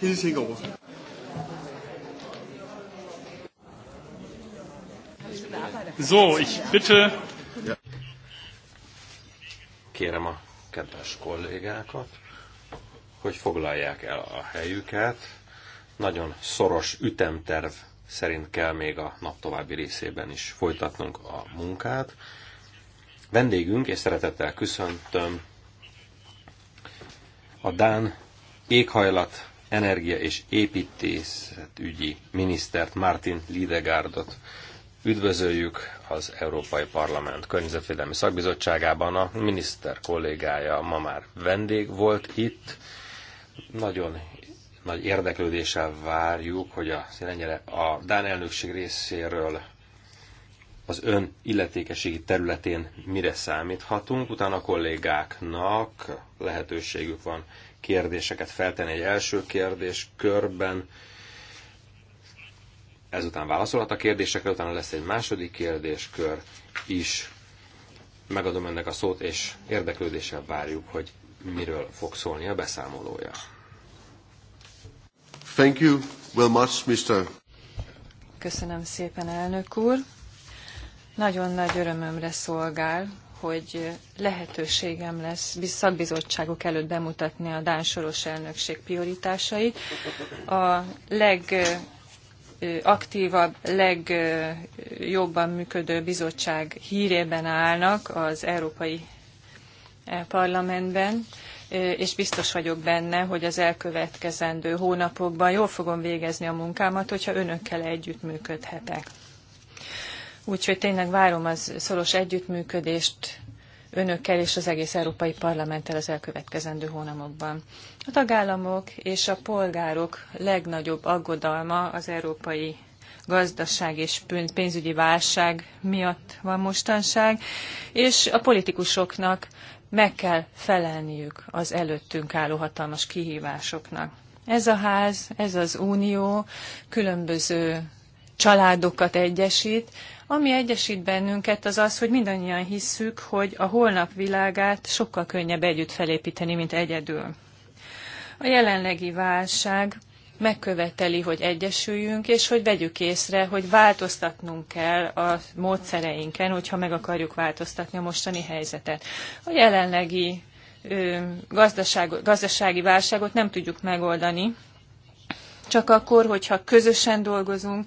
Hilsing over. So, ich bitte. Kérem a kedves kollégákat, hogy foglalják el a helyüket. Nagyon szoros ütemterv szerint kell még a nap további részében is folytatnunk a munkát. Vendégünk, és szeretettel köszöntöm a Dán éghajlat energia és építészetügyi minisztert, Martin Lidegárdot. Üdvözöljük az Európai Parlament Környezetvédelmi Szakbizottságában. A miniszter kollégája ma már vendég volt itt. Nagyon nagy érdeklődéssel várjuk, hogy a, a Dán elnökség részéről az ön illetékeségi területén mire számíthatunk, utána a kollégáknak lehetőségük van kérdéseket feltenni egy első kérdés körben. Ezután válaszolhat a kérdésekre, utána lesz egy második kérdéskör is. Megadom ennek a szót, és érdeklődéssel várjuk, hogy miről fog szólni a beszámolója. Thank you very much, Mr. Köszönöm szépen, elnök úr. Nagyon nagy örömömre szolgál, hogy lehetőségem lesz szakbizottságok előtt bemutatni a Dán Soros elnökség prioritásait. A legaktívabb, legjobban működő bizottság hírében állnak az Európai e, Parlamentben, és biztos vagyok benne, hogy az elkövetkezendő hónapokban jól fogom végezni a munkámat, hogyha önökkel együtt működhetek. Úgyhogy tényleg várom az szoros együttműködést önökkel és az egész Európai Parlamenttel az elkövetkezendő hónapokban. A tagállamok és a polgárok legnagyobb aggodalma az európai gazdaság és pénzügyi válság miatt van mostanság, és a politikusoknak meg kell felelniük az előttünk álló hatalmas kihívásoknak. Ez a ház, ez az unió különböző családokat egyesít, ami egyesít bennünket, az az, hogy mindannyian hisszük, hogy a holnap világát sokkal könnyebb együtt felépíteni, mint egyedül. A jelenlegi válság megköveteli, hogy egyesüljünk, és hogy vegyük észre, hogy változtatnunk kell a módszereinken, hogyha meg akarjuk változtatni a mostani helyzetet. A jelenlegi ö, gazdaság, gazdasági válságot nem tudjuk megoldani, csak akkor, hogyha közösen dolgozunk,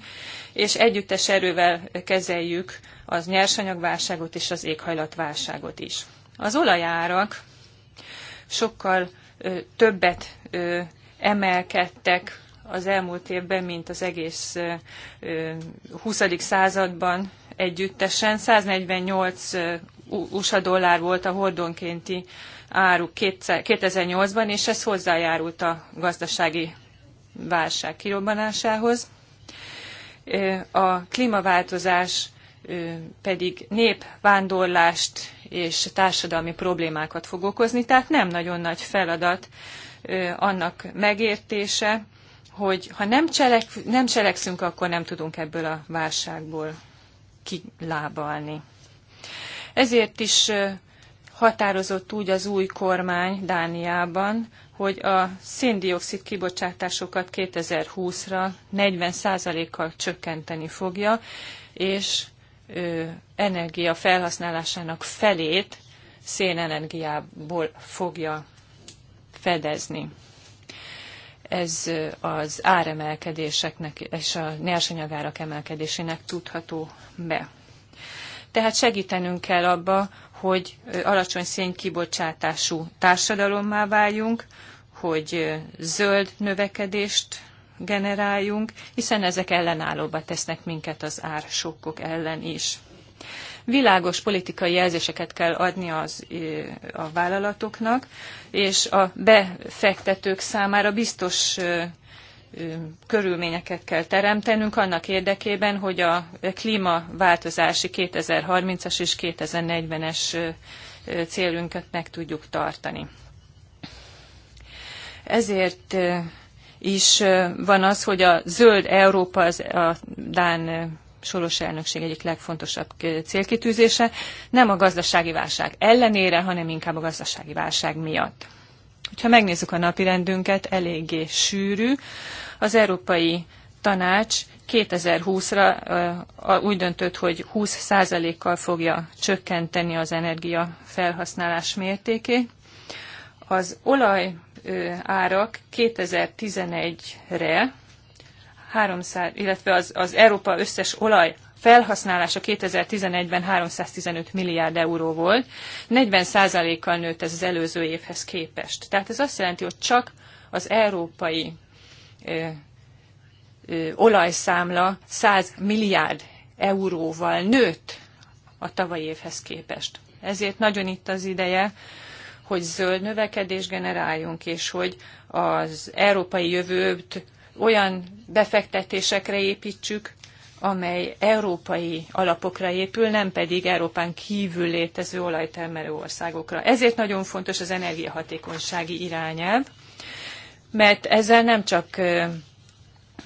és együttes erővel kezeljük az nyersanyagválságot és az éghajlatválságot is. Az olajárak sokkal többet emelkedtek az elmúlt évben, mint az egész 20. században együttesen. 148 USA dollár volt a hordonkénti áru 2008-ban, és ez hozzájárult a gazdasági válság kirobbanásához a klímaváltozás pedig népvándorlást és társadalmi problémákat fog okozni, tehát nem nagyon nagy feladat annak megértése, hogy ha nem, cselek, nem cselekszünk, akkor nem tudunk ebből a válságból kilábalni. Ezért is határozott úgy az új kormány Dániában, hogy a széndiokszid kibocsátásokat 2020-ra 40%-kal csökkenteni fogja, és energia felhasználásának felét szénenergiából fogja fedezni. Ez az áremelkedéseknek és a nyersanyagárak emelkedésének tudható be. Tehát segítenünk kell abba, hogy alacsony szénkibocsátású társadalommá váljunk, hogy zöld növekedést generáljunk, hiszen ezek ellenállóba tesznek minket az ársokkok ellen is. Világos politikai jelzéseket kell adni az, a vállalatoknak, és a befektetők számára biztos körülményeket kell teremtenünk annak érdekében, hogy a klímaváltozási 2030-as és 2040-es célunkat meg tudjuk tartani. Ezért is van az, hogy a zöld Európa az a Dán soros elnökség egyik legfontosabb célkitűzése, nem a gazdasági válság ellenére, hanem inkább a gazdasági válság miatt. Ha megnézzük a napirendünket, eléggé sűrű. Az Európai Tanács 2020-ra úgy döntött, hogy 20%-kal fogja csökkenteni az energia felhasználás mértékét. Az olaj árak 2011-re, 300, illetve az, az Európa összes olaj felhasználása 2011-ben 315 milliárd euró volt, 40%-kal nőtt ez az előző évhez képest. Tehát ez azt jelenti, hogy csak az európai olajszámla 100 milliárd euróval nőtt a tavalyi évhez képest. Ezért nagyon itt az ideje, hogy zöld növekedés generáljunk, és hogy az európai jövőt olyan befektetésekre építsük, amely európai alapokra épül, nem pedig Európán kívül létező olajtermelő országokra. Ezért nagyon fontos az energiahatékonysági irányelv, mert ezzel nem csak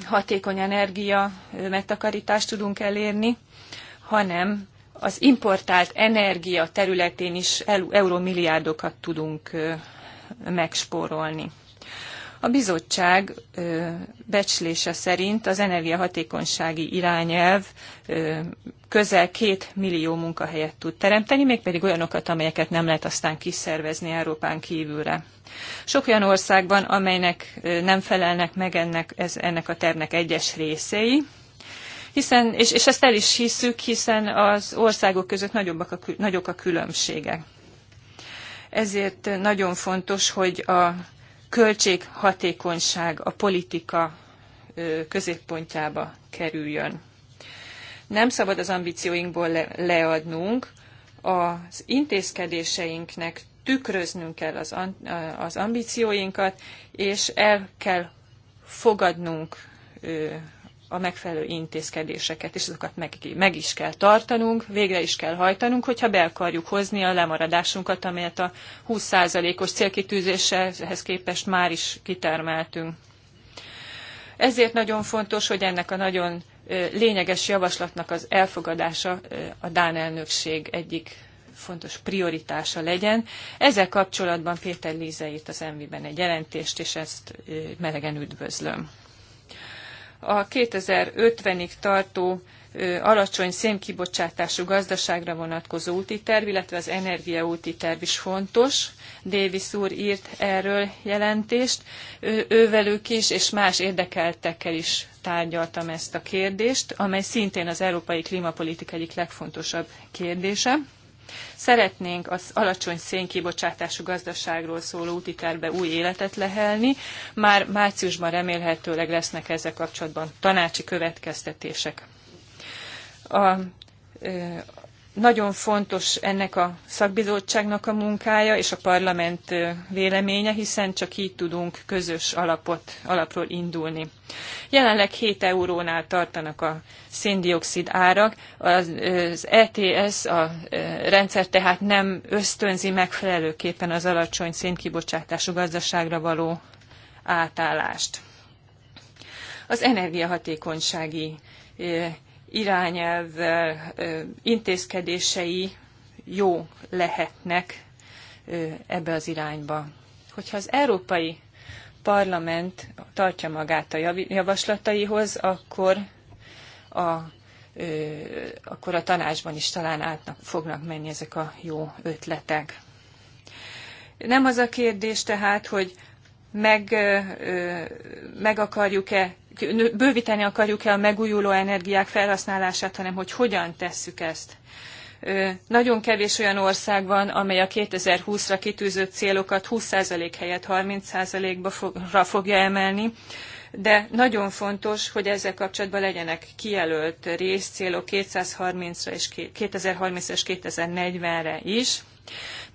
hatékony energia megtakarítást tudunk elérni, hanem az importált energia területén is eurómilliárdokat tudunk megspórolni. A bizottság becslése szerint az energiahatékonysági irányelv közel két millió munkahelyet tud teremteni, mégpedig olyanokat, amelyeket nem lehet aztán kiszervezni Európán kívülre. Sok olyan országban, amelynek nem felelnek meg ennek, ez, ennek a tervnek egyes részei, hiszen, és, és ezt el is hiszük, hiszen az országok között nagyobbak a, nagyok a különbségek. Ezért nagyon fontos, hogy a költséghatékonyság a politika középpontjába kerüljön. Nem szabad az ambícióinkból le- leadnunk, az intézkedéseinknek tükröznünk kell az, az ambícióinkat, és el kell fogadnunk a megfelelő intézkedéseket, és azokat meg, meg is kell tartanunk, végre is kell hajtanunk, hogyha be akarjuk hozni a lemaradásunkat, amelyet a 20%-os célkitűzéshez képest már is kitermeltünk. Ezért nagyon fontos, hogy ennek a nagyon lényeges javaslatnak az elfogadása a Dán elnökség egyik fontos prioritása legyen. Ezzel kapcsolatban Péter Líze írt az MV-ben egy jelentést, és ezt melegen üdvözlöm a 2050-ig tartó alacsony szénkibocsátású gazdaságra vonatkozó úti terv, illetve az energia úti terv is fontos. Davis úr írt erről jelentést, ő, ővelük is, és más érdekeltekkel is tárgyaltam ezt a kérdést, amely szintén az európai klímapolitika egyik legfontosabb kérdése. Szeretnénk az alacsony szénkibocsátású gazdaságról szóló úti terve új életet lehelni. Már márciusban remélhetőleg lesznek ezzel kapcsolatban tanácsi következtetések. A, nagyon fontos ennek a szakbizottságnak a munkája és a parlament véleménye, hiszen csak így tudunk közös alapot, alapról indulni. Jelenleg 7 eurónál tartanak a széndiokszid árak, az, az ETS, a rendszer tehát nem ösztönzi megfelelőképpen az alacsony szénkibocsátású gazdaságra való átállást. Az energiahatékonysági irányelv intézkedései jó lehetnek ebbe az irányba. Hogyha az Európai Parlament tartja magát a javaslataihoz, akkor a, akkor a tanácsban is talán át fognak menni ezek a jó ötletek. Nem az a kérdés tehát, hogy meg, meg akarjuk-e, bővíteni akarjuk-e a megújuló energiák felhasználását, hanem hogy hogyan tesszük ezt. Nagyon kevés olyan ország van, amely a 2020-ra kitűzött célokat 20% helyett 30%-ra fogja emelni, de nagyon fontos, hogy ezzel kapcsolatban legyenek kijelölt részcélok 230-ra és 2030-ra és 2040-re is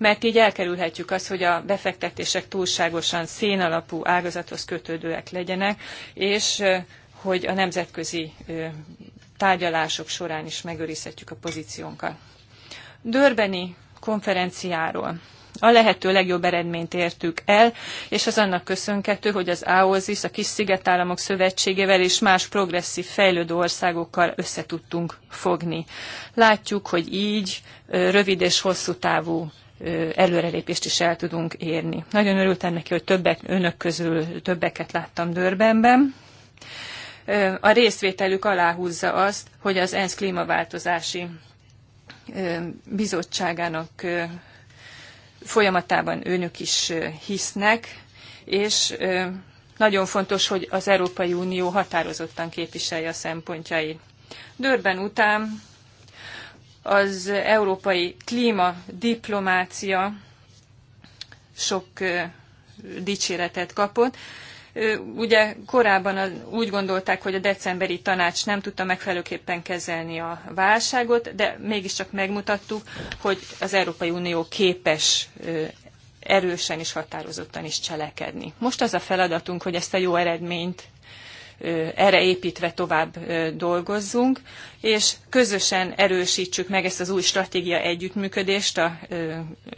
mert így elkerülhetjük azt, hogy a befektetések túlságosan szénalapú ágazathoz kötődőek legyenek, és hogy a nemzetközi tárgyalások során is megőrizhetjük a pozíciónkat. Dörbeni konferenciáról a lehető legjobb eredményt értük el, és az annak köszönhető, hogy az AOZIS, a kis szigetállamok szövetségével és más progresszív fejlődő országokkal összetudtunk fogni. Látjuk, hogy így rövid és hosszú távú előrelépést is el tudunk érni. Nagyon örültem neki, hogy többek, önök közül többeket láttam Dörbenben. A részvételük aláhúzza azt, hogy az ENSZ klímaváltozási bizottságának folyamatában önök is hisznek, és nagyon fontos, hogy az Európai Unió határozottan képviselje a szempontjait. Dörben után az európai klímadiplomácia sok dicséretet kapott. Ugye korábban úgy gondolták, hogy a decemberi tanács nem tudta megfelelőképpen kezelni a válságot, de mégiscsak megmutattuk, hogy az Európai Unió képes erősen és határozottan is cselekedni. Most az a feladatunk, hogy ezt a jó eredményt erre építve tovább dolgozzunk, és közösen erősítsük meg ezt az új stratégia együttműködést a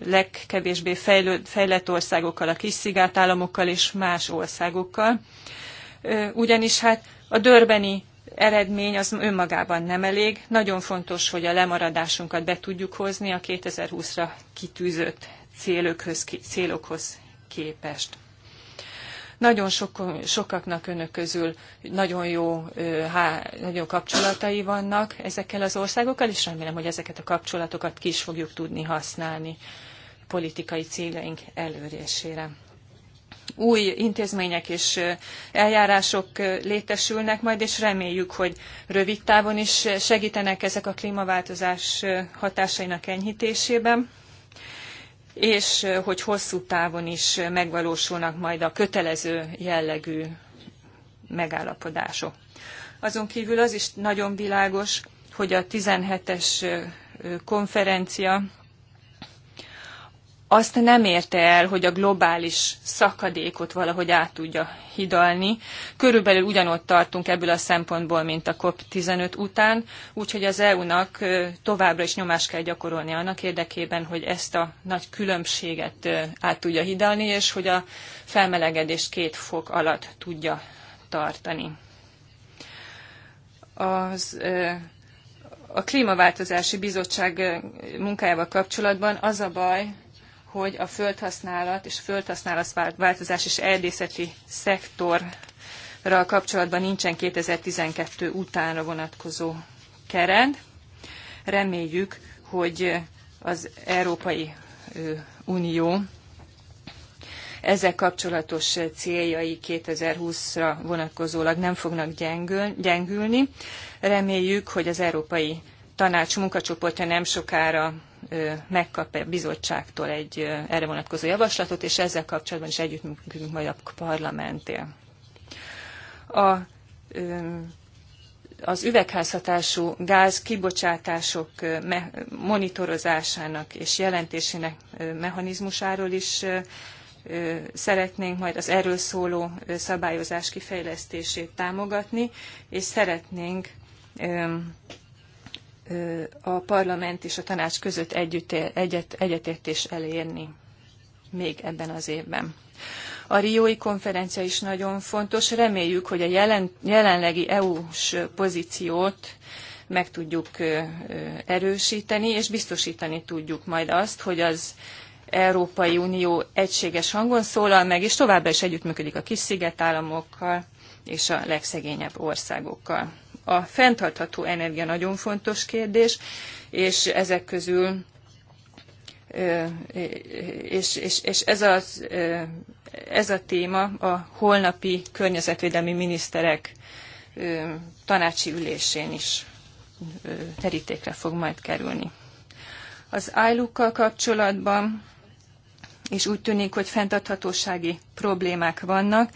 legkevésbé fejlett országokkal, a kis szigátállamokkal és más országokkal. Ugyanis hát a dörbeni eredmény az önmagában nem elég. Nagyon fontos, hogy a lemaradásunkat be tudjuk hozni a 2020-ra kitűzött célokhoz, célokhoz képest. Nagyon sok, sokaknak önök közül nagyon jó, há, nagyon jó kapcsolatai vannak ezekkel az országokkal, és remélem, hogy ezeket a kapcsolatokat ki is fogjuk tudni használni politikai céljaink elérésére új intézmények és eljárások létesülnek majd, és reméljük, hogy rövid távon is segítenek ezek a klímaváltozás hatásainak enyhítésében és hogy hosszú távon is megvalósulnak majd a kötelező jellegű megállapodások. Azon kívül az is nagyon világos, hogy a 17-es konferencia azt nem érte el, hogy a globális szakadékot valahogy át tudja hidalni. Körülbelül ugyanott tartunk ebből a szempontból, mint a COP15 után, úgyhogy az EU-nak továbbra is nyomást kell gyakorolni annak érdekében, hogy ezt a nagy különbséget át tudja hidalni, és hogy a felmelegedést két fok alatt tudja tartani. Az a Klímaváltozási Bizottság munkájával kapcsolatban az a baj, hogy a földhasználat és a földhasználat változás és erdészeti szektorral kapcsolatban nincsen 2012 utánra vonatkozó kerend Reméljük, hogy az Európai Unió ezzel kapcsolatos céljai 2020-ra vonatkozólag nem fognak gyengül, gyengülni. Reméljük, hogy az Európai Tanács munkacsoportja nem sokára megkap a bizottságtól egy erre vonatkozó javaslatot, és ezzel kapcsolatban is együttműködünk majd a parlamenttel. A, az üvegházhatású gáz kibocsátások monitorozásának és jelentésének mechanizmusáról is szeretnénk majd az erről szóló szabályozás kifejlesztését támogatni, és szeretnénk a parlament és a tanács között együtt, egyet, egyetértés elérni még ebben az évben. A Riói konferencia is nagyon fontos. Reméljük, hogy a jelen, jelenlegi EU-s pozíciót meg tudjuk erősíteni, és biztosítani tudjuk majd azt, hogy az Európai Unió egységes hangon szólal meg, és továbbá is együttműködik a kis szigetállamokkal és a legszegényebb országokkal. A fenntartható energia nagyon fontos kérdés, és ezek közül és, és, és ez, az, ez a téma a holnapi környezetvédelmi miniszterek tanácsi ülésén is terítékre fog majd kerülni. Az ájlukkal kapcsolatban és úgy tűnik, hogy fenntarthatósági problémák vannak,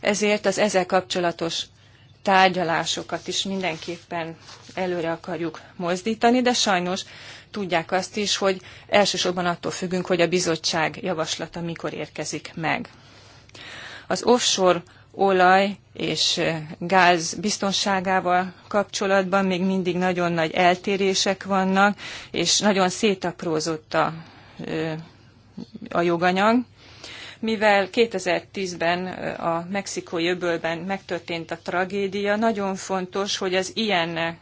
ezért az ezzel kapcsolatos tárgyalásokat is mindenképpen előre akarjuk mozdítani, de sajnos tudják azt is, hogy elsősorban attól függünk, hogy a bizottság javaslata mikor érkezik meg. Az offshore olaj és gáz biztonságával kapcsolatban még mindig nagyon nagy eltérések vannak, és nagyon szétaprózott a, a joganyag mivel 2010-ben a mexikói öbölben megtörtént a tragédia, nagyon fontos, hogy az ilyen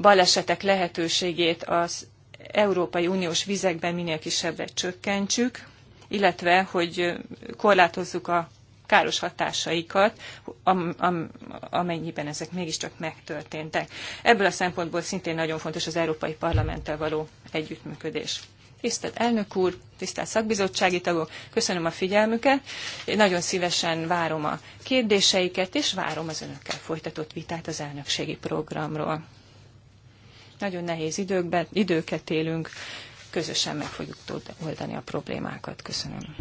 balesetek lehetőségét az Európai Uniós vizekben minél kisebbre csökkentsük, illetve hogy korlátozzuk a káros hatásaikat, am, am, amennyiben ezek mégiscsak megtörténtek. Ebből a szempontból szintén nagyon fontos az Európai Parlamenttel való együttműködés. Tisztelt elnök úr, tisztelt szakbizottsági tagok, köszönöm a figyelmüket. Én nagyon szívesen várom a kérdéseiket, és várom az önökkel folytatott vitát az elnökségi programról. Nagyon nehéz időkben, időket élünk, közösen meg fogjuk oldani a problémákat. Köszönöm.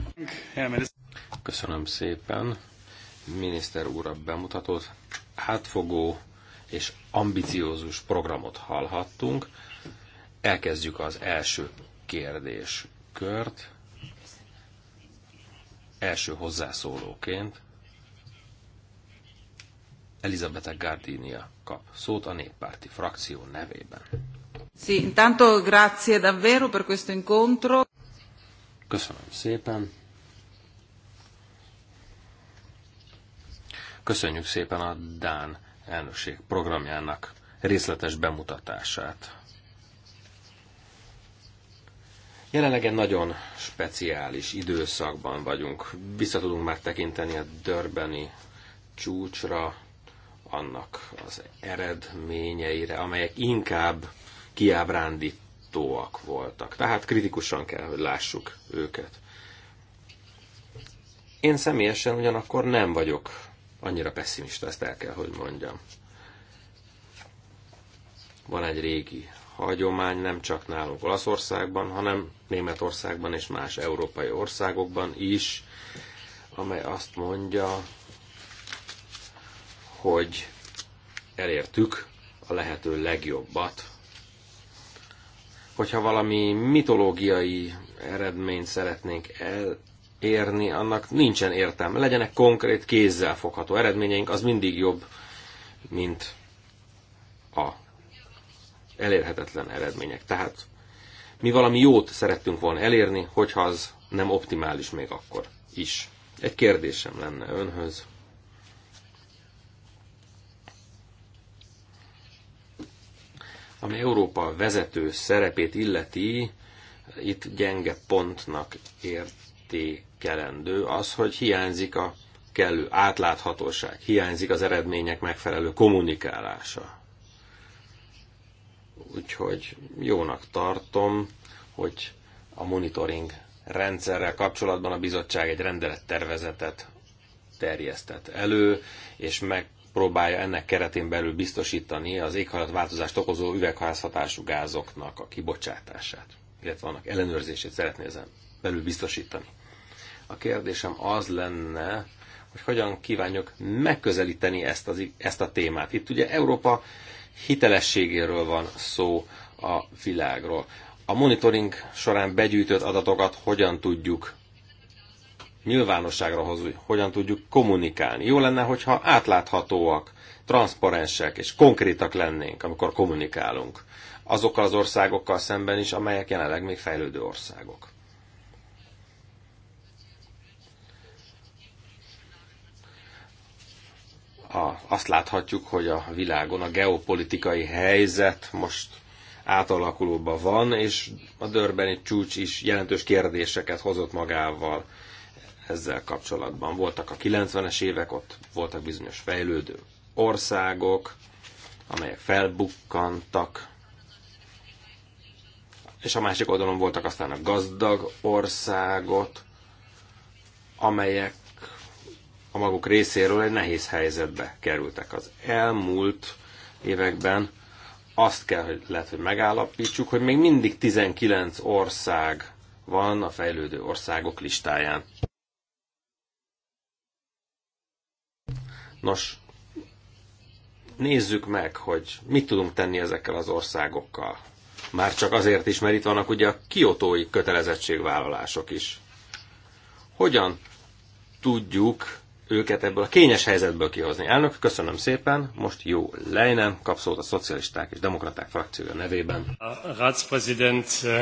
Köszönöm szépen. Miniszter úr a bemutatót. Átfogó és ambiciózus programot hallhattunk. Elkezdjük az első kérdéskört. Első hozzászólóként Elizabeth Gardinia kap szót a néppárti frakció nevében. Sì, intanto grazie davvero per questo incontro. Köszönöm szépen. Köszönjük szépen a Dán elnökség programjának részletes bemutatását. Jelenleg egy nagyon speciális időszakban vagyunk. Vissza tudunk már tekinteni a Dörbeni csúcsra, annak az eredményeire, amelyek inkább kiábrándítóak voltak. Tehát kritikusan kell, hogy lássuk őket. Én személyesen ugyanakkor nem vagyok annyira pessimista, ezt el kell, hogy mondjam. Van egy régi hagyomány nem csak nálunk Olaszországban, hanem Németországban és más európai országokban is, amely azt mondja, hogy elértük a lehető legjobbat. Hogyha valami mitológiai eredményt szeretnénk elérni, annak nincsen értelme. Legyenek konkrét, kézzel fogható eredményeink, az mindig jobb, mint a elérhetetlen eredmények. Tehát mi valami jót szerettünk volna elérni, hogyha az nem optimális még akkor is. Egy kérdésem lenne önhöz. Ami Európa vezető szerepét illeti, itt gyenge pontnak értékelendő az, hogy hiányzik a kellő átláthatóság, hiányzik az eredmények megfelelő kommunikálása. Úgyhogy jónak tartom, hogy a monitoring rendszerrel kapcsolatban a bizottság egy rendelet tervezetet terjesztett elő, és megpróbálja ennek keretén belül biztosítani az éghajlatváltozást okozó üvegházhatású gázoknak a kibocsátását, illetve annak ellenőrzését szeretné ezen belül biztosítani. A kérdésem az lenne, hogy hogyan kívánjuk megközelíteni ezt, az, ezt a témát. Itt ugye Európa hitelességéről van szó a világról. A monitoring során begyűjtött adatokat hogyan tudjuk nyilvánosságra hozni, hogyan tudjuk kommunikálni. Jó lenne, hogyha átláthatóak, transzparensek és konkrétak lennénk, amikor kommunikálunk. Azokkal az országokkal szemben is, amelyek jelenleg még fejlődő országok. a, azt láthatjuk, hogy a világon a geopolitikai helyzet most átalakulóban van, és a Dörbeni csúcs is jelentős kérdéseket hozott magával ezzel kapcsolatban. Voltak a 90-es évek, ott voltak bizonyos fejlődő országok, amelyek felbukkantak, és a másik oldalon voltak aztán a gazdag országot, amelyek a maguk részéről egy nehéz helyzetbe kerültek. Az elmúlt években azt kell, hogy lehet, hogy megállapítsuk, hogy még mindig 19 ország van a fejlődő országok listáján. Nos, nézzük meg, hogy mit tudunk tenni ezekkel az országokkal. Már csak azért is, mert itt vannak ugye a kiotói kötelezettségvállalások is. Hogyan tudjuk őket ebből a kényes helyzetből kihozni. Elnök, köszönöm szépen, most jó Leinen kap szót a szocialisták és demokraták frakciója nevében. A Ratspräsident... Eh,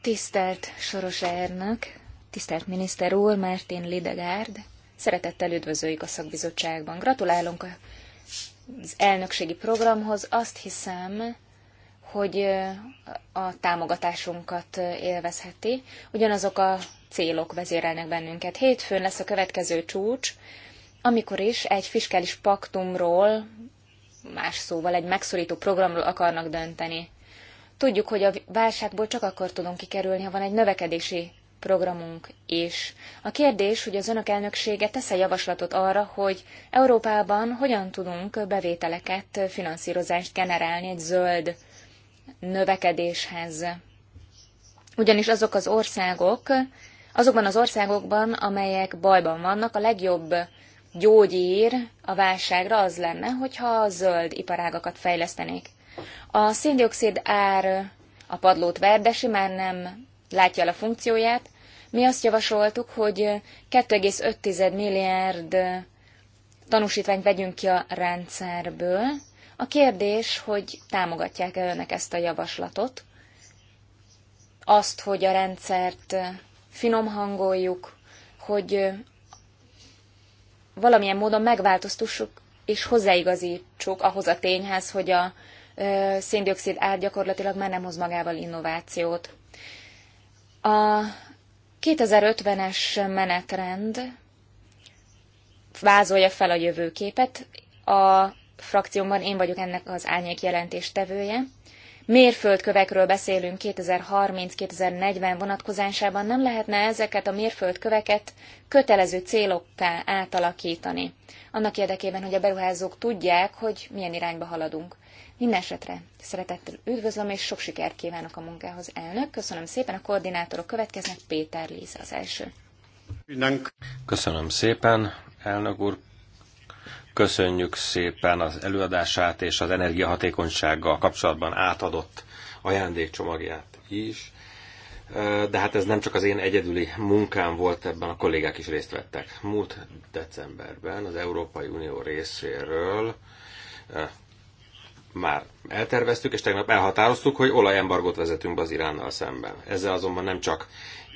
tisztelt Soros Ernök, tisztelt miniszter úr, Mártin Lidegárd, szeretettel üdvözöljük a szakbizottságban. Gratulálunk az elnökségi programhoz. Azt hiszem, hogy eh, a támogatásunkat eh, élvezheti. Ugyanazok a célok vezérelnek bennünket. Hétfőn lesz a következő csúcs, amikor is egy fiskális paktumról, más szóval egy megszorító programról akarnak dönteni. Tudjuk, hogy a válságból csak akkor tudunk kikerülni, ha van egy növekedési programunk is. A kérdés, hogy az önök elnöksége tesz-e javaslatot arra, hogy Európában hogyan tudunk bevételeket, finanszírozást generálni egy zöld növekedéshez. Ugyanis azok az országok, Azokban az országokban, amelyek bajban vannak, a legjobb gyógyír a válságra az lenne, hogyha a zöld iparágakat fejlesztenék. A széndiokszid ár a padlót verdesi, már nem látja el a funkcióját. Mi azt javasoltuk, hogy 2,5 milliárd tanúsítványt vegyünk ki a rendszerből. A kérdés, hogy támogatják-e önök ezt a javaslatot, azt, hogy a rendszert finom hangoljuk, hogy valamilyen módon megváltoztassuk és hozzáigazítsuk ahhoz a tényhez, hogy a széndiokszid ár gyakorlatilag már nem hoz magával innovációt. A 2050-es menetrend vázolja fel a jövőképet. A frakciómban én vagyok ennek az árnyék jelentéstevője mérföldkövekről beszélünk 2030-2040 vonatkozásában, nem lehetne ezeket a mérföldköveket kötelező célokká átalakítani, annak érdekében, hogy a beruházók tudják, hogy milyen irányba haladunk. Mindenesetre szeretettel üdvözlöm, és sok sikert kívánok a munkához, elnök. Köszönöm szépen, a koordinátorok következnek, Péter Líz az első. Köszönöm szépen, elnök úr, Köszönjük szépen az előadását és az energiahatékonysággal kapcsolatban átadott ajándékcsomagját is. De hát ez nem csak az én egyedüli munkám volt, ebben a kollégák is részt vettek. Múlt decemberben az Európai Unió részéről már elterveztük, és tegnap elhatároztuk, hogy olajembargót vezetünk be az Iránnal szemben. Ezzel azonban nem csak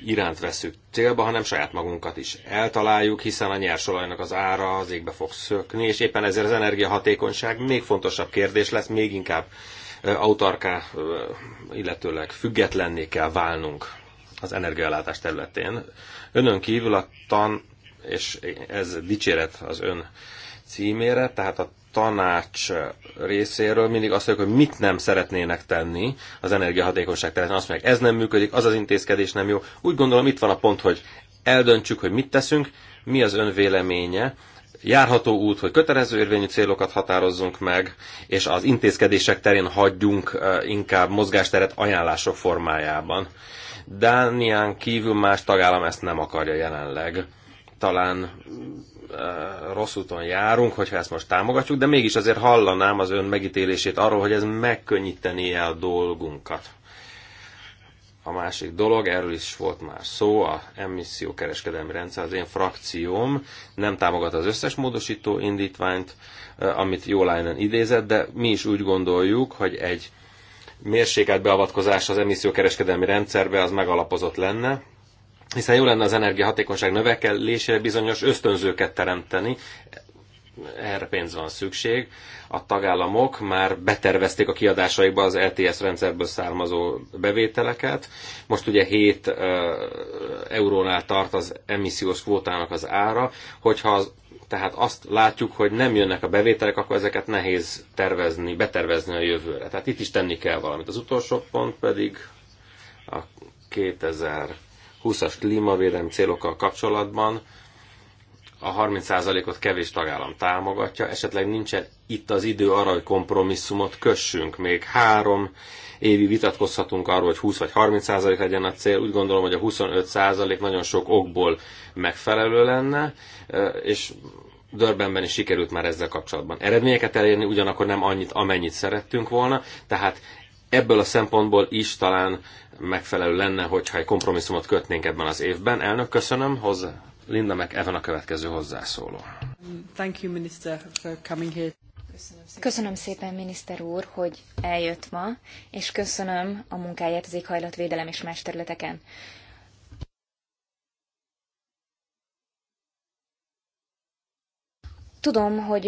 Iránt veszük célba, hanem saját magunkat is eltaláljuk, hiszen a nyersolajnak az ára az égbe fog szökni, és éppen ezért az energiahatékonyság még fontosabb kérdés lesz, még inkább autarká, illetőleg függetlenné kell válnunk az energiaellátás területén. Önön kívül a tan, és ez dicséret az ön címére, tehát a tanács részéről mindig azt mondjuk, hogy mit nem szeretnének tenni az energiahatékonyság terén. Azt mondják, ez nem működik, az az intézkedés nem jó. Úgy gondolom, itt van a pont, hogy eldöntsük, hogy mit teszünk, mi az ön véleménye, járható út, hogy kötelező érvényű célokat határozzunk meg, és az intézkedések terén hagyjunk inkább mozgásteret ajánlások formájában. Dánián kívül más tagállam ezt nem akarja jelenleg. Talán rossz úton járunk, hogyha ezt most támogatjuk, de mégis azért hallanám az ön megítélését arról, hogy ez megkönnyíteni -e a dolgunkat. A másik dolog, erről is volt már szó, a kereskedelmi rendszer, az én frakcióm nem támogat az összes módosító indítványt, amit jó Jólájnen idézett, de mi is úgy gondoljuk, hogy egy mérsékelt beavatkozás az kereskedelmi rendszerbe az megalapozott lenne, hiszen jó lenne az energiahatékonyság növekelésére bizonyos ösztönzőket teremteni, erre pénz van szükség. A tagállamok már betervezték a kiadásaikba az LTS e rendszerből származó bevételeket. Most ugye 7 eurónál tart az emissziós kvótának az ára, hogyha az tehát azt látjuk, hogy nem jönnek a bevételek, akkor ezeket nehéz tervezni, betervezni a jövőre. Tehát itt is tenni kell valamit. Az utolsó pont pedig a 2000 20-as klímavédelem célokkal kapcsolatban a 30%-ot kevés tagállam támogatja, esetleg nincsen itt az idő arra, hogy kompromisszumot kössünk. Még három évi vitatkozhatunk arról, hogy 20 vagy 30% legyen a cél. Úgy gondolom, hogy a 25% nagyon sok okból megfelelő lenne, és Dörbenben is sikerült már ezzel kapcsolatban eredményeket elérni, ugyanakkor nem annyit, amennyit szerettünk volna, tehát ebből a szempontból is talán megfelelő lenne, hogyha egy kompromisszumot kötnénk ebben az évben. Elnök, köszönöm. Hozzá Linda meg Evan a következő hozzászóló. Thank you, Minister, for coming here. Köszönöm szépen. miniszter úr, hogy eljött ma, és köszönöm a munkáját az éghajlatvédelem és más területeken. Tudom, hogy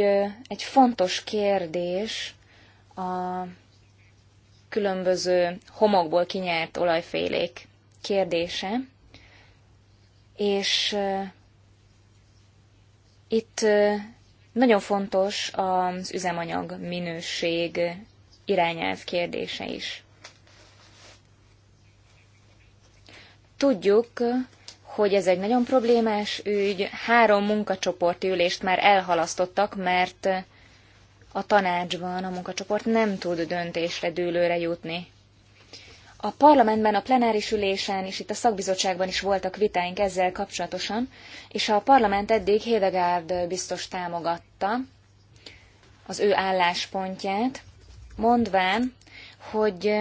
egy fontos kérdés a különböző homokból kinyert olajfélék kérdése, és itt nagyon fontos az üzemanyag minőség irányelv kérdése is. Tudjuk, hogy ez egy nagyon problémás ügy, három munkacsoporti ülést már elhalasztottak, mert a tanácsban a munkacsoport nem tud döntésre dőlőre jutni. A parlamentben, a plenáris ülésen és itt a szakbizottságban is voltak vitáink ezzel kapcsolatosan, és a parlament eddig Hédegárd biztos támogatta az ő álláspontját, mondván, hogy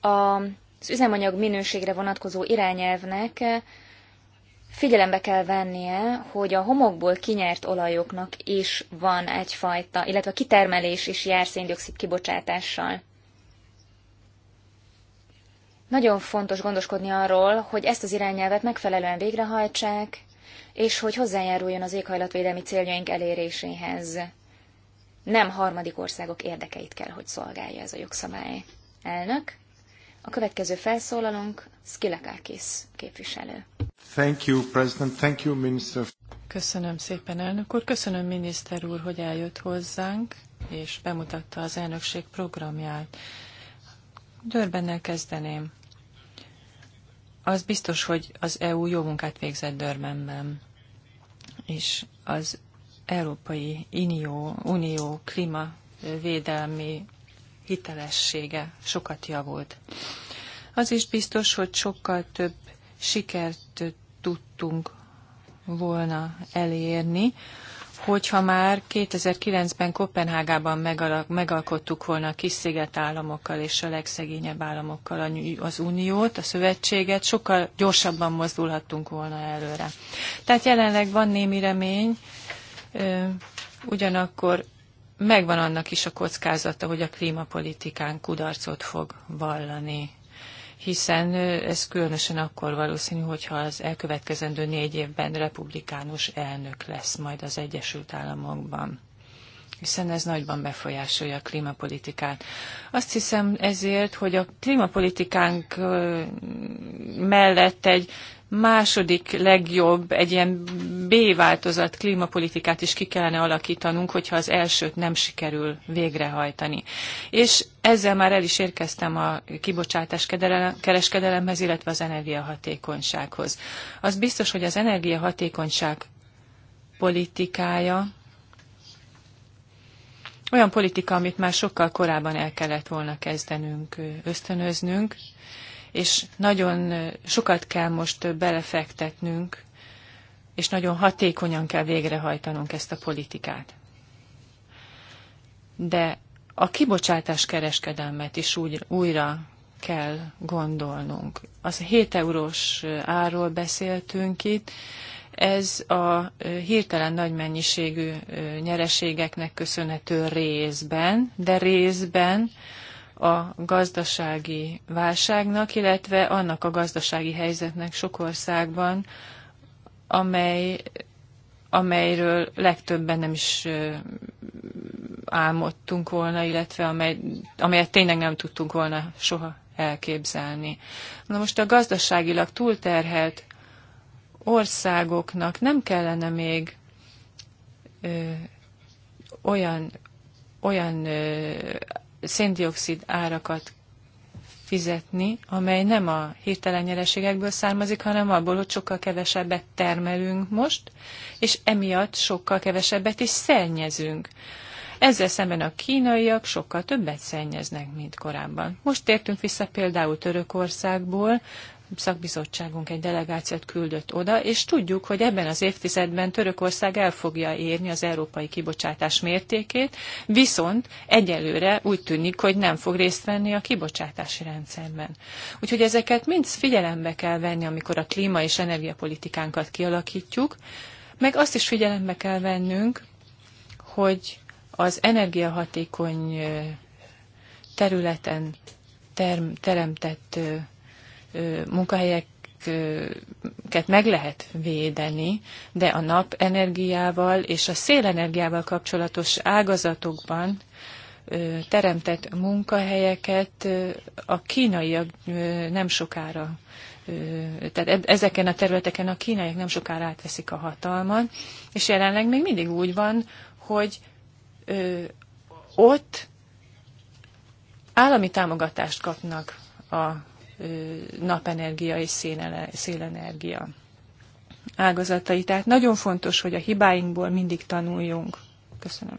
az üzemanyag minőségre vonatkozó irányelvnek figyelembe kell vennie, hogy a homokból kinyert olajoknak is van egyfajta, illetve a kitermelés is jár széndiokszid kibocsátással. Nagyon fontos gondoskodni arról, hogy ezt az irányelvet megfelelően végrehajtsák, és hogy hozzájáruljon az éghajlatvédelmi céljaink eléréséhez. Nem harmadik országok érdekeit kell, hogy szolgálja ez a jogszabály. Elnök, a következő felszólalónk Skilakakis képviselő. Thank you, President. Thank you, Minister. Köszönöm szépen, elnök úr. Köszönöm, miniszter úr, hogy eljött hozzánk, és bemutatta az elnökség programját. Dörbennel kezdeném. Az biztos, hogy az EU jó munkát végzett Dörbenben, és az Európai Unió, Unió klímavédelmi hitelessége sokat javult. Az is biztos, hogy sokkal több sikert tudtunk volna elérni, hogyha már 2009-ben Kopenhágában megalkottuk volna a kis államokkal és a legszegényebb államokkal az uniót, a szövetséget, sokkal gyorsabban mozdulhattunk volna előre. Tehát jelenleg van némi remény, ugyanakkor megvan annak is a kockázata, hogy a klímapolitikán kudarcot fog vallani hiszen ez különösen akkor valószínű, hogyha az elkövetkezendő négy évben republikánus elnök lesz majd az Egyesült Államokban hiszen ez nagyban befolyásolja a klímapolitikát. Azt hiszem ezért, hogy a klímapolitikánk mellett egy második legjobb, egy ilyen B változat klímapolitikát is ki kellene alakítanunk, hogyha az elsőt nem sikerül végrehajtani. És ezzel már el is érkeztem a kibocsátás kereskedelemhez, illetve az energiahatékonysághoz. Az biztos, hogy az energiahatékonyság politikája olyan politika, amit már sokkal korábban el kellett volna kezdenünk, ösztönöznünk, és nagyon sokat kell most belefektetnünk, és nagyon hatékonyan kell végrehajtanunk ezt a politikát. De a kibocsátás kereskedelmet is úgy, újra kell gondolnunk. Az 7 eurós árról beszéltünk itt, ez a hirtelen nagy mennyiségű nyereségeknek köszönhető részben, de részben a gazdasági válságnak, illetve annak a gazdasági helyzetnek sok országban, amely, amelyről legtöbben nem is álmodtunk volna, illetve amely, amelyet tényleg nem tudtunk volna soha elképzelni. Na most a gazdaságilag túlterhelt országoknak nem kellene még ö, olyan, olyan ö, széndiokszid árakat fizetni, amely nem a hirtelen nyereségekből származik, hanem abból, hogy sokkal kevesebbet termelünk most, és emiatt sokkal kevesebbet is szennyezünk. Ezzel szemben a kínaiak sokkal többet szennyeznek, mint korábban. Most tértünk vissza például Törökországból, szakbizottságunk egy delegációt küldött oda, és tudjuk, hogy ebben az évtizedben Törökország el fogja érni az európai kibocsátás mértékét, viszont egyelőre úgy tűnik, hogy nem fog részt venni a kibocsátási rendszerben. Úgyhogy ezeket mind figyelembe kell venni, amikor a klíma és energiapolitikánkat kialakítjuk, meg azt is figyelembe kell vennünk, hogy az energiahatékony területen term, teremtett munkahelyeket meg lehet védeni, de a napenergiával és a szélenergiával kapcsolatos ágazatokban teremtett munkahelyeket a kínaiak nem sokára, tehát e, ezeken a területeken a kínaiak nem sokára átveszik a hatalmat, és jelenleg még mindig úgy van, hogy ott állami támogatást kapnak a napenergia és szélenergia ágazatai. Tehát nagyon fontos, hogy a hibáinkból mindig tanuljunk. Köszönöm.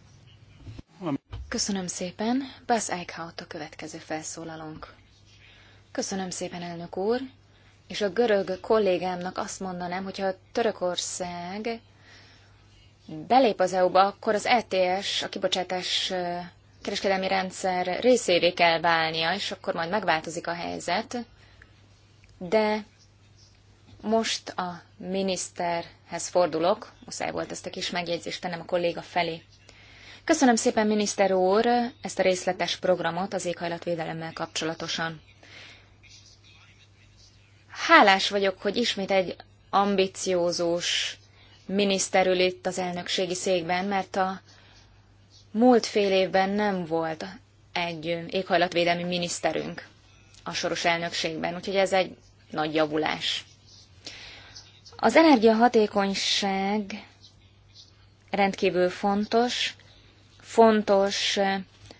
Köszönöm szépen. Bász Eichhout a következő felszólalónk. Köszönöm szépen, elnök úr. És a görög kollégámnak azt mondanám, hogyha Törökország belép az EU-ba, akkor az ETS, a kibocsátás kereskedelmi rendszer részévé kell válnia, és akkor majd megváltozik a helyzet, de most a miniszterhez fordulok, muszáj volt ezt a kis megjegyzést tennem a kolléga felé. Köszönöm szépen, miniszter úr, ezt a részletes programot az éghajlatvédelemmel kapcsolatosan. Hálás vagyok, hogy ismét egy ambiciózus miniszter ül itt az elnökségi székben, mert a Múlt fél évben nem volt egy éghajlatvédelmi miniszterünk a soros elnökségben, úgyhogy ez egy nagy javulás. Az energiahatékonyság rendkívül fontos, fontos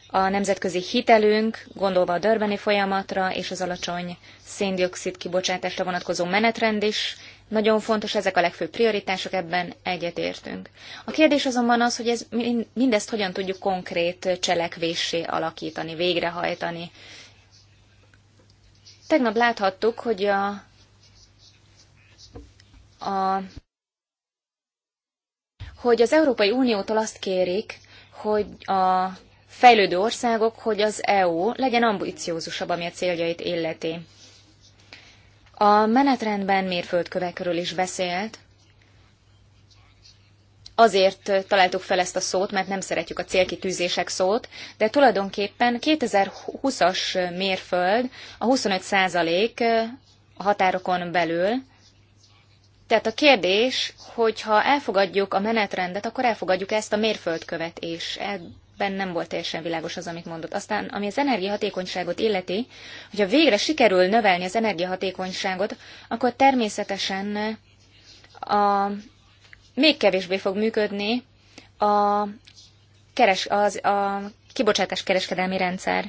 a nemzetközi hitelünk, gondolva a dörbeni folyamatra és az alacsony széndiokszid kibocsátásra vonatkozó menetrend is, nagyon fontos ezek a legfőbb prioritások, ebben egyetértünk. A kérdés azonban az, hogy ez, mindezt hogyan tudjuk konkrét cselekvéssé alakítani, végrehajtani. Tegnap láthattuk, hogy a, a, hogy az Európai Uniótól azt kérik, hogy a fejlődő országok, hogy az EU legyen ambiciózusabb, ami a céljait illeti. A menetrendben mérföldkövekről is beszélt. Azért találtuk fel ezt a szót, mert nem szeretjük a célkitűzések szót, de tulajdonképpen 2020-as mérföld a 25 százalék eh, a határokon belül, tehát a kérdés, hogy ha elfogadjuk a menetrendet, akkor elfogadjuk ezt a mérföldkövet, és ben nem volt teljesen világos az, amit mondott. Aztán, ami az energiahatékonyságot illeti, hogyha végre sikerül növelni az energiahatékonyságot, akkor természetesen a, még kevésbé fog működni a, keres, az, a kibocsátás kereskedelmi rendszer.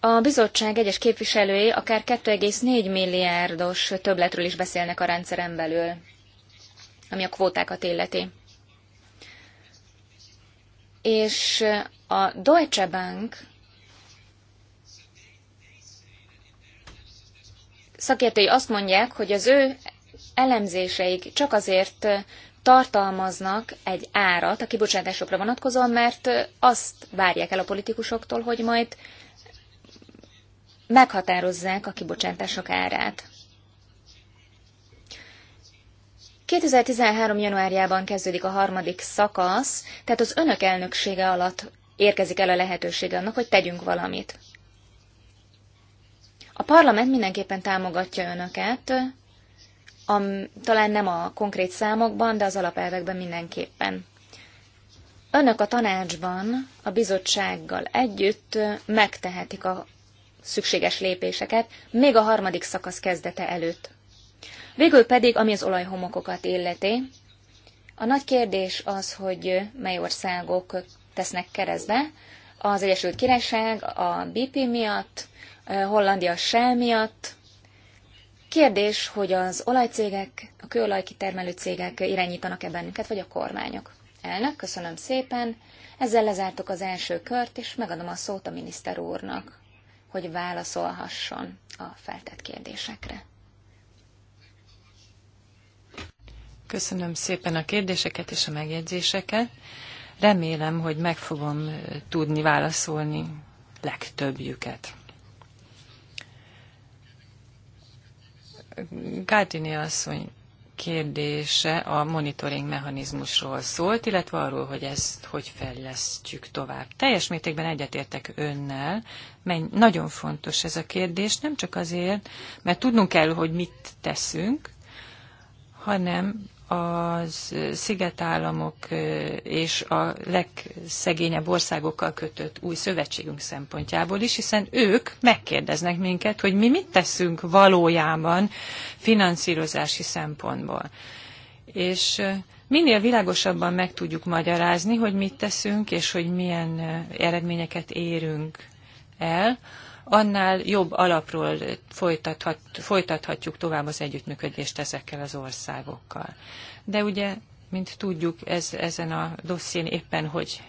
A bizottság egyes képviselői akár 2,4 milliárdos többletről is beszélnek a rendszeren belül, ami a kvótákat illeti és a Deutsche Bank szakértői azt mondják, hogy az ő elemzéseik csak azért tartalmaznak egy árat a kibocsátásokra vonatkozóan, mert azt várják el a politikusoktól, hogy majd meghatározzák a kibocsátások árát. 2013. januárjában kezdődik a harmadik szakasz, tehát az önök elnöksége alatt érkezik el a lehetőség annak, hogy tegyünk valamit. A parlament mindenképpen támogatja önöket, a, talán nem a konkrét számokban, de az alapelvekben mindenképpen. Önök a tanácsban a bizottsággal együtt megtehetik a szükséges lépéseket, még a harmadik szakasz kezdete előtt. Végül pedig, ami az olajhomokokat illeti, a nagy kérdés az, hogy mely országok tesznek keresztbe. Az Egyesült Királyság a BP miatt, Hollandia a Shell miatt. Kérdés, hogy az olajcégek, a kőolajkitermelő cégek irányítanak-e bennünket, vagy a kormányok. Elnök, köszönöm szépen. Ezzel lezártuk az első kört, és megadom a szót a miniszter úrnak, hogy válaszolhasson a feltett kérdésekre. Köszönöm szépen a kérdéseket és a megjegyzéseket. Remélem, hogy meg fogom tudni válaszolni legtöbbjüket. Gárdini asszony kérdése a monitoring mechanizmusról szólt, illetve arról, hogy ezt hogy fejlesztjük tovább. Teljes mértékben egyetértek önnel, mert nagyon fontos ez a kérdés, nem csak azért, mert tudnunk kell, hogy mit teszünk, hanem az szigetállamok és a legszegényebb országokkal kötött új szövetségünk szempontjából is, hiszen ők megkérdeznek minket, hogy mi mit teszünk valójában finanszírozási szempontból. És minél világosabban meg tudjuk magyarázni, hogy mit teszünk, és hogy milyen eredményeket érünk el, annál jobb alapról folytathat, folytathatjuk tovább az együttműködést ezekkel az országokkal. De ugye, mint tudjuk, ez, ezen a dosszén éppen, hogy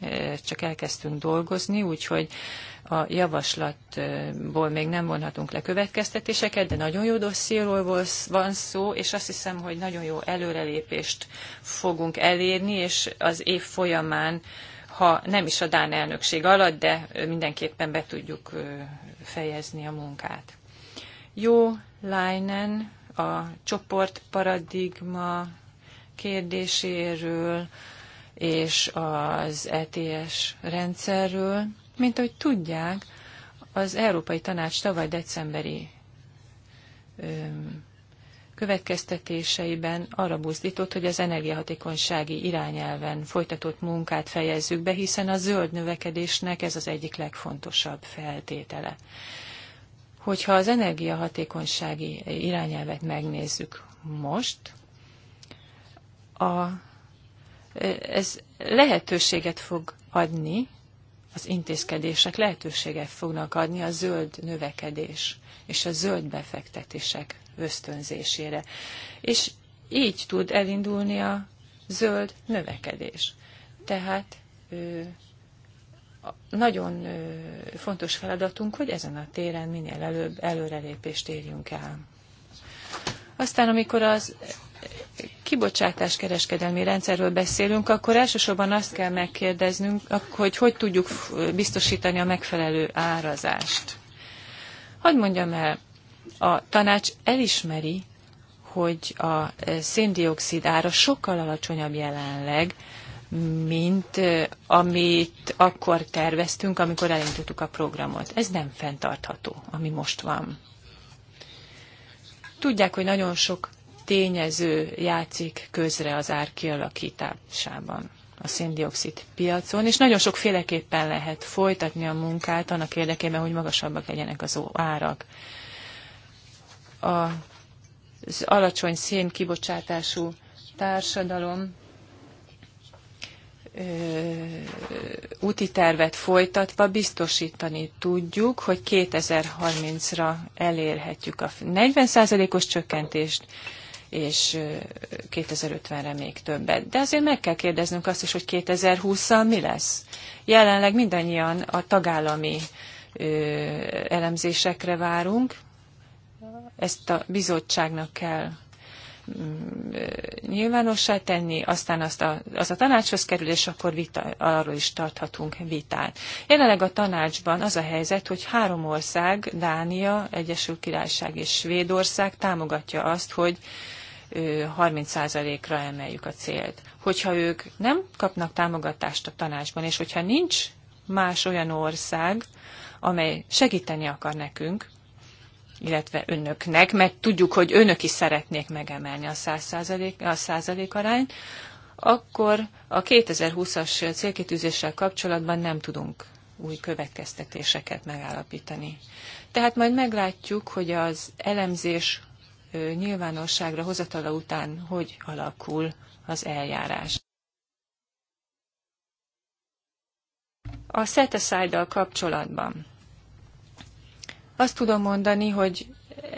e, csak elkezdtünk dolgozni, úgyhogy a javaslatból még nem vonhatunk le következtetéseket, de nagyon jó dossziéról van szó, és azt hiszem, hogy nagyon jó előrelépést fogunk elérni, és az év folyamán ha nem is a Dán elnökség alatt, de mindenképpen be tudjuk fejezni a munkát. Jó Leinen a csoportparadigma kérdéséről és az ETS rendszerről. Mint ahogy tudják, az Európai Tanács tavaly decemberi következtetéseiben arra buzdított, hogy az energiahatékonysági irányelven folytatott munkát fejezzük be, hiszen a zöld növekedésnek ez az egyik legfontosabb feltétele. Hogyha az energiahatékonysági irányelvet megnézzük most, a, ez lehetőséget fog adni, az intézkedések lehetőséget fognak adni a zöld növekedés és a zöld befektetések ösztönzésére. És így tud elindulni a zöld növekedés. Tehát nagyon fontos feladatunk, hogy ezen a téren minél előbb előrelépést érjünk el. Aztán, amikor az kibocsátás kereskedelmi rendszerről beszélünk, akkor elsősorban azt kell megkérdeznünk, hogy hogy tudjuk biztosítani a megfelelő árazást. Hadd mondjam el, a tanács elismeri, hogy a eh, széndiokszid ára sokkal alacsonyabb jelenleg, mint eh, amit akkor terveztünk, amikor elindítottuk a programot. Ez nem fenntartható, ami most van. Tudják, hogy nagyon sok tényező játszik közre az ár kialakításában a széndiokszid piacon, és nagyon sokféleképpen lehet folytatni a munkát annak érdekében, hogy magasabbak legyenek az árak az alacsony szénkibocsátású társadalom úti tervet folytatva biztosítani tudjuk, hogy 2030-ra elérhetjük a 40%-os csökkentést, és 2050-re még többet. De azért meg kell kérdeznünk azt is, hogy 2020-szal mi lesz. Jelenleg mindannyian a tagállami elemzésekre várunk, ezt a bizottságnak kell mm, nyilvánossá tenni, aztán azt a, az a tanácshoz kerül, és akkor vita, arról is tarthatunk vitát. Jelenleg a tanácsban az a helyzet, hogy három ország, Dánia, Egyesült Királyság és Svédország támogatja azt, hogy 30%-ra emeljük a célt. Hogyha ők nem kapnak támogatást a tanácsban, és hogyha nincs más olyan ország, amely segíteni akar nekünk, illetve önöknek, mert tudjuk, hogy önök is szeretnék megemelni a, 100%, a százalék arányt, akkor a 2020-as célkitűzéssel kapcsolatban nem tudunk új következtetéseket megállapítani. Tehát majd meglátjuk, hogy az elemzés nyilvánosságra hozatala után hogy alakul az eljárás. A set aside kapcsolatban azt tudom mondani, hogy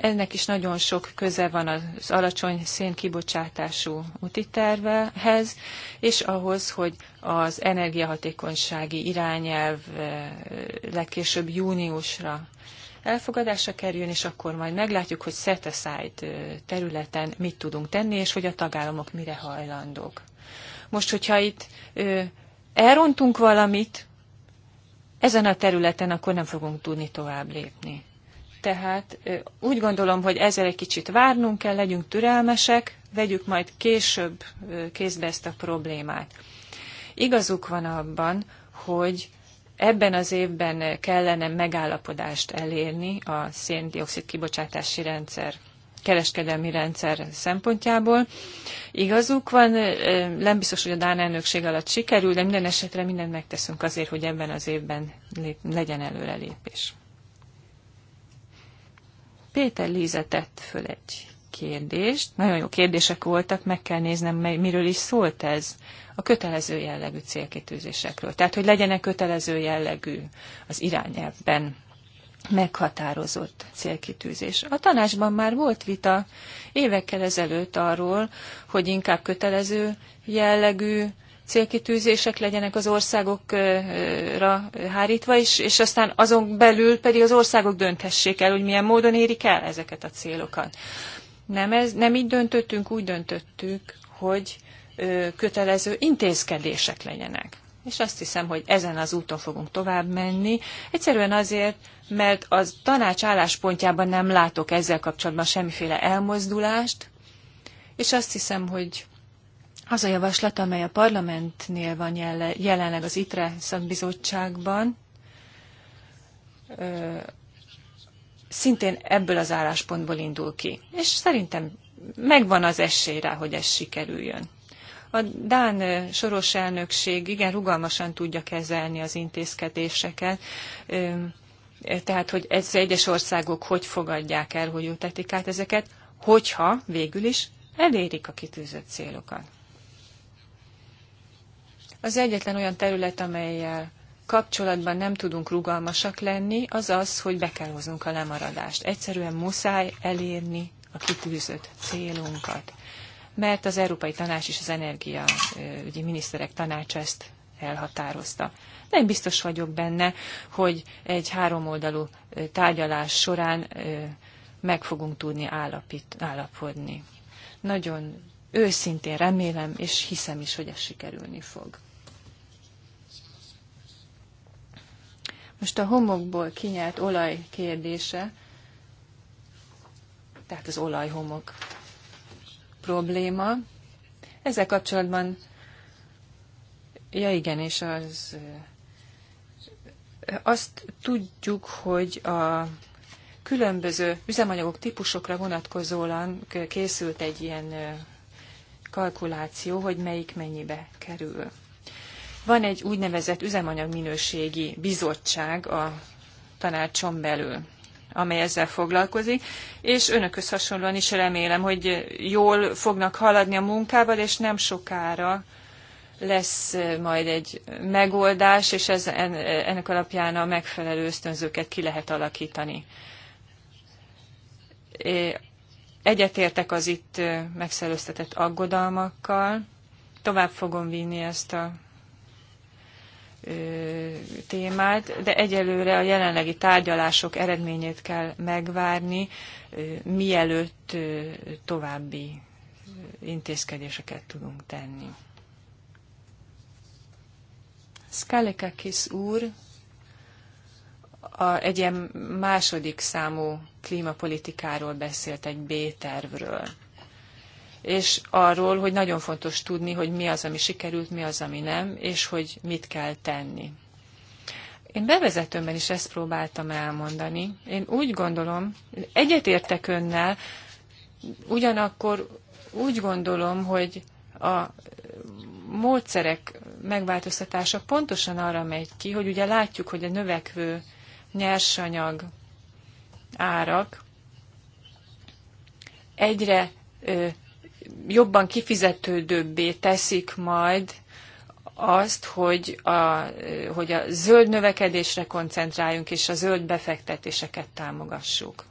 ennek is nagyon sok köze van az alacsony szénkibocsátású úti tervehez, és ahhoz, hogy az energiahatékonysági irányelv eh, legkésőbb júniusra elfogadásra kerüljön, és akkor majd meglátjuk, hogy set-aside eh, területen mit tudunk tenni, és hogy a tagállamok mire hajlandók. Most, hogyha itt eh, elrontunk valamit ezen a területen, akkor nem fogunk tudni tovább lépni. Tehát úgy gondolom, hogy ezzel egy kicsit várnunk kell, legyünk türelmesek, vegyük majd később kézbe ezt a problémát. Igazuk van abban, hogy ebben az évben kellene megállapodást elérni a széndiokszid kibocsátási rendszer kereskedelmi rendszer szempontjából. Igazuk van, nem biztos, hogy a Dán elnökség alatt sikerül, de minden esetre mindent megteszünk azért, hogy ebben az évben legyen előrelépés. Péter Líze tett föl egy kérdést. Nagyon jó kérdések voltak, meg kell néznem, miről is szólt ez. A kötelező jellegű célkitűzésekről. Tehát, hogy legyenek kötelező jellegű az irányelvben meghatározott célkitűzés. A tanácsban már volt vita évekkel ezelőtt arról, hogy inkább kötelező jellegű célkitűzések legyenek az országokra hárítva is, és aztán azon belül pedig az országok dönthessék el, hogy milyen módon érik el ezeket a célokat. Nem, ez, nem így döntöttünk, úgy döntöttük, hogy kötelező intézkedések legyenek. És azt hiszem, hogy ezen az úton fogunk tovább menni. Egyszerűen azért, mert az tanács álláspontjában nem látok ezzel kapcsolatban semmiféle elmozdulást, és azt hiszem, hogy az a javaslat, amely a parlamentnél van jelenleg az ITRE szakbizottságban, szintén ebből az álláspontból indul ki. És szerintem megvan az esély rá, hogy ez sikerüljön. A Dán soros elnökség igen rugalmasan tudja kezelni az intézkedéseket, tehát hogy ez egyes országok hogy fogadják el, hogy ültetik át ezeket, hogyha végül is elérik a kitűzött célokat. Az egyetlen olyan terület, amelyel kapcsolatban nem tudunk rugalmasak lenni, az az, hogy be kell hoznunk a lemaradást. Egyszerűen muszáj elérni a kitűzött célunkat. Mert az Európai Tanács és az ügyi Miniszterek tanács ezt elhatározta. Nem biztos vagyok benne, hogy egy háromoldalú tárgyalás során meg fogunk tudni állapít, állapodni. Nagyon őszintén remélem, és hiszem is, hogy ez sikerülni fog. Most a homokból kinyert olaj kérdése, tehát az olajhomok probléma. Ezzel kapcsolatban, ja igen, és az, azt tudjuk, hogy a különböző üzemanyagok típusokra vonatkozóan készült egy ilyen kalkuláció, hogy melyik mennyibe kerül. Van egy úgynevezett üzemanyagminőségi bizottság a tanácson belül amely ezzel foglalkozik, és önökhöz hasonlóan is remélem, hogy jól fognak haladni a munkával, és nem sokára lesz majd egy megoldás, és ez, ennek alapján a megfelelő ösztönzőket ki lehet alakítani. Egyetértek az itt megszerőztetett aggodalmakkal, tovább fogom vinni ezt a témát, de egyelőre a jelenlegi tárgyalások eredményét kell megvárni, mielőtt további intézkedéseket tudunk tenni. Skalekakis úr a, egy ilyen második számú klímapolitikáról beszélt, egy B-tervről és arról, hogy nagyon fontos tudni, hogy mi az, ami sikerült, mi az, ami nem, és hogy mit kell tenni. Én bevezetőmben is ezt próbáltam elmondani. Én úgy gondolom, egyetértek önnel, ugyanakkor úgy gondolom, hogy a módszerek megváltoztatása pontosan arra megy ki, hogy ugye látjuk, hogy a növekvő nyersanyag árak egyre jobban kifizetődőbbé teszik majd azt, hogy a, hogy a zöld növekedésre koncentráljunk és a zöld befektetéseket támogassuk.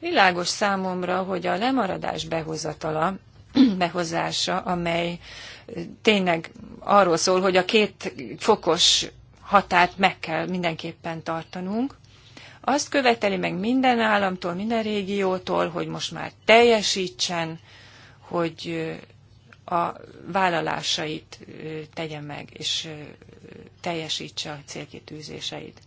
Világos számomra, hogy a lemaradás behozatala, behozása, amely tényleg arról szól, hogy a két fokos határt meg kell mindenképpen tartanunk, azt követeli meg minden államtól, minden régiótól, hogy most már teljesítsen, hogy a vállalásait tegye meg, és teljesítse a célkitűzéseit.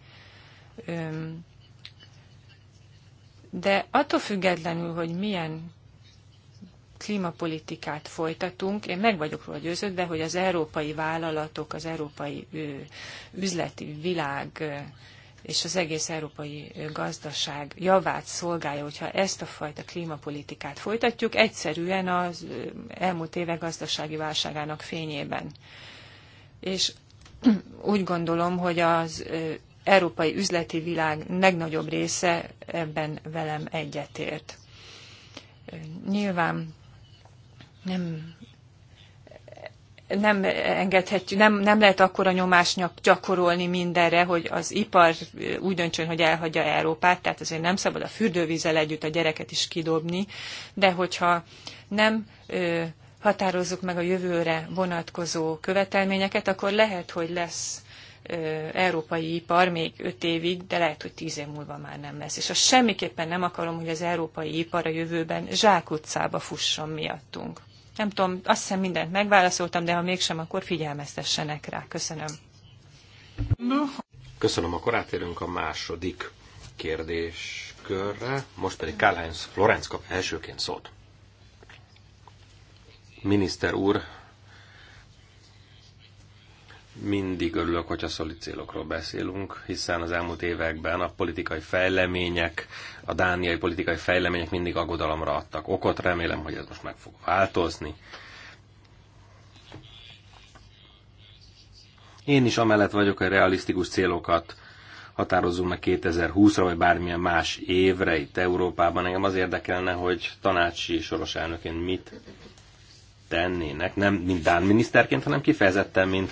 De attól függetlenül, hogy milyen klímapolitikát folytatunk, én meg vagyok róla győződve, hogy az európai vállalatok, az európai üzleti világ és az egész európai gazdaság javát szolgálja, hogyha ezt a fajta klímapolitikát folytatjuk, egyszerűen az elmúlt évek gazdasági válságának fényében. És úgy gondolom, hogy az európai üzleti világ legnagyobb része ebben velem egyetért. Nyilván nem nem engedhetjük, nem, nem lehet akkora nyomást gyakorolni mindenre, hogy az ipar úgy döntsön, hogy elhagyja Európát, tehát azért nem szabad a fürdővízzel együtt a gyereket is kidobni, de hogyha nem ö, határozzuk meg a jövőre vonatkozó követelményeket, akkor lehet, hogy lesz ö, európai ipar még öt évig, de lehet, hogy tíz év múlva már nem lesz. És azt semmiképpen nem akarom, hogy az európai ipar a jövőben zsákutcába fusson miattunk. Nem tudom, azt hiszem mindent megválaszoltam, de ha mégsem, akkor figyelmeztessenek rá. Köszönöm. Köszönöm, akkor átérünk a második kérdéskörre. Most pedig Karl-Heinz kap elsőként szót. Miniszter úr, mindig örülök, hogyha szolid célokról beszélünk, hiszen az elmúlt években a politikai fejlemények, a dániai politikai fejlemények mindig aggodalomra adtak okot. Remélem, hogy ez most meg fog változni. Én is amellett vagyok, hogy realisztikus célokat határozzunk meg 2020-ra, vagy bármilyen más évre itt Európában. Engem az érdekelne, hogy tanácsi soros elnökén mit tennének, nem mint Dán miniszterként, hanem kifejezetten, mint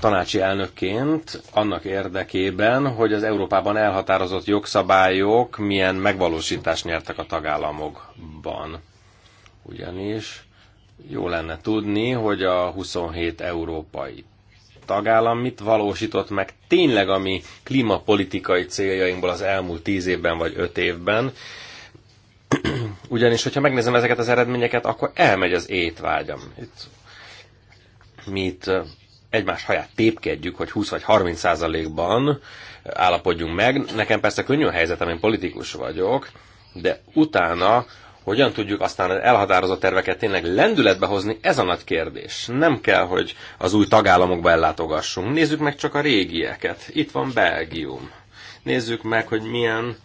tanácsi elnökként annak érdekében, hogy az Európában elhatározott jogszabályok milyen megvalósítást nyertek a tagállamokban. Ugyanis jó lenne tudni, hogy a 27 európai tagállam mit valósított meg tényleg a mi klímapolitikai céljainkból az elmúlt 10 évben vagy 5 évben, ugyanis, hogyha megnézem ezeket az eredményeket, akkor elmegy az étvágyam. Itt mit egymás haját tépkedjük, hogy 20 vagy 30 százalékban állapodjunk meg. Nekem persze könnyű a helyzetem, én politikus vagyok, de utána hogyan tudjuk aztán az elhatározott terveket tényleg lendületbe hozni, ez a nagy kérdés. Nem kell, hogy az új tagállamokba ellátogassunk. Nézzük meg csak a régieket. Itt van Belgium. Nézzük meg, hogy milyen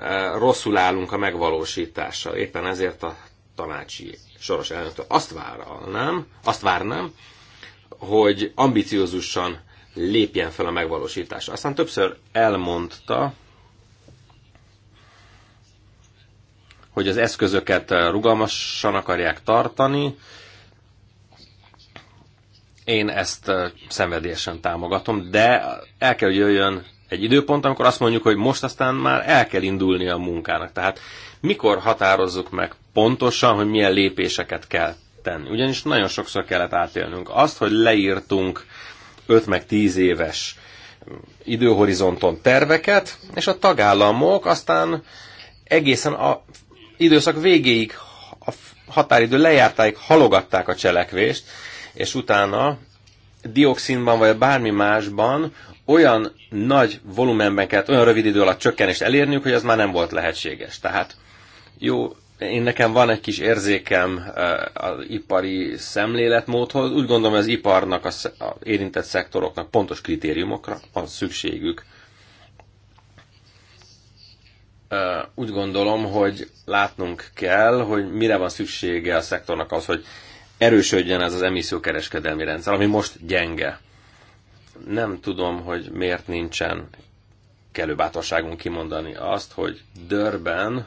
eh, rosszul állunk a megvalósítással. Éppen ezért a tanácsi soros elnöktől azt várnám, azt várnám, hogy ambiciózusan lépjen fel a megvalósításra. Aztán többször elmondta, hogy az eszközöket rugalmasan akarják tartani. Én ezt eh, szenvedélyesen támogatom, de el kell, hogy jöjjön egy időpont, amikor azt mondjuk, hogy most aztán már el kell indulni a munkának. Tehát mikor határozzuk meg pontosan, hogy milyen lépéseket kell tenni. Ugyanis nagyon sokszor kellett átélnünk azt, hogy leírtunk 5 meg 10 éves időhorizonton terveket, és a tagállamok aztán egészen a időszak végéig a határidő lejártáig halogatták a cselekvést, és utána dioxinban vagy bármi másban olyan nagy volumenben kellett olyan rövid idő alatt csökkenést elérniük, hogy ez már nem volt lehetséges. Tehát jó én nekem van egy kis érzékem eh, az ipari szemléletmódhoz. Úgy gondolom, az iparnak, az érintett szektoroknak pontos kritériumokra van szükségük. Eh, úgy gondolom, hogy látnunk kell, hogy mire van szüksége a szektornak az, hogy erősödjen ez az emissziókereskedelmi rendszer, ami most gyenge. Nem tudom, hogy miért nincsen kellő bátorságunk kimondani azt, hogy Dörben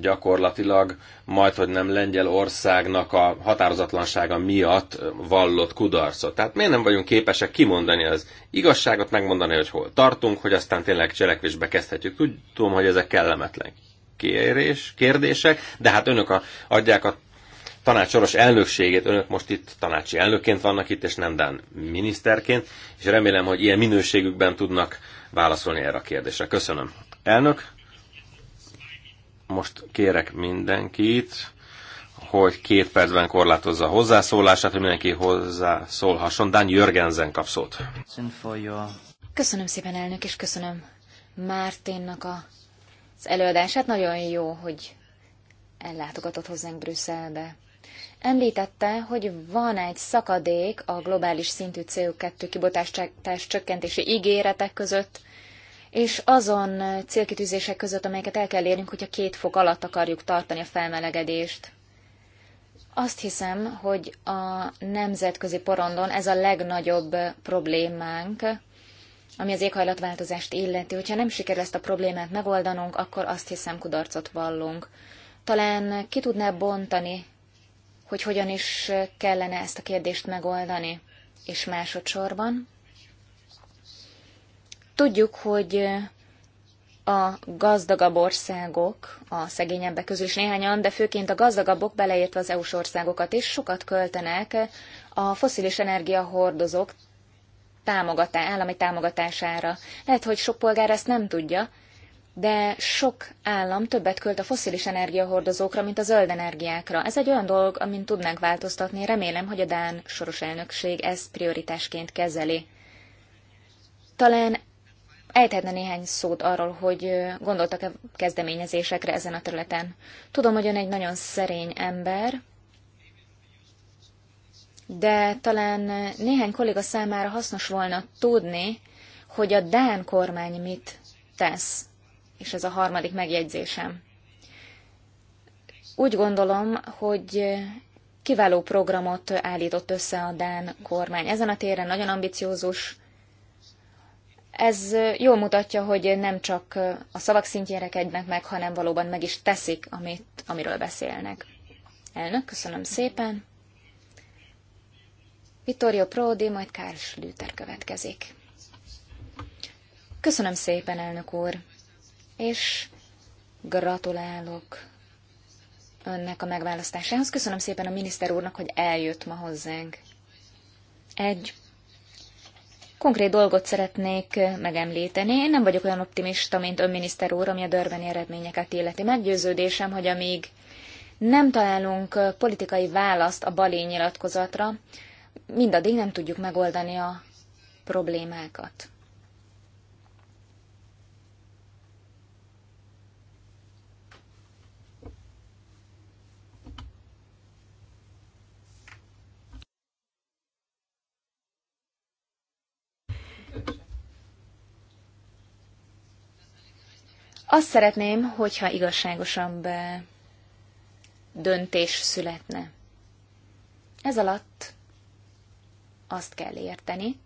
gyakorlatilag majd, hogy nem Lengyelországnak a határozatlansága miatt vallott kudarcot. Tehát miért nem vagyunk képesek kimondani az igazságot, megmondani, hogy hol tartunk, hogy aztán tényleg cselekvésbe kezdhetjük. Tudom, hogy ezek kellemetlen kérés, kérdések, de hát önök a, adják a tanácsoros elnökségét, önök most itt tanácsi elnökként vannak itt, és nem Dán miniszterként, és remélem, hogy ilyen minőségükben tudnak válaszolni erre a kérdésre. Köszönöm. Elnök, most kérek mindenkit, hogy két percben korlátozza a hozzászólását, hogy mindenki hozzászólhasson. Dán Jörgenzen kap szót. Köszönöm szépen, elnök, és köszönöm Márténnak a, az előadását. Nagyon jó, hogy ellátogatott hozzánk Brüsszelbe. Említette, hogy van egy szakadék a globális szintű CO2 kibotás csökkentési ígéretek között, és azon célkitűzések között, amelyeket el kell érnünk, hogyha két fok alatt akarjuk tartani a felmelegedést. Azt hiszem, hogy a nemzetközi porondon ez a legnagyobb problémánk, ami az éghajlatváltozást illeti. Hogyha nem sikerül ezt a problémát megoldanunk, akkor azt hiszem kudarcot vallunk. Talán ki tudná bontani, hogy hogyan is kellene ezt a kérdést megoldani. És másodszorban, Tudjuk, hogy a gazdagabb országok, a szegényebbek közül is néhányan, de főként a gazdagabbok, beleértve az EU-s országokat is, sokat költenek a foszilis energiahordozók támogatá, állami támogatására. Lehet, hogy sok polgár ezt nem tudja, de sok állam többet költ a foszilis energiahordozókra, mint a zöld energiákra. Ez egy olyan dolog, amin tudnánk változtatni, remélem, hogy a Dán soros elnökség ezt prioritásként kezeli. Talán ejthetne néhány szót arról, hogy gondoltak-e kezdeményezésekre ezen a területen. Tudom, hogy ön egy nagyon szerény ember, de talán néhány kolléga számára hasznos volna tudni, hogy a Dán kormány mit tesz. És ez a harmadik megjegyzésem. Úgy gondolom, hogy kiváló programot állított össze a Dán kormány. Ezen a téren nagyon ambiciózus ez jól mutatja, hogy nem csak a szavak szintjén rekednek meg, hanem valóban meg is teszik, amit, amiről beszélnek. Elnök, köszönöm szépen. Vittorio Prodi, majd Karl Schlüter következik. Köszönöm szépen, elnök úr, és gratulálok önnek a megválasztásához. Köszönöm szépen a miniszter úrnak, hogy eljött ma hozzánk. Egy Konkrét dolgot szeretnék megemlíteni. Én nem vagyok olyan optimista, mint önminiszter úr, ami a dörbeni eredményeket illeti. Meggyőződésem, hogy amíg nem találunk politikai választ a balé nyilatkozatra, mindaddig nem tudjuk megoldani a problémákat. Azt szeretném, hogyha igazságosabb döntés születne. Ez alatt azt kell érteni,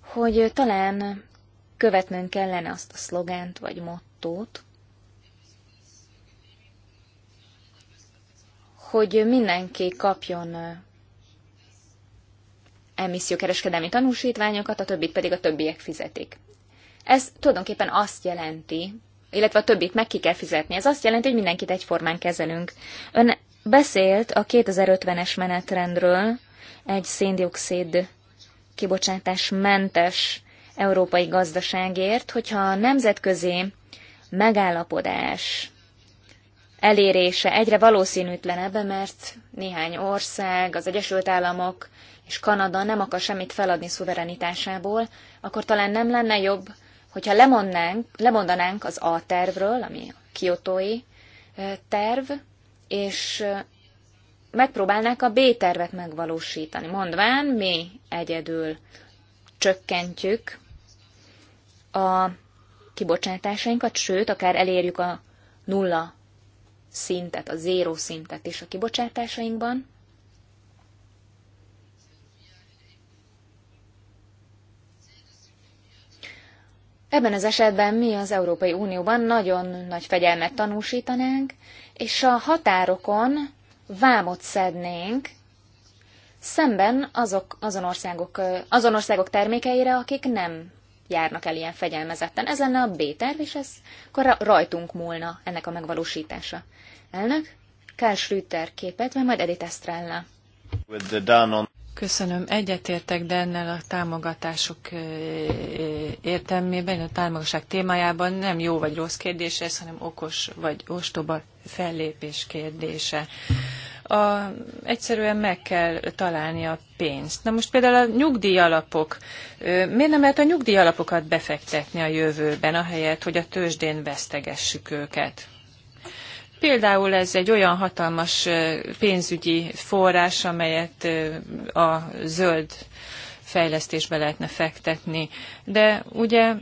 hogy talán követnünk kellene azt a szlogánt vagy mottót, hogy mindenki kapjon emissziókereskedelmi tanúsítványokat, a többit pedig a többiek fizetik. Ez tulajdonképpen azt jelenti, illetve a többit meg ki kell fizetni. Ez azt jelenti, hogy mindenkit egyformán kezelünk. Ön beszélt a 2050-es menetrendről, egy széndiokszid mentes európai gazdaságért, hogyha a nemzetközi megállapodás elérése egyre valószínűtlenebb, mert néhány ország, az Egyesült Államok és Kanada nem akar semmit feladni szuverenitásából, akkor talán nem lenne jobb, hogyha lemondnánk, lemondanánk az A tervről, ami a kiotói terv, és megpróbálnák a B tervet megvalósítani, mondván mi egyedül csökkentjük a kibocsátásainkat, sőt, akár elérjük a nulla szintet, a zéró szintet is a kibocsátásainkban, Ebben az esetben mi az Európai Unióban nagyon nagy fegyelmet tanúsítanánk, és a határokon vámot szednénk, szemben azok, azon, országok, azon országok termékeire, akik nem járnak el ilyen fegyelmezetten. Ez lenne a B-terv, és ez akkor rajtunk múlna ennek a megvalósítása. Elnök, Karl Schlüter képet, mert majd Edith Estrella. Köszönöm. Egyetértek ennél a támogatások értelmében, a támogatások témájában nem jó vagy rossz kérdés ez, hanem okos vagy ostoba fellépés kérdése. A, egyszerűen meg kell találni a pénzt. Na most például a nyugdíjalapok, miért nem lehet a nyugdíjalapokat befektetni a jövőben, ahelyett, hogy a tőzsdén vesztegessük őket? Például ez egy olyan hatalmas pénzügyi forrás, amelyet a zöld fejlesztésbe lehetne fektetni. De ugye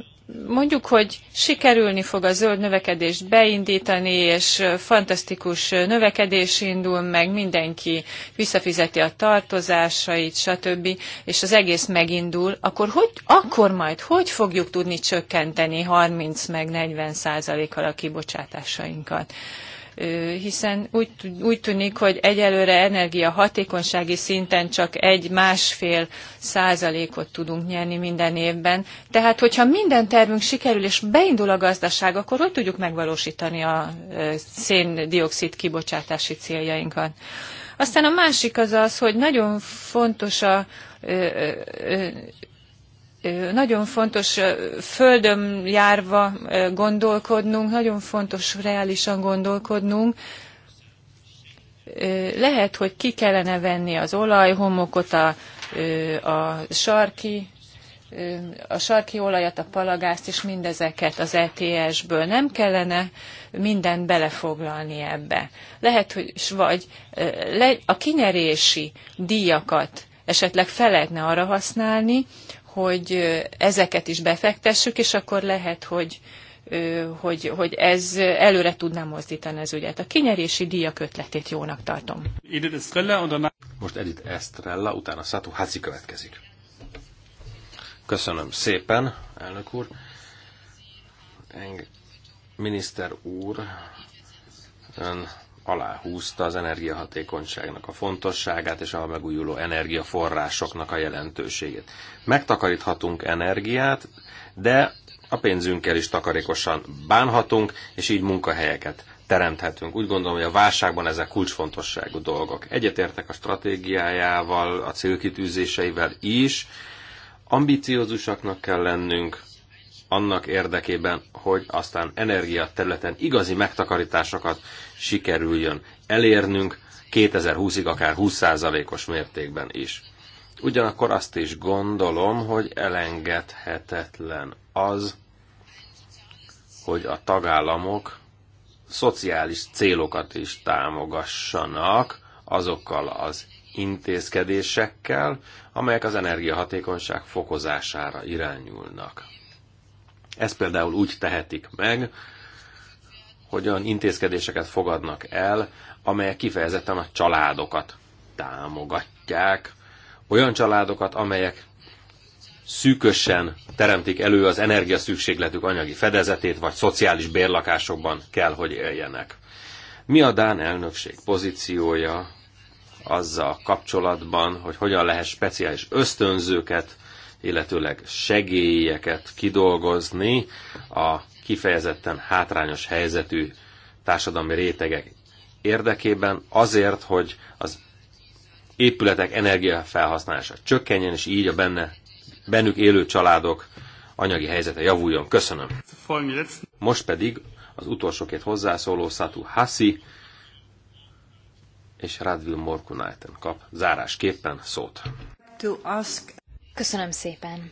mondjuk, hogy sikerülni fog a zöld növekedést beindítani, és fantasztikus növekedés indul meg, mindenki visszafizeti a tartozásait, stb., és az egész megindul, akkor, hogy, akkor majd hogy fogjuk tudni csökkenteni 30 meg 40 százalékkal a kibocsátásainkat? hiszen úgy, úgy tűnik, hogy egyelőre energia hatékonysági szinten csak egy másfél százalékot tudunk nyerni minden évben. Tehát, hogyha minden tervünk sikerül és beindul a gazdaság, akkor hogy tudjuk megvalósítani a széndiokszid kibocsátási céljainkat. Aztán a másik az az, hogy nagyon fontos a nagyon fontos földön járva gondolkodnunk, nagyon fontos reálisan gondolkodnunk. Lehet, hogy ki kellene venni az olajhomokot, a, a sarki a sarki olajat, a palagázt és mindezeket az ETS-ből. Nem kellene mindent belefoglalni ebbe. Lehet, hogy vagy a kinyerési díjakat esetleg fel lehetne arra használni, hogy ezeket is befektessük, és akkor lehet, hogy, hogy, hogy ez előre tudná mozdítani az ügyet. A kinyerési díjak ötletét jónak tartom. Most Edith Estrella, utána szatu házi következik. Köszönöm szépen, elnök úr. Eng, miniszter úr, ön aláhúzta az energiahatékonyságnak a fontosságát és a megújuló energiaforrásoknak a jelentőségét. Megtakaríthatunk energiát, de a pénzünkkel is takarékosan bánhatunk, és így munkahelyeket teremthetünk. Úgy gondolom, hogy a válságban ezek kulcsfontosságú dolgok. Egyetértek a stratégiájával, a célkitűzéseivel is. Ambiciózusaknak kell lennünk, annak érdekében, hogy aztán energia területen igazi megtakarításokat sikerüljön elérnünk 2020-ig akár 20%-os mértékben is. Ugyanakkor azt is gondolom, hogy elengedhetetlen az, hogy a tagállamok szociális célokat is támogassanak azokkal az intézkedésekkel, amelyek az energiahatékonyság fokozására irányulnak. Ezt például úgy tehetik meg, hogy olyan intézkedéseket fogadnak el, amelyek kifejezetten a családokat támogatják. Olyan családokat, amelyek szűkösen teremtik elő az energia szükségletük anyagi fedezetét, vagy szociális bérlakásokban kell, hogy éljenek. Mi a Dán elnökség pozíciója azzal kapcsolatban, hogy hogyan lehet speciális ösztönzőket, illetőleg segélyeket kidolgozni a kifejezetten hátrányos helyzetű társadalmi rétegek érdekében, azért, hogy az épületek energiafelhasználása csökkenjen, és így a benne, bennük élő családok anyagi helyzete javuljon. Köszönöm. Most pedig az utolsó két hozzászóló, Satu Hassi és Radvil Morkunájten kap zárásképpen szót. Köszönöm szépen.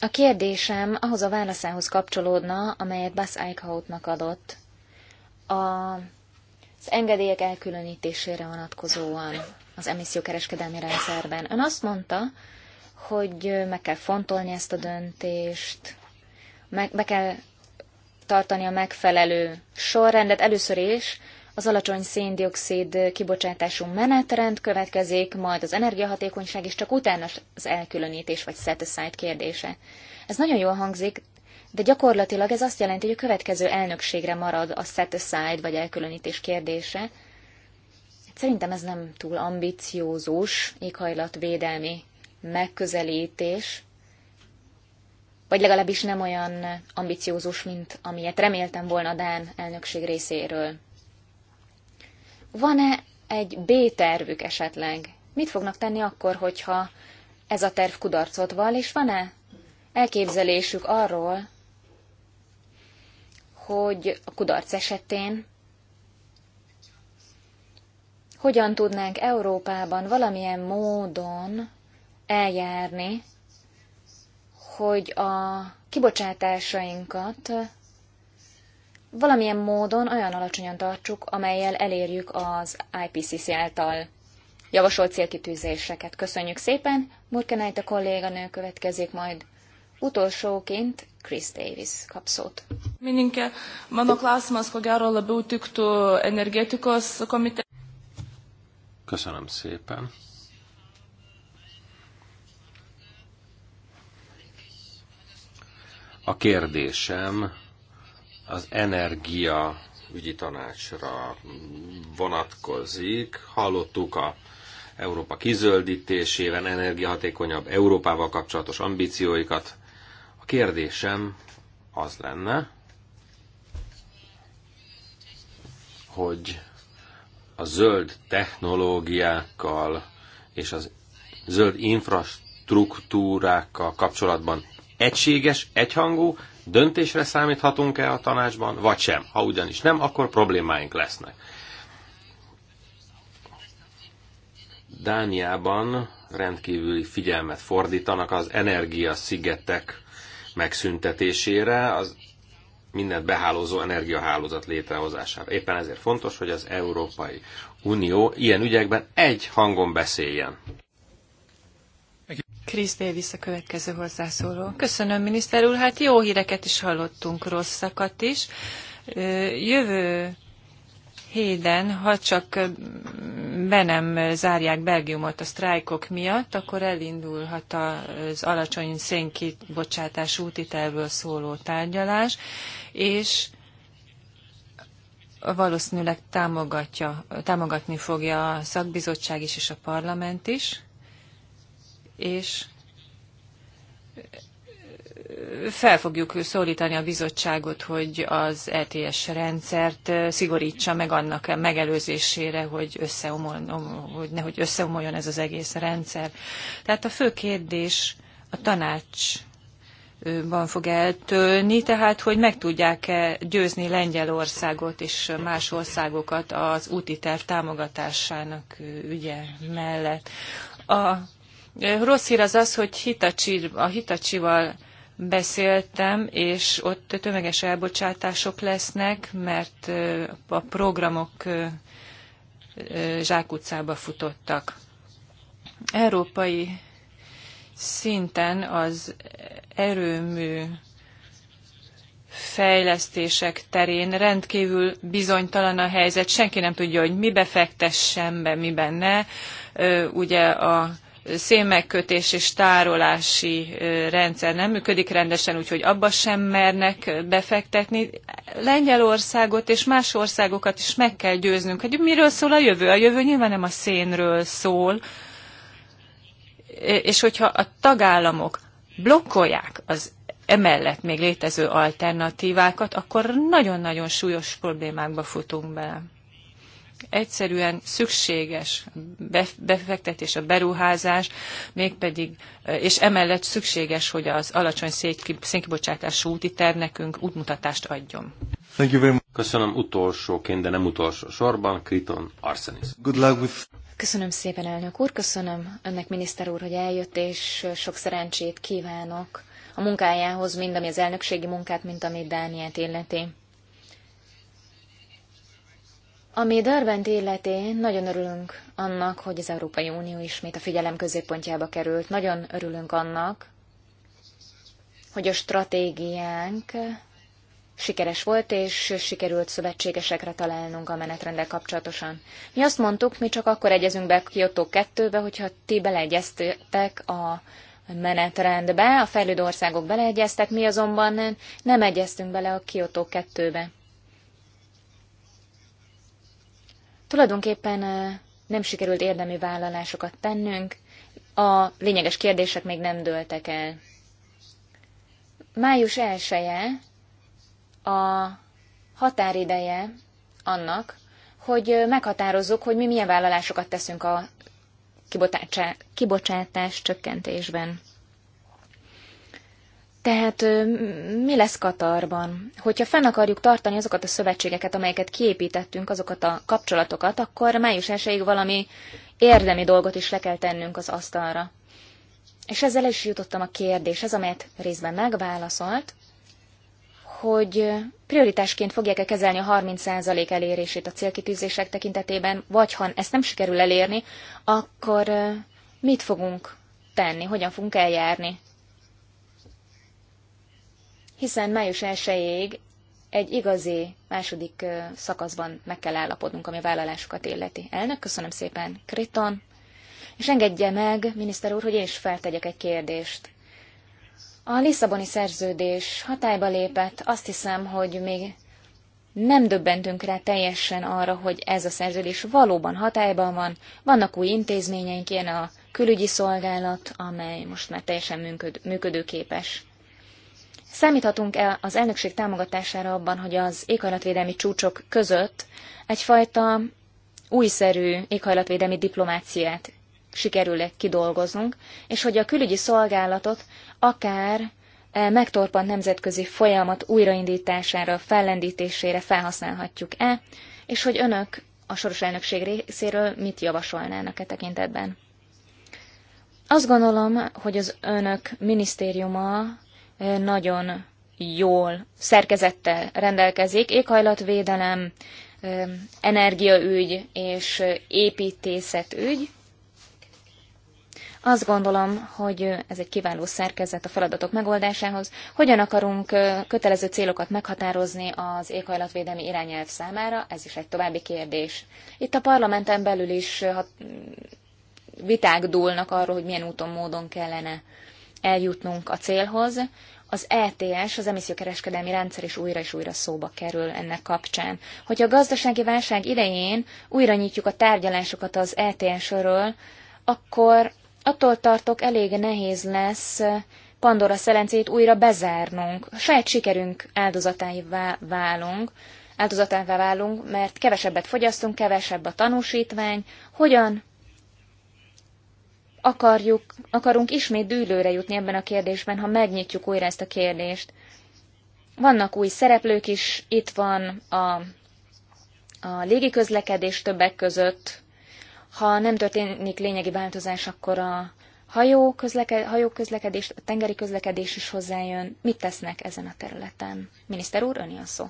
A kérdésem ahhoz a válaszához kapcsolódna, amelyet Bass Eichhautnak adott. A, az engedélyek elkülönítésére vonatkozóan az emissziókereskedelmi rendszerben. Ön azt mondta, hogy meg kell fontolni ezt a döntést, meg, meg kell tartani a megfelelő sorrendet először is, az alacsony széndiokszid kibocsátású menetrend következik, majd az energiahatékonyság, és csak utána az elkülönítés vagy set aside kérdése. Ez nagyon jól hangzik, de gyakorlatilag ez azt jelenti, hogy a következő elnökségre marad a set aside vagy elkülönítés kérdése. Szerintem ez nem túl ambiciózus éghajlatvédelmi megközelítés, vagy legalábbis nem olyan ambiciózus, mint amilyet reméltem volna Dán elnökség részéről. Van-e egy B-tervük esetleg? Mit fognak tenni akkor, hogyha ez a terv kudarcot val, és van-e elképzelésük arról, hogy a kudarc esetén hogyan tudnánk Európában valamilyen módon eljárni, hogy a kibocsátásainkat valamilyen módon olyan alacsonyan tartsuk, amelyel elérjük az IPCC által javasolt célkitűzéseket. Köszönjük szépen, Murkenájt a kolléganő következik majd. Utolsóként Chris Davis kap szót. Mininke, mano klausimas, ko gero labiau tiktų energetikos komite. Köszönöm szépen. A kérdésem az energia ügyi tanácsra vonatkozik. Hallottuk a Európa kizöldítésében energiahatékonyabb Európával kapcsolatos ambícióikat. A kérdésem az lenne, hogy a zöld technológiákkal és az zöld infrastruktúrákkal kapcsolatban egységes, egyhangú döntésre számíthatunk-e a tanácsban, vagy sem. Ha ugyanis nem, akkor problémáink lesznek. Dániában rendkívüli figyelmet fordítanak az energiaszigetek megszüntetésére, az mindent behálózó energiahálózat létrehozására. Éppen ezért fontos, hogy az Európai Unió ilyen ügyekben egy hangon beszéljen. Krisz Davis a következő hozzászóló. Köszönöm, miniszter úr. Hát jó híreket is hallottunk, rosszakat is. Jövő héden, ha csak be nem zárják Belgiumot a sztrájkok miatt, akkor elindulhat az alacsony szénkibocsátás útitelből szóló tárgyalás, és valószínűleg támogatja, támogatni fogja a szakbizottság is és a parlament is és fel fogjuk szólítani a bizottságot, hogy az ETS rendszert szigorítsa meg annak megelőzésére, hogy, összeomol, hogy nehogy összeomoljon ez az egész rendszer. Tehát a fő kérdés a tanács van fog eltölni, tehát hogy meg tudják-e győzni Lengyelországot és más országokat az úti terv támogatásának ügye mellett. A Rossz hír az az, hogy Hitachi, a Hitachi-val beszéltem, és ott tömeges elbocsátások lesznek, mert a programok zsákutcába futottak. Európai szinten az erőmű fejlesztések terén rendkívül bizonytalan a helyzet, senki nem tudja, hogy mi befektessen be, miben ne. Ugye a szénmegkötés és tárolási rendszer nem működik rendesen, úgyhogy abba sem mernek befektetni. Lengyelországot és más országokat is meg kell győznünk, hogy miről szól a jövő. A jövő nyilván nem a szénről szól, és hogyha a tagállamok blokkolják az emellett még létező alternatívákat, akkor nagyon-nagyon súlyos problémákba futunk bele egyszerűen szükséges befektetés, a beruházás, mégpedig, és emellett szükséges, hogy az alacsony szénkibocsátású úti tervnekünk útmutatást adjon. Thank you very much. Köszönöm utolsóként, de nem utolsó sorban, Kriton Arsenis. Good luck with... Köszönöm szépen, elnök úr, köszönöm önnek, miniszter úr, hogy eljött, és sok szerencsét kívánok a munkájához, mind ami az elnökségi munkát, mint ami Dániát illeti. Ami Darbent életé, nagyon örülünk annak, hogy az Európai Unió ismét a figyelem középpontjába került. Nagyon örülünk annak, hogy a stratégiánk sikeres volt, és sikerült szövetségesekre találnunk a menetrendel kapcsolatosan. Mi azt mondtuk, mi csak akkor egyezünk be Kyoto 2-be, hogyha ti beleegyeztetek a menetrendbe, a fejlődő országok beleegyeztek, mi azonban nem egyeztünk bele a Kyoto 2-be. Tulajdonképpen nem sikerült érdemi vállalásokat tennünk, a lényeges kérdések még nem dőltek el. Május 1 -e a határideje annak, hogy meghatározzuk, hogy mi milyen vállalásokat teszünk a kibocsátás csökkentésben. Tehát mi lesz Katarban? Hogyha fenn akarjuk tartani azokat a szövetségeket, amelyeket kiépítettünk, azokat a kapcsolatokat, akkor május 1 valami érdemi dolgot is le kell tennünk az asztalra. És ezzel is jutottam a ez amelyet részben megválaszolt, hogy prioritásként fogják-e kezelni a 30% elérését a célkitűzések tekintetében, vagy ha ezt nem sikerül elérni, akkor mit fogunk tenni, hogyan fogunk eljárni? hiszen május 1 egy igazi második szakaszban meg kell állapodnunk, ami a vállalásokat illeti. Elnök, köszönöm szépen, Kriton, és engedje meg, miniszter úr, hogy én is feltegyek egy kérdést. A Lisszaboni szerződés hatályba lépett, azt hiszem, hogy még nem döbbentünk rá teljesen arra, hogy ez a szerződés valóban hatályban van. Vannak új intézményeink, ilyen a külügyi szolgálat, amely most már teljesen működőképes. Számíthatunk-e az elnökség támogatására abban, hogy az éghajlatvédelmi csúcsok között egyfajta újszerű éghajlatvédelmi diplomáciát sikerül -e kidolgoznunk, és hogy a külügyi szolgálatot akár e, megtorpant nemzetközi folyamat újraindítására, fellendítésére felhasználhatjuk-e, és hogy önök a soros elnökség részéről mit javasolnának e tekintetben. Azt gondolom, hogy az önök minisztériuma nagyon jól szerkezettel rendelkezik. Éghajlatvédelem, energiaügy és építészetügy. Azt gondolom, hogy ez egy kiváló szerkezet a feladatok megoldásához. Hogyan akarunk kötelező célokat meghatározni az éghajlatvédelmi irányelv számára? Ez is egy további kérdés. Itt a parlamenten belül is viták dúlnak arról, hogy milyen úton, módon kellene eljutnunk a célhoz. Az ETS, az emissziókereskedelmi rendszer is újra és újra szóba kerül ennek kapcsán. Hogyha a gazdasági válság idején újra nyitjuk a tárgyalásokat az ETS-ről, akkor attól tartok elég nehéz lesz Pandora szelencét újra bezárnunk. A saját sikerünk áldozatává válunk, áldozatává válunk, mert kevesebbet fogyasztunk, kevesebb a tanúsítvány. Hogyan akarjuk, akarunk ismét dűlőre jutni ebben a kérdésben, ha megnyitjuk újra ezt a kérdést. Vannak új szereplők is, itt van a, a légiközlekedés többek között. Ha nem történik lényegi változás, akkor a hajó közleke, hajók közlekedés, a tengeri közlekedés is hozzájön. Mit tesznek ezen a területen? Miniszter úr, öni a szó.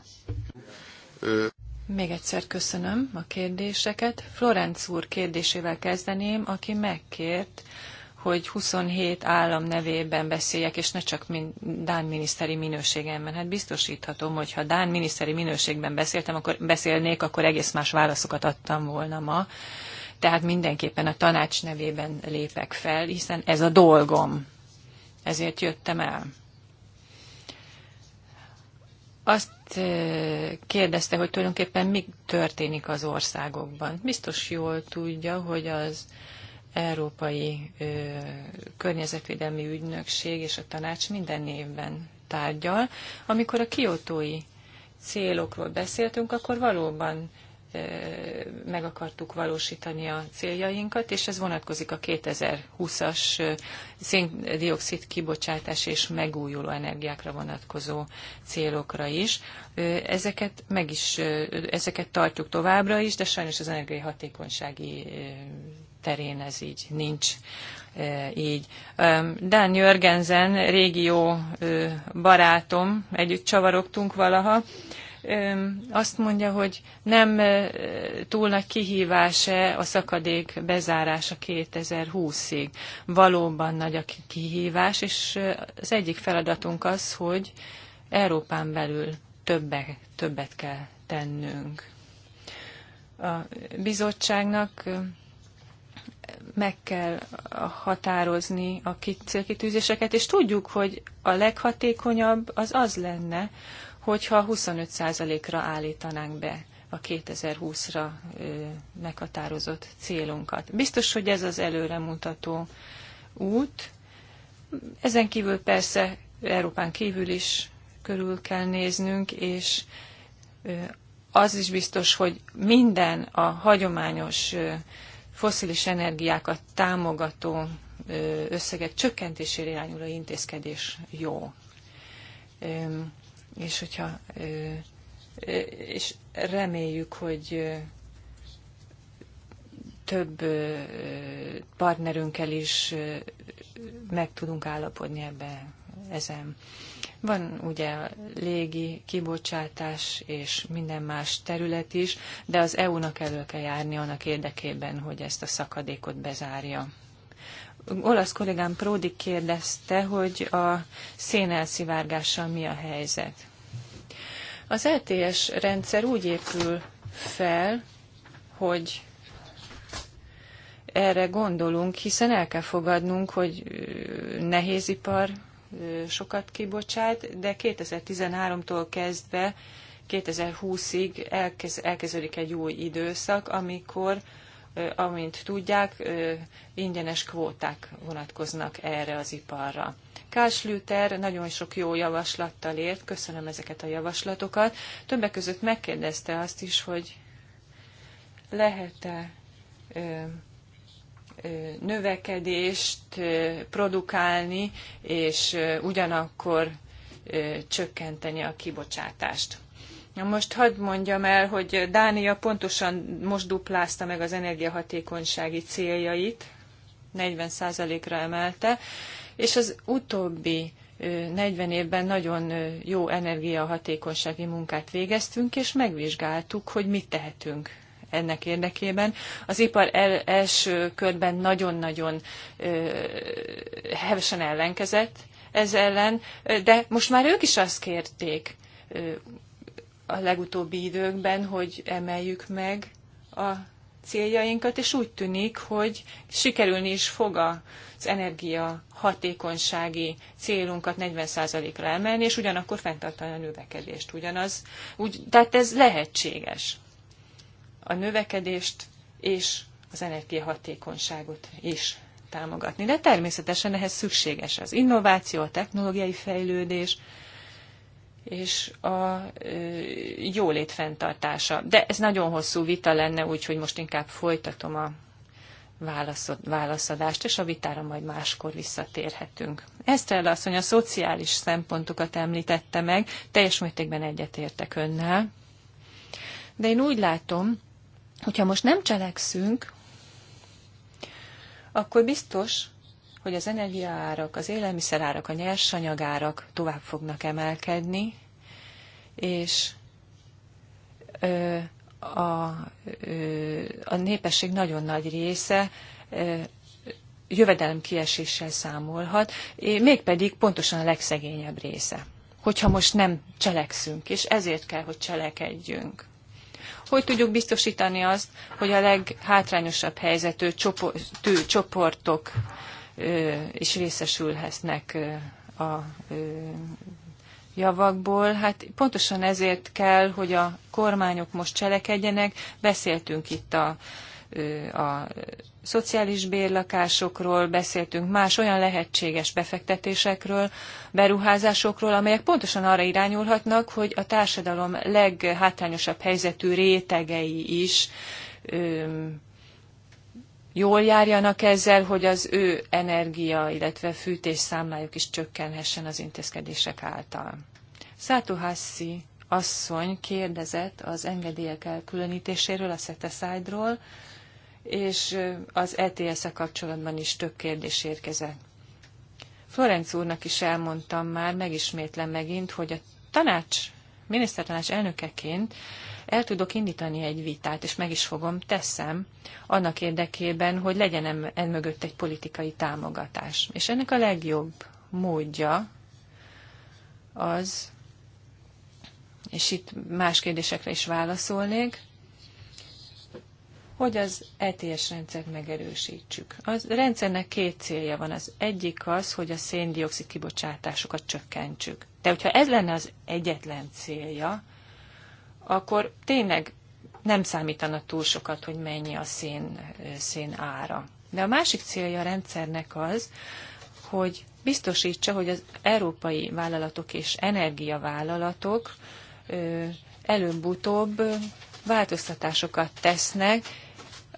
Még egyszer köszönöm a kérdéseket. Florenc úr kérdésével kezdeném, aki megkért, hogy 27 állam nevében beszéljek, és ne csak min- Dán miniszteri minőségemben. Hát biztosíthatom, hogy ha Dán miniszteri minőségben beszéltem, akkor beszélnék, akkor egész más válaszokat adtam volna ma. Tehát mindenképpen a tanács nevében lépek fel, hiszen ez a dolgom. Ezért jöttem el. Azt azt kérdezte, hogy tulajdonképpen mi történik az országokban. Biztos jól tudja, hogy az Európai Környezetvédelmi Ügynökség és a tanács minden évben tárgyal. Amikor a kiotói célokról beszéltünk, akkor valóban meg akartuk valósítani a céljainkat, és ez vonatkozik a 2020-as széndiokszid kibocsátás és megújuló energiákra vonatkozó célokra is. Ezeket meg is, ezeket tartjuk továbbra is, de sajnos az hatékonysági terén ez így nincs így. Dan Jörgensen, régió barátom, együtt csavarogtunk valaha, azt mondja, hogy nem túl nagy kihívás a szakadék bezárása 2020-ig. Valóban nagy a kihívás, és az egyik feladatunk az, hogy Európán belül többet, többet kell tennünk. A bizottságnak meg kell határozni a célkitűzéseket, és tudjuk, hogy a leghatékonyabb az az lenne, hogyha 25%-ra állítanánk be a 2020-ra meghatározott célunkat. Biztos, hogy ez az előremutató út. Ezen kívül persze Európán kívül is körül kell néznünk, és az is biztos, hogy minden a hagyományos foszilis energiákat támogató összegek csökkentésére irányuló intézkedés jó és hogyha és reméljük, hogy több partnerünkkel is meg tudunk állapodni ebbe ezen. Van ugye légi kibocsátás és minden más terület is, de az EU-nak elő kell járni annak érdekében, hogy ezt a szakadékot bezárja. Olasz kollégám Pródi kérdezte, hogy a szénelszivárgással mi a helyzet. Az LTS e rendszer úgy épül fel, hogy erre gondolunk, hiszen el kell fogadnunk, hogy nehézipar sokat kibocsát, de 2013-tól kezdve 2020-ig elkezdődik egy új időszak, amikor, amint tudják, ingyenes kvóták vonatkoznak erre az iparra. Karl Schlüter nagyon sok jó javaslattal ért, köszönöm ezeket a javaslatokat. Többek között megkérdezte azt is, hogy lehet-e növekedést produkálni, és ugyanakkor csökkenteni a kibocsátást. Na most hadd mondjam el, hogy Dánia pontosan most duplázta meg az energiahatékonysági céljait, 40%-ra emelte, és az utóbbi 40 évben nagyon jó energiahatékonysági munkát végeztünk, és megvizsgáltuk, hogy mit tehetünk ennek érdekében. Az ipar el, első körben nagyon-nagyon hevesen ellenkezett ez ellen, de most már ők is azt kérték a legutóbbi időkben, hogy emeljük meg a céljainkat, és úgy tűnik, hogy sikerülni is fog az energia hatékonysági célunkat 40%-ra emelni, és ugyanakkor fenntartani a növekedést. Ugyanaz, úgy, tehát ez lehetséges. A növekedést és az energiahatékonyságot is támogatni. De természetesen ehhez szükséges az innováció, a technológiai fejlődés, és a jólét fenntartása. De ez nagyon hosszú vita lenne, úgyhogy most inkább folytatom a válaszod, válaszadást, és a vitára majd máskor visszatérhetünk. Esztrel asszony a szociális szempontokat említette meg, teljes mértékben egyetértek önnel. De én úgy látom, hogyha most nem cselekszünk, akkor biztos, hogy az energiaárak, az élelmiszerárak, a nyersanyagárak tovább fognak emelkedni, és a, a népesség nagyon nagy része jövedelem kieséssel számolhat, mégpedig pontosan a legszegényebb része. Hogyha most nem cselekszünk, és ezért kell, hogy cselekedjünk. Hogy tudjuk biztosítani azt, hogy a leghátrányosabb helyzetű csoportok és részesülhetnek a javakból. Hát pontosan ezért kell, hogy a kormányok most cselekedjenek. Beszéltünk itt a, a szociális bérlakásokról, beszéltünk más olyan lehetséges befektetésekről, beruházásokról, amelyek pontosan arra irányulhatnak, hogy a társadalom leghátrányosabb helyzetű rétegei is jól járjanak ezzel, hogy az ő energia, illetve fűtés számlájuk is csökkenhessen az intézkedések által. Szátuhászi asszony kérdezett az engedélyek elkülönítéséről, a szeteszájdról, és az ETS-e -e kapcsolatban is több kérdés érkezett. Florenc úrnak is elmondtam már, megismétlem megint, hogy a tanács, minisztertanács elnökeként el tudok indítani egy vitát, és meg is fogom, teszem, annak érdekében, hogy legyen el mögött egy politikai támogatás. És ennek a legjobb módja az, és itt más kérdésekre is válaszolnék, hogy az ETS rendszert megerősítsük. A rendszernek két célja van. Az egyik az, hogy a széndiokszid kibocsátásokat csökkentsük. De hogyha ez lenne az egyetlen célja, akkor tényleg nem számítana túl sokat, hogy mennyi a szén, szén ára. De a másik célja a rendszernek az, hogy biztosítsa, hogy az európai vállalatok és energiavállalatok előbb-utóbb változtatásokat tesznek,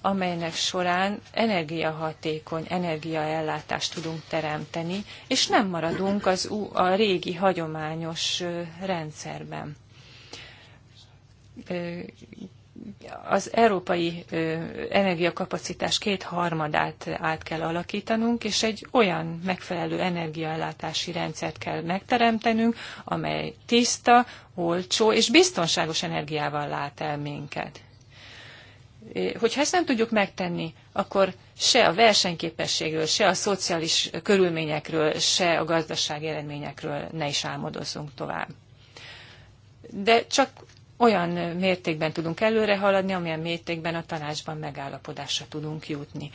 amelynek során energiahatékony energiaellátást tudunk teremteni, és nem maradunk az, a régi hagyományos rendszerben az európai energiakapacitás kétharmadát át kell alakítanunk, és egy olyan megfelelő energiaellátási rendszert kell megteremtenünk, amely tiszta, olcsó és biztonságos energiával lát el minket. Hogyha ezt nem tudjuk megtenni, akkor se a versenyképességről, se a szociális körülményekről, se a gazdasági eredményekről ne is álmodozzunk tovább de csak olyan mértékben tudunk előre haladni, amilyen mértékben a tanácsban megállapodásra tudunk jutni.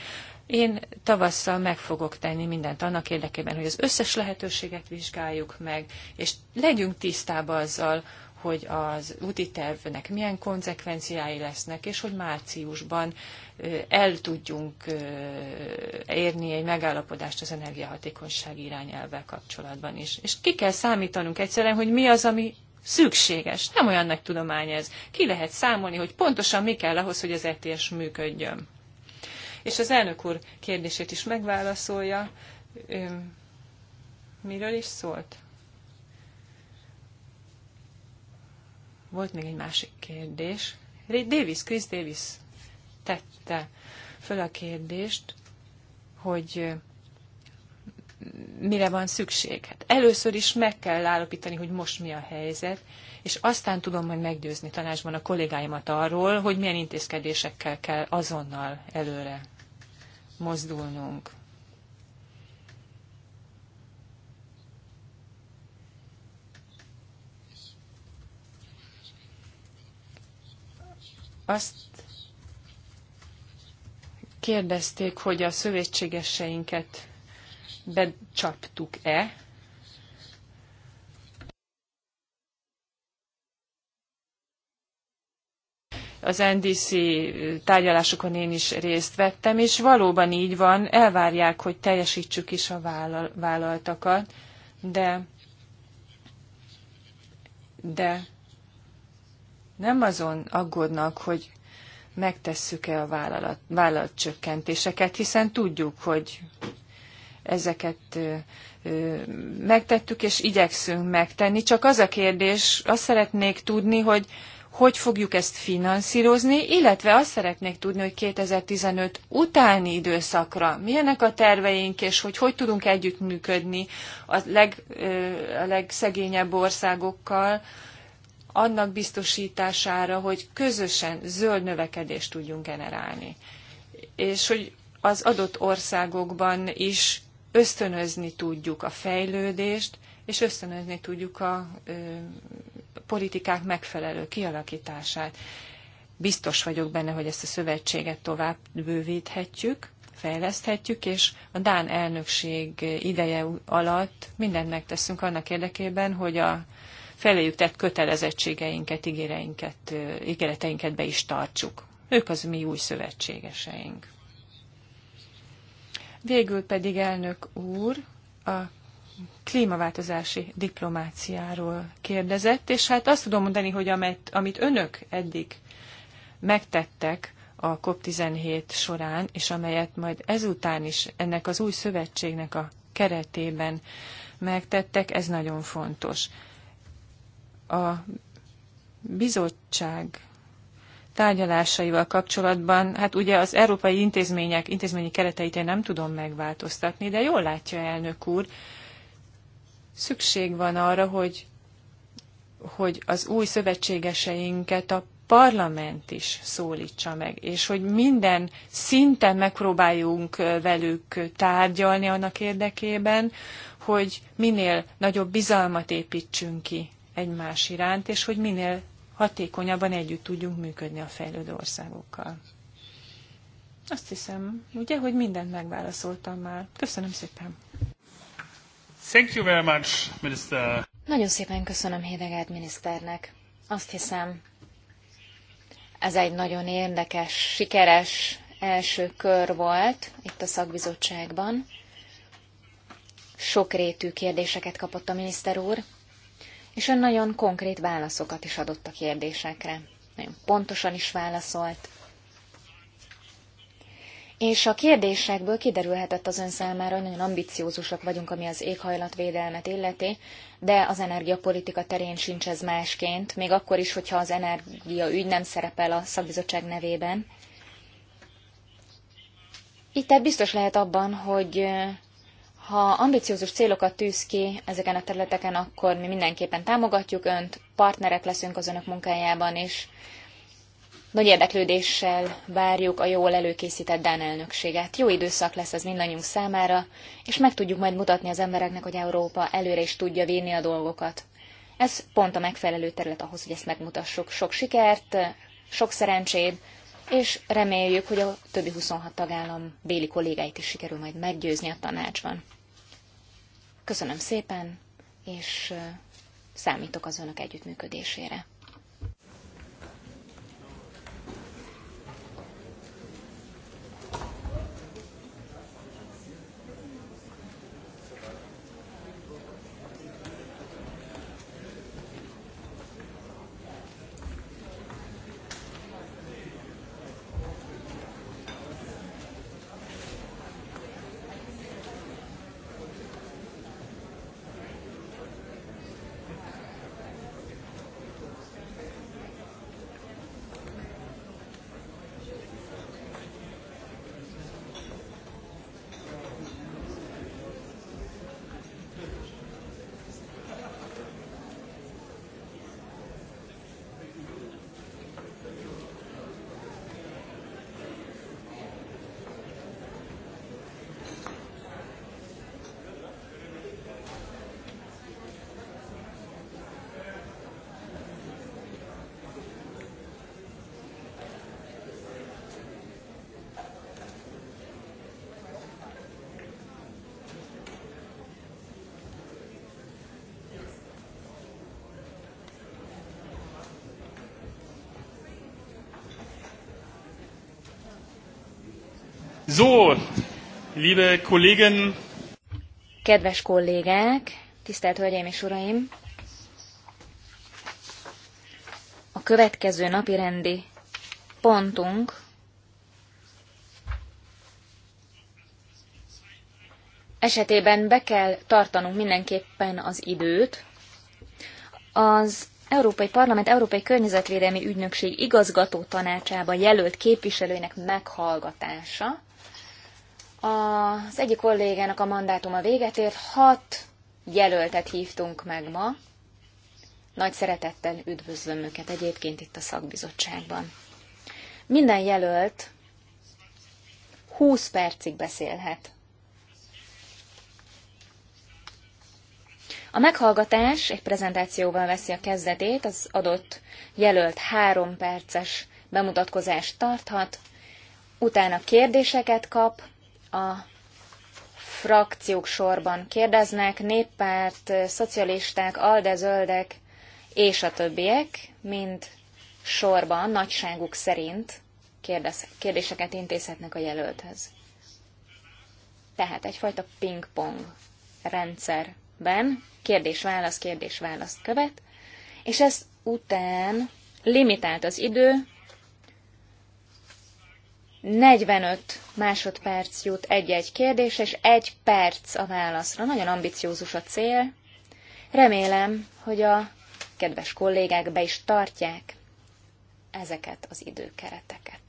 Én tavasszal meg fogok tenni mindent annak érdekében, hogy az összes lehetőséget vizsgáljuk meg, és legyünk tisztában azzal, hogy az úti tervnek milyen konzekvenciái lesznek, és hogy márciusban el tudjunk érni egy megállapodást az energiahatékonyság irányelvvel kapcsolatban is. És ki kell számítanunk egyszerűen, hogy mi az, ami szükséges. Nem olyan nagy tudomány ez. Ki lehet számolni, hogy pontosan mi kell ahhoz, hogy az ETS működjön. És az elnök úr kérdését is megválaszolja. Miről is szólt? Volt még egy másik kérdés. Davis, Chris Davis tette föl a kérdést, hogy mire van szükség. Hát először is meg kell állapítani, hogy most mi a helyzet, és aztán tudom majd meggyőzni tanácsban a kollégáimat arról, hogy milyen intézkedésekkel kell azonnal előre mozdulnunk. Azt kérdezték, hogy a szövetségeseinket becsaptuk-e. Az NDC tárgyalásokon én is részt vettem, és valóban így van, elvárják, hogy teljesítsük is a vállaltakat, de, de nem azon aggódnak, hogy megtesszük-e a vállalat, csökkentéseket. hiszen tudjuk, hogy ezeket megtettük, és igyekszünk megtenni. Csak az a kérdés, azt szeretnék tudni, hogy hogy fogjuk ezt finanszírozni, illetve azt szeretnék tudni, hogy 2015 utáni időszakra milyenek a terveink, és hogy hogy tudunk együttműködni a, leg, a legszegényebb országokkal, annak biztosítására, hogy közösen zöld növekedést tudjunk generálni. És hogy az adott országokban is ösztönözni tudjuk a fejlődést, és ösztönözni tudjuk a ö, politikák megfelelő kialakítását. Biztos vagyok benne, hogy ezt a szövetséget tovább bővíthetjük, fejleszthetjük, és a Dán elnökség ideje alatt mindent megteszünk annak érdekében, hogy a feléjük tett kötelezettségeinket, ígéreinket, ígéreteinket be is tartsuk. Ők az mi új szövetségeseink. Végül pedig elnök úr a klímaváltozási diplomáciáról kérdezett, és hát azt tudom mondani, hogy amit, amit önök eddig megtettek a COP17 során, és amelyet majd ezután is ennek az új szövetségnek a keretében megtettek, ez nagyon fontos. A bizottság tárgyalásaival kapcsolatban, hát ugye az európai intézmények intézményi kereteit én nem tudom megváltoztatni, de jól látja elnök úr, szükség van arra, hogy, hogy az új szövetségeseinket a parlament is szólítsa meg, és hogy minden szinten megpróbáljunk velük tárgyalni annak érdekében, hogy minél nagyobb bizalmat építsünk ki egymás iránt, és hogy minél hatékonyabban együtt tudjunk működni a fejlődő országokkal. Azt hiszem, ugye, hogy mindent megválaszoltam már. Köszönöm szépen. Thank you very much, minister. Nagyon szépen köszönöm Hédegát miniszternek. Azt hiszem, ez egy nagyon érdekes, sikeres első kör volt itt a szakbizottságban. Sokrétű kérdéseket kapott a miniszter úr és ön nagyon konkrét válaszokat is adott a kérdésekre. Nagyon pontosan is válaszolt. És a kérdésekből kiderülhetett az ön számára, hogy nagyon ambiciózusak vagyunk, ami az éghajlatvédelmet illeti, de az energiapolitika terén sincs ez másként, még akkor is, hogyha az energia ügy nem szerepel a szakbizottság nevében. Itt biztos lehet abban, hogy ha ambiciózus célokat tűz ki ezeken a területeken, akkor mi mindenképpen támogatjuk Önt, partnerek leszünk az Önök munkájában, és nagy érdeklődéssel várjuk a jól előkészített Dán elnökséget. Jó időszak lesz ez mindannyiunk számára, és meg tudjuk majd mutatni az embereknek, hogy Európa előre is tudja vinni a dolgokat. Ez pont a megfelelő terület ahhoz, hogy ezt megmutassuk. Sok sikert, sok szerencsét, és reméljük, hogy a többi 26 tagállam béli kollégáit is sikerül majd meggyőzni a tanácsban. Köszönöm szépen, és számítok az önök együttműködésére. So, liebe Kollegen. Kedves kollégák, tisztelt Hölgyeim és Uraim! A következő napi rendi pontunk esetében be kell tartanunk mindenképpen az időt. Az Európai Parlament Európai Környezetvédelmi Ügynökség igazgató tanácsába jelölt képviselőinek meghallgatása. Az egyik kollégának a mandátuma véget ért, hat jelöltet hívtunk meg ma. Nagy szeretettel üdvözlöm őket egyébként itt a szakbizottságban. Minden jelölt 20 percig beszélhet. A meghallgatás egy prezentációval veszi a kezdetét, az adott jelölt három perces bemutatkozást tarthat, utána kérdéseket kap, a frakciók sorban kérdeznek, néppárt, szocialisták, alde, zöldek és a többiek, mind sorban, nagyságuk szerint kérdez, kérdéseket intézhetnek a jelölthez. Tehát egyfajta ping-pong rendszerben kérdés-válasz, kérdés-választ követ, és ez után limitált az idő, 45 másodperc jut egy-egy kérdés, és egy perc a válaszra. Nagyon ambiciózus a cél. Remélem, hogy a kedves kollégák be is tartják ezeket az időkereteket.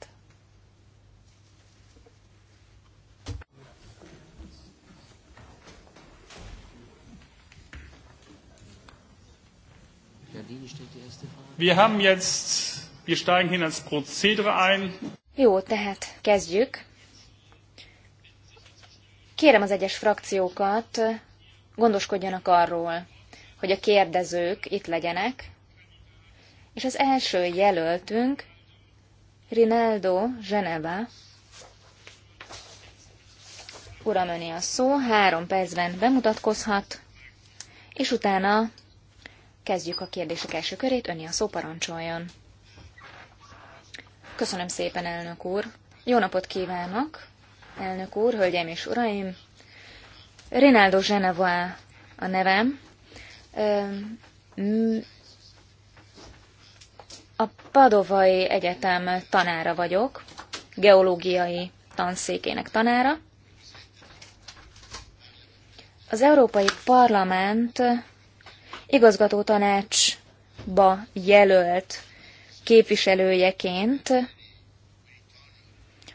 Wir haben jetzt, wir steigen hin ins Prozedere ein. Jó, tehát kezdjük. Kérem az egyes frakciókat, gondoskodjanak arról, hogy a kérdezők itt legyenek, és az első jelöltünk Rinaldo Geneva. Uram, öné a szó, három percben bemutatkozhat, és utána kezdjük a kérdések első körét, öné a szó parancsoljon. Köszönöm szépen, elnök úr. Jó napot kívánok, elnök úr, hölgyeim és uraim. Rinaldo Genova a nevem. A Padovai Egyetem tanára vagyok, geológiai tanszékének tanára. Az Európai Parlament igazgató tanácsba jelölt képviselőjeként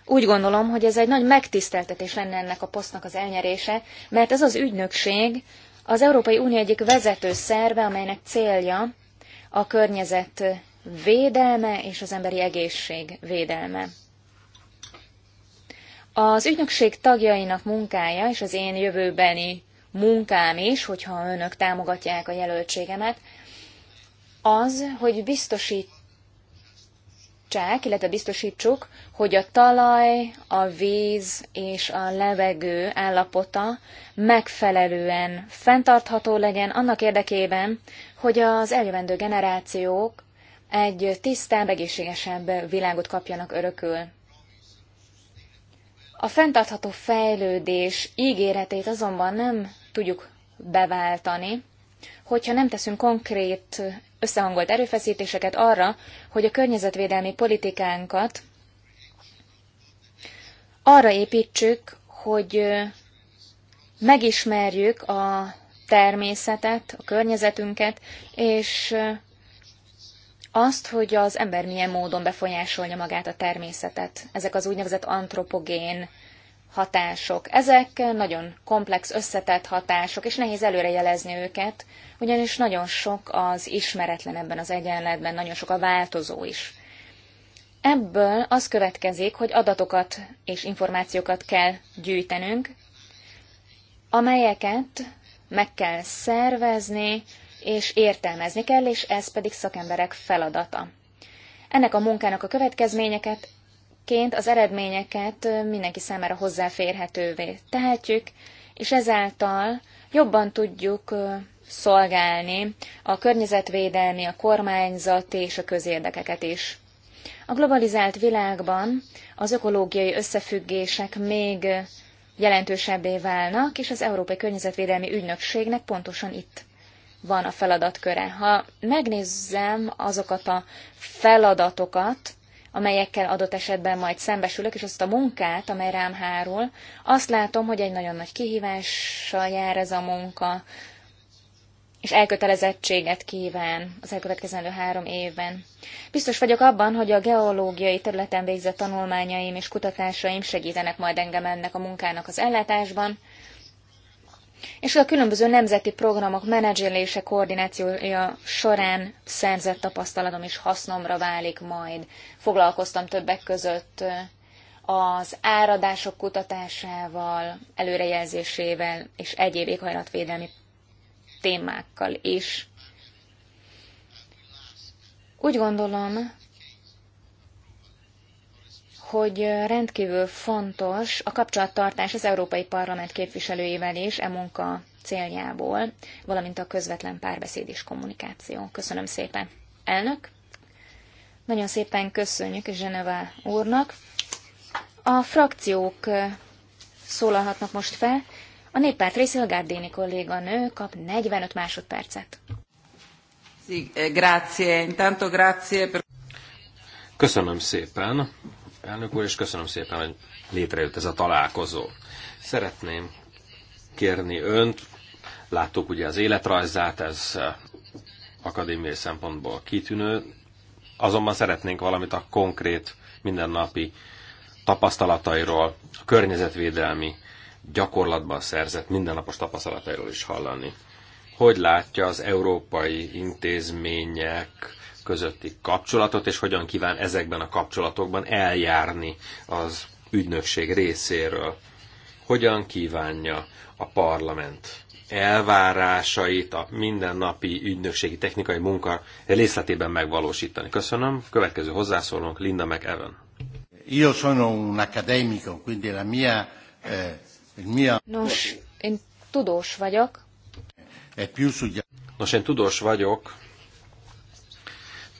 úgy gondolom, hogy ez egy nagy megtiszteltetés lenne ennek a posztnak az elnyerése, mert ez az ügynökség az Európai Unió egyik vezető szerve, amelynek célja a környezet védelme és az emberi egészség védelme. Az ügynökség tagjainak munkája és az én jövőbeni munkám is, hogyha önök támogatják a jelöltségemet, az, hogy biztosít biztosítsák, illetve biztosítsuk, hogy a talaj, a víz és a levegő állapota megfelelően fenntartható legyen annak érdekében, hogy az eljövendő generációk egy tisztább, egészségesebb világot kapjanak örökül. A fenntartható fejlődés ígéretét azonban nem tudjuk beváltani, hogyha nem teszünk konkrét összehangolt erőfeszítéseket arra, hogy a környezetvédelmi politikánkat arra építsük, hogy megismerjük a természetet, a környezetünket, és azt, hogy az ember milyen módon befolyásolja magát a természetet. Ezek az úgynevezett antropogén hatások. Ezek nagyon komplex, összetett hatások, és nehéz előrejelezni őket, ugyanis nagyon sok az ismeretlen ebben az egyenletben, nagyon sok a változó is. Ebből az következik, hogy adatokat és információkat kell gyűjtenünk, amelyeket meg kell szervezni, és értelmezni kell, és ez pedig szakemberek feladata. Ennek a munkának a következményeket ként az eredményeket mindenki számára hozzáférhetővé tehetjük, és ezáltal jobban tudjuk szolgálni a környezetvédelmi, a kormányzati és a közérdekeket is. A globalizált világban az ökológiai összefüggések még jelentősebbé válnak, és az Európai Környezetvédelmi Ügynökségnek pontosan itt van a feladatköre. Ha megnézzem azokat a feladatokat, amelyekkel adott esetben majd szembesülök, és azt a munkát, amely rám hárul, azt látom, hogy egy nagyon nagy kihívással jár ez a munka, és elkötelezettséget kíván az elkövetkezendő három évben. Biztos vagyok abban, hogy a geológiai területen végzett tanulmányaim és kutatásaim segítenek majd engem ennek a munkának az ellátásban, és a különböző nemzeti programok menedzselése, koordinációja során szerzett tapasztalatom is hasznomra válik majd. Foglalkoztam többek között az áradások kutatásával, előrejelzésével és egyéb éghajlatvédelmi témákkal is. Úgy gondolom, hogy rendkívül fontos a kapcsolattartás az Európai Parlament képviselőivel is e munka céljából, valamint a közvetlen párbeszéd és kommunikáció. Köszönöm szépen. Elnök, nagyon szépen köszönjük Zseneva úrnak. A frakciók szólalhatnak most fel. A néppárt részéről Gárdéni kolléganő kap 45 másodpercet. Eh, grazie, intanto grazie. Köszönöm szépen elnök úr, és köszönöm szépen, hogy létrejött ez a találkozó. Szeretném kérni önt, láttuk ugye az életrajzát, ez eh, akadémiai szempontból kitűnő, azonban szeretnénk valamit a konkrét mindennapi tapasztalatairól, a környezetvédelmi gyakorlatban szerzett mindennapos tapasztalatairól is hallani. Hogy látja az európai intézmények közötti kapcsolatot, és hogyan kíván ezekben a kapcsolatokban eljárni az ügynökség részéről. Hogyan kívánja a parlament elvárásait a mindennapi ügynökségi technikai munka részletében megvalósítani. Köszönöm. Következő hozzászólónk Linda McEwen. Io sono un accademico, quindi la mia, eh, mia... Nos, én tudós vagyok. Nos, én tudós vagyok,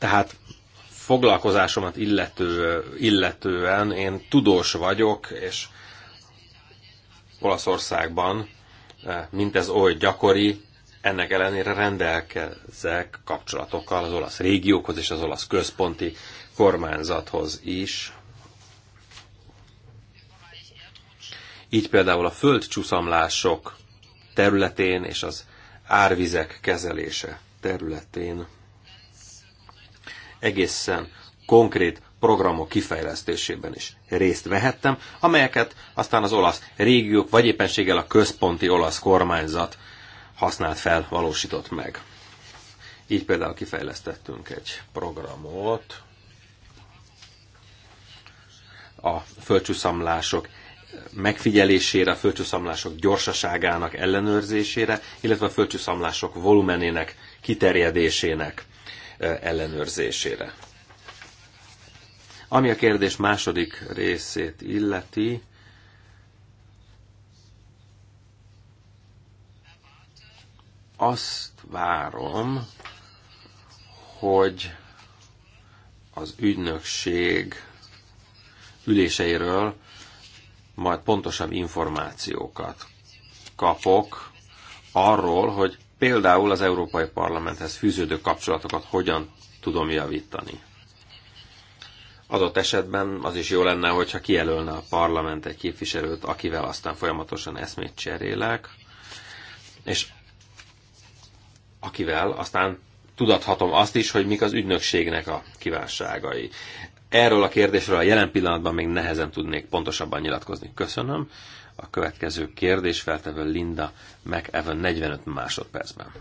tehát foglalkozásomat illető, illetően én tudós vagyok, és Olaszországban eh, mint ez oly gyakori, ennek ellenére rendelkezek kapcsolatokkal az olasz régiókhoz és az olasz központi kormányzathoz is. Így például a földcsúszamlások területén és az árvizek kezelése területén egészen konkrét programok kifejlesztésében is részt vehettem, amelyeket aztán az olasz régiók, vagy éppenséggel a központi olasz kormányzat használt fel, valósított meg. Így például kifejlesztettünk egy programot a földcsúszamlások megfigyelésére, a földcsúszamlások gyorsaságának ellenőrzésére, illetve a földcsúszamlások volumenének kiterjedésének ellenőrzésére. Ami a kérdés második részét illeti, azt várom, hogy az ügynökség üléseiről majd pontosabb információkat kapok arról, hogy például az Európai Parlamenthez fűződő kapcsolatokat hogyan tudom javítani. Adott esetben az is jó lenne, hogyha kijelölne a parlament egy képviselőt, akivel aztán folyamatosan eszmét cserélek, és akivel aztán tudathatom azt is, hogy mik az ügynökségnek a kívánságai. Erről a kérdésről a jelen pillanatban még nehezen tudnék pontosabban nyilatkozni. Köszönöm a következő kérdés feltevő Linda McEvan 45 másodpercben.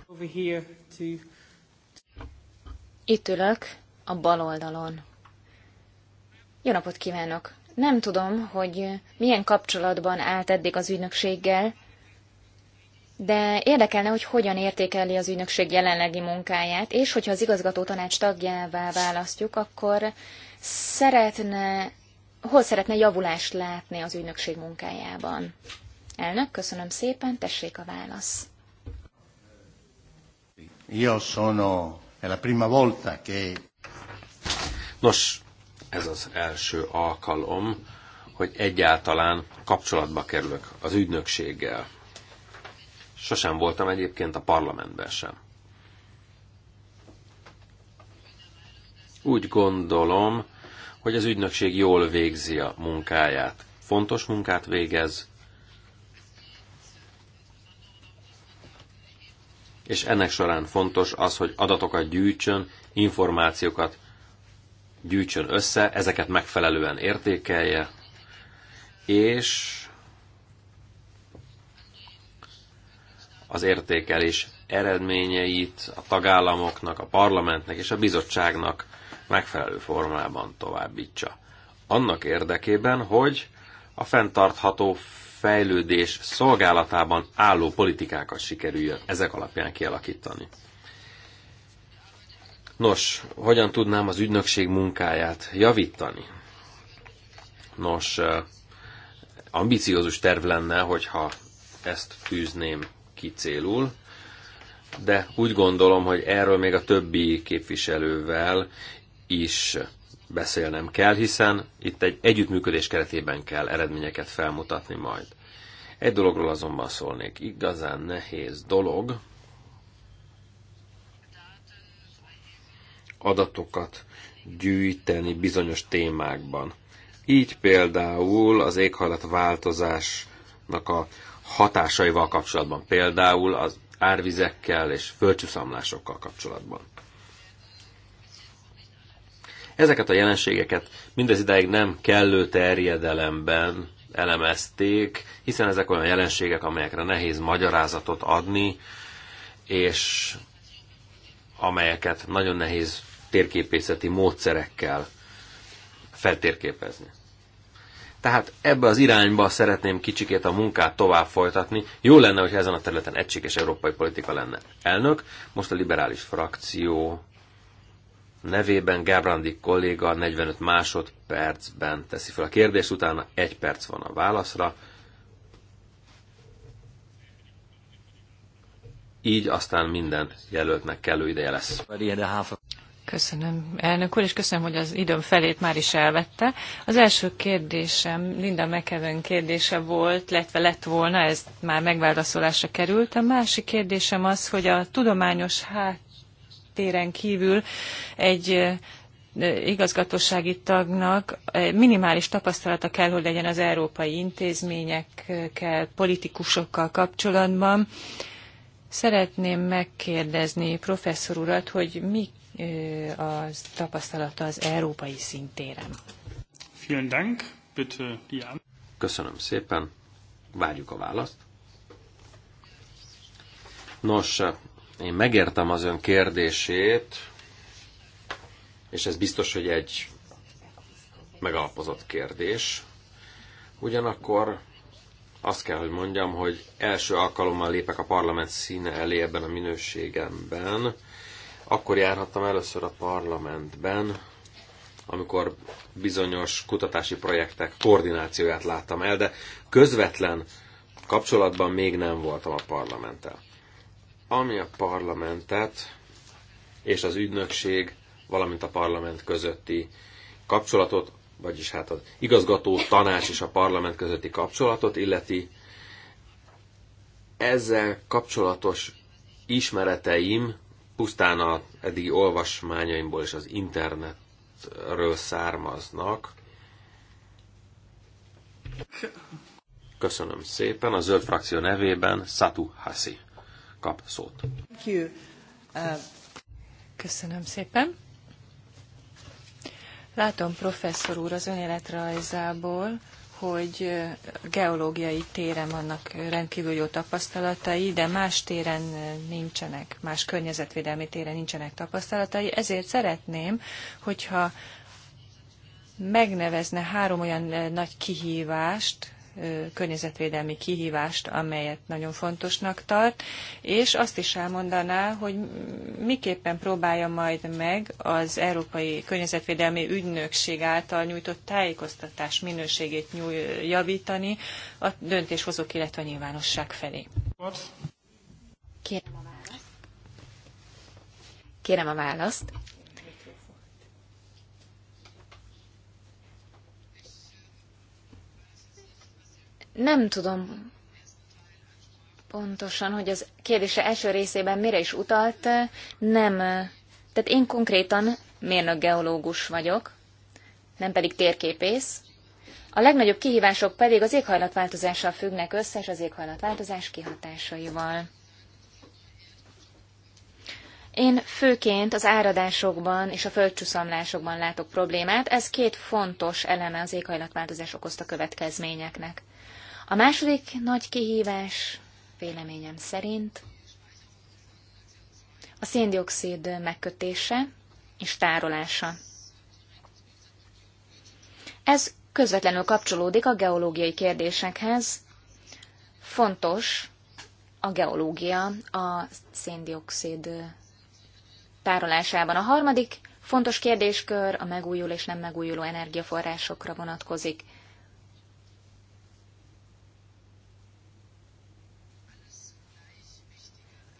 Itt ülök, a bal oldalon. Jó napot kívánok! Nem tudom, hogy milyen kapcsolatban állt eddig az ügynökséggel, de érdekelne, hogy hogyan értékeli az ügynökség jelenlegi munkáját, és hogyha az igazgató tanács tagjává választjuk, akkor szeretne hol szeretne javulást látni az ügynökség munkájában? Elnök, köszönöm szépen, tessék a válasz. Io sono, è la prima volta che... Nos, ez az első alkalom, hogy egyáltalán kapcsolatba kerülök az ügynökséggel. Sosem voltam egyébként a parlamentben sem. Úgy gondolom, hogy az ügynökség jól végzi a munkáját. Fontos munkát végez, és ennek során fontos az, hogy adatokat gyűjtsön, információkat gyűjtsön össze, ezeket megfelelően értékelje, és az értékelés eredményeit a tagállamoknak, a parlamentnek és a bizottságnak megfelelő formában továbbítsa. Annak érdekében, hogy a fenntartható fejlődés szolgálatában álló politikákat sikerüljön ezek alapján kialakítani. Nos, hogyan tudnám az ügynökség munkáját javítani? Nos, ambiciózus terv lenne, hogyha ezt tűzném ki célul, de úgy gondolom, hogy erről még a többi képviselővel is beszélnem kell, hiszen itt egy együttműködés keretében kell eredményeket felmutatni majd. Egy dologról azonban szólnék. Igazán nehéz dolog adatokat gyűjteni bizonyos témákban. Így például az éghajlat változásnak a hatásaival kapcsolatban, például az árvizekkel és földcsúszamlásokkal kapcsolatban. Ezeket a jelenségeket mindez idáig nem kellő terjedelemben elemezték, hiszen ezek olyan jelenségek, amelyekre nehéz magyarázatot adni, és amelyeket nagyon nehéz térképészeti módszerekkel feltérképezni. Tehát ebbe az irányba szeretném kicsikét a munkát tovább folytatni. Jó lenne, hogy ezen a területen egységes európai politika lenne. Elnök, most a liberális frakció nevében Gábrándi kolléga 45 másodpercben teszi fel a kérdést, utána egy perc van a válaszra. Így aztán minden jelöltnek kellő ideje lesz. Köszönöm, elnök úr, és köszönöm, hogy az időm felét már is elvette. Az első kérdésem, Linda McEwen kérdése volt, illetve lett volna, ez már megválaszolásra került. A másik kérdésem az, hogy a tudományos hát téren kívül egy igazgatósági tagnak minimális tapasztalata kell, hogy legyen az európai intézményekkel, politikusokkal kapcsolatban. Szeretném megkérdezni professzor urat, hogy mi a tapasztalata az európai szintéren. Vielen Dank, bitte Köszönöm szépen, várjuk a választ. Nos, én megértem az ön kérdését, és ez biztos, hogy egy megalapozott kérdés. Ugyanakkor azt kell, hogy mondjam, hogy első alkalommal lépek a parlament színe elé ebben a minőségemben. Akkor járhattam először a parlamentben, amikor bizonyos kutatási projektek koordinációját láttam el, de közvetlen kapcsolatban még nem voltam a parlamenttel. Ami a parlamentet és az ügynökség, valamint a parlament közötti kapcsolatot, vagyis hát az igazgató tanács és a parlament közötti kapcsolatot illeti, ezzel kapcsolatos ismereteim pusztán a eddigi olvasmányaimból és az internetről származnak. Köszönöm szépen. A zöld frakció nevében Satu Hasi kap szót. Uh, Köszönöm szépen. Látom professzor úr az önéletrajzából, hogy geológiai téren vannak rendkívül jó tapasztalatai, de más téren nincsenek, más környezetvédelmi téren nincsenek tapasztalatai. Ezért szeretném, hogyha megnevezne három olyan nagy kihívást, környezetvédelmi kihívást, amelyet nagyon fontosnak tart, és azt is elmondaná, hogy miképpen próbálja majd meg az Európai Környezetvédelmi Ügynökség által nyújtott tájékoztatás minőségét nyúj, javítani a döntéshozók, illetve a nyilvánosság felé. Kérem a választ. Kérem a választ. Nem tudom pontosan, hogy az kérdése első részében mire is utalt. Nem. Tehát én konkrétan geológus vagyok, nem pedig térképész. A legnagyobb kihívások pedig az éghajlatváltozással függnek össze, és az éghajlatváltozás kihatásaival. Én főként az áradásokban és a földcsúszamlásokban látok problémát, ez két fontos eleme az éghajlatváltozás okozta következményeknek. A második nagy kihívás véleményem szerint a széndiokszid megkötése és tárolása. Ez közvetlenül kapcsolódik a geológiai kérdésekhez. Fontos a geológia a széndiokszid tárolásában. A harmadik fontos kérdéskör a megújuló és nem megújuló energiaforrásokra vonatkozik.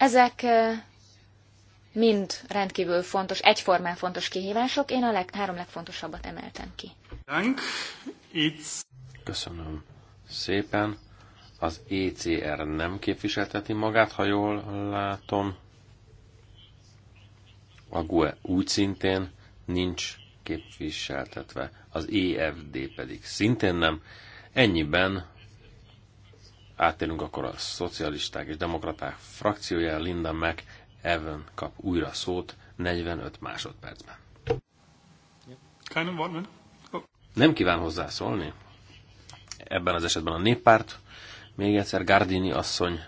Ezek mind rendkívül fontos, egyformán fontos kihívások. Én a leg, három legfontosabbat emeltem ki. Köszönöm szépen. Az ECR nem képviselteti magát, ha jól látom. A GUE úgy szintén nincs képviseltetve, az EFD pedig szintén nem. Ennyiben áttérünk akkor a szocialisták és demokraták frakciója, Linda Mac Evan kap újra szót 45 másodpercben. Oh. Nem kíván hozzászólni? Ebben az esetben a néppárt. Még egyszer Gardini asszony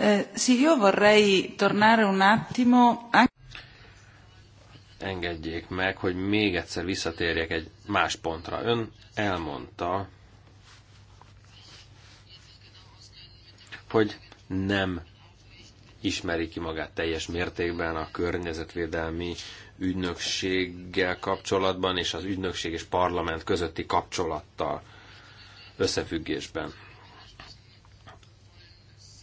Eh, sì, io vorrei tornare un attimo... Engedjék meg, hogy még egyszer visszatérjek egy más pontra. Ön elmondta, hogy nem ismeri ki magát teljes mértékben a környezetvédelmi ügynökséggel kapcsolatban és az ügynökség és parlament közötti kapcsolattal összefüggésben.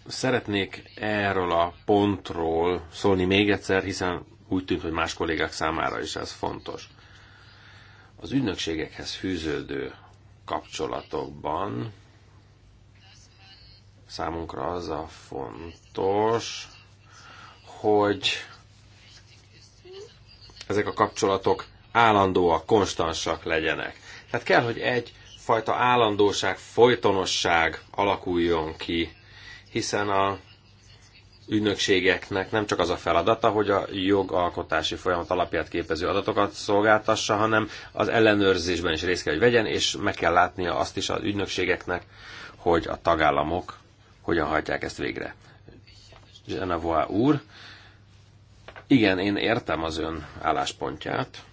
Szeretnék erről a pontról szólni még egyszer, hiszen úgy tűnt, hogy más kollégák számára is ez fontos. Az ügynökségekhez fűződő kapcsolatokban számunkra az a fontos, hogy ezek a kapcsolatok állandóak, konstansak legyenek. Tehát kell, hogy egyfajta állandóság, folytonosság alakuljon ki hiszen a ügynökségeknek nem csak az a feladata, hogy a jogalkotási folyamat alapját képező adatokat szolgáltassa, hanem az ellenőrzésben is részt kell, hogy vegyen, és meg kell látnia azt is az ügynökségeknek, hogy a tagállamok hogyan hajtják ezt végre. Genevois úr, igen, én értem az ön álláspontját,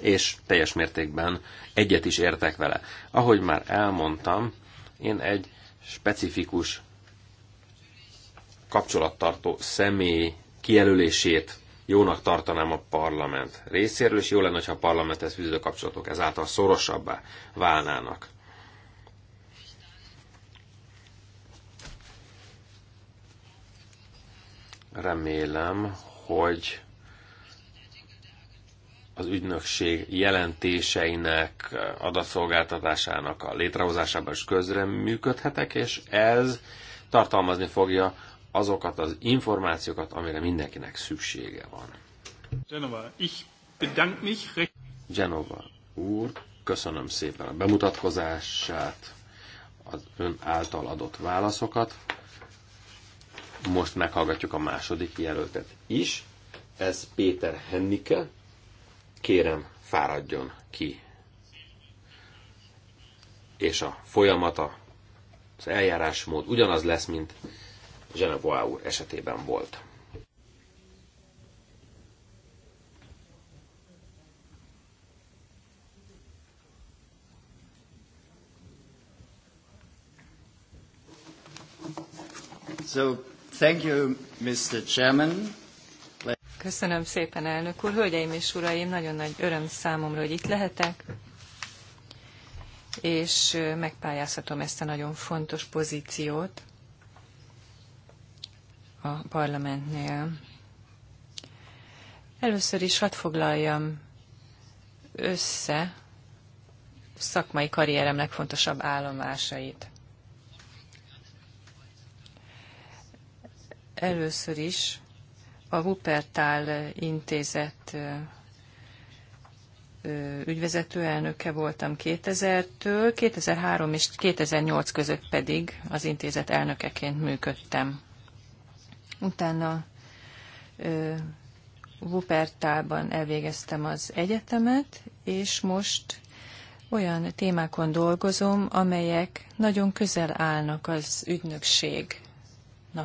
és teljes mértékben egyet is értek vele. Ahogy már elmondtam, én egy specifikus kapcsolattartó személy kijelölését jónak tartanám a parlament részéről, és jó lenne, ha a parlamenthez fűződő kapcsolatok ezáltal szorosabbá válnának. Remélem, hogy az ügynökség jelentéseinek, adatszolgáltatásának a létrehozásában is működhetek, és ez tartalmazni fogja azokat az információkat, amire mindenkinek szüksége van. Genova, ich bedank mich. Genova úr, köszönöm szépen a bemutatkozását, az ön által adott válaszokat. Most meghallgatjuk a második jelöltet is. Ez Péter Hennike, kérem, fáradjon ki. És a folyamata, az eljárásmód ugyanaz lesz, mint Genevois úr esetében volt. So, thank you, Mr. Chairman. Köszönöm szépen, elnök úr. Hölgyeim és uraim, nagyon nagy öröm számomra, hogy itt lehetek, és megpályázhatom ezt a nagyon fontos pozíciót a parlamentnél. Először is hadd foglaljam össze szakmai karrierem legfontosabb állomásait. Először is a Wuppertal intézet ügyvezető elnöke voltam 2000-től, 2003 és 2008 között pedig az intézet elnökeként működtem. Utána Wuppertalban elvégeztem az egyetemet, és most olyan témákon dolgozom, amelyek nagyon közel állnak az ügynökség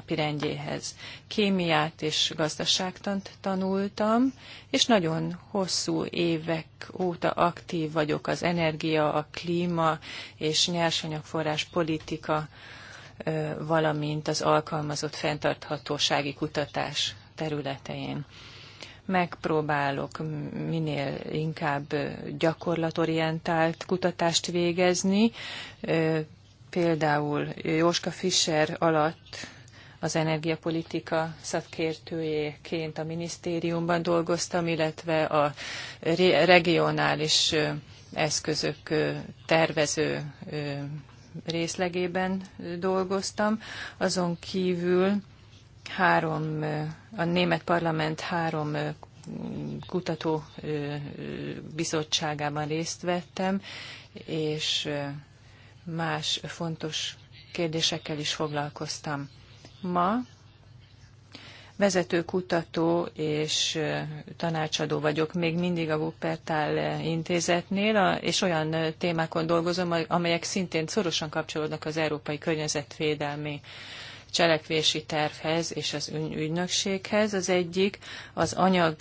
rendjéhez. Kémiát és gazdaságtant tanultam, és nagyon hosszú évek óta aktív vagyok az energia, a klíma és nyersanyagforrás politika, valamint az alkalmazott fenntarthatósági kutatás területein megpróbálok minél inkább gyakorlatorientált kutatást végezni. Például Jóska Fischer alatt az energiapolitika szakértőjéként a minisztériumban dolgoztam, illetve a regionális eszközök tervező részlegében dolgoztam. Azon kívül három, a német parlament három kutató bizottságában részt vettem, és más fontos kérdésekkel is foglalkoztam ma vezető kutató és tanácsadó vagyok még mindig a Wuppertal intézetnél, és olyan témákon dolgozom, amelyek szintén szorosan kapcsolódnak az európai környezetvédelmi cselekvési tervhez és az ügynökséghez. Az egyik az anyag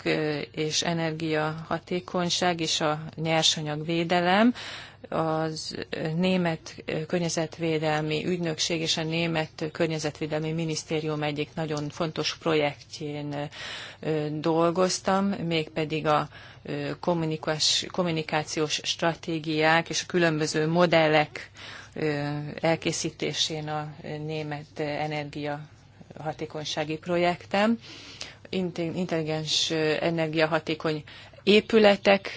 és energia hatékonyság és a nyersanyagvédelem, az német környezetvédelmi ügynökség és a német környezetvédelmi minisztérium egyik nagyon fontos projektjén dolgoztam, mégpedig a kommunikációs stratégiák és a különböző modellek elkészítésén a német energia hatékonysági projektem. Intelligens energiahatékony épületek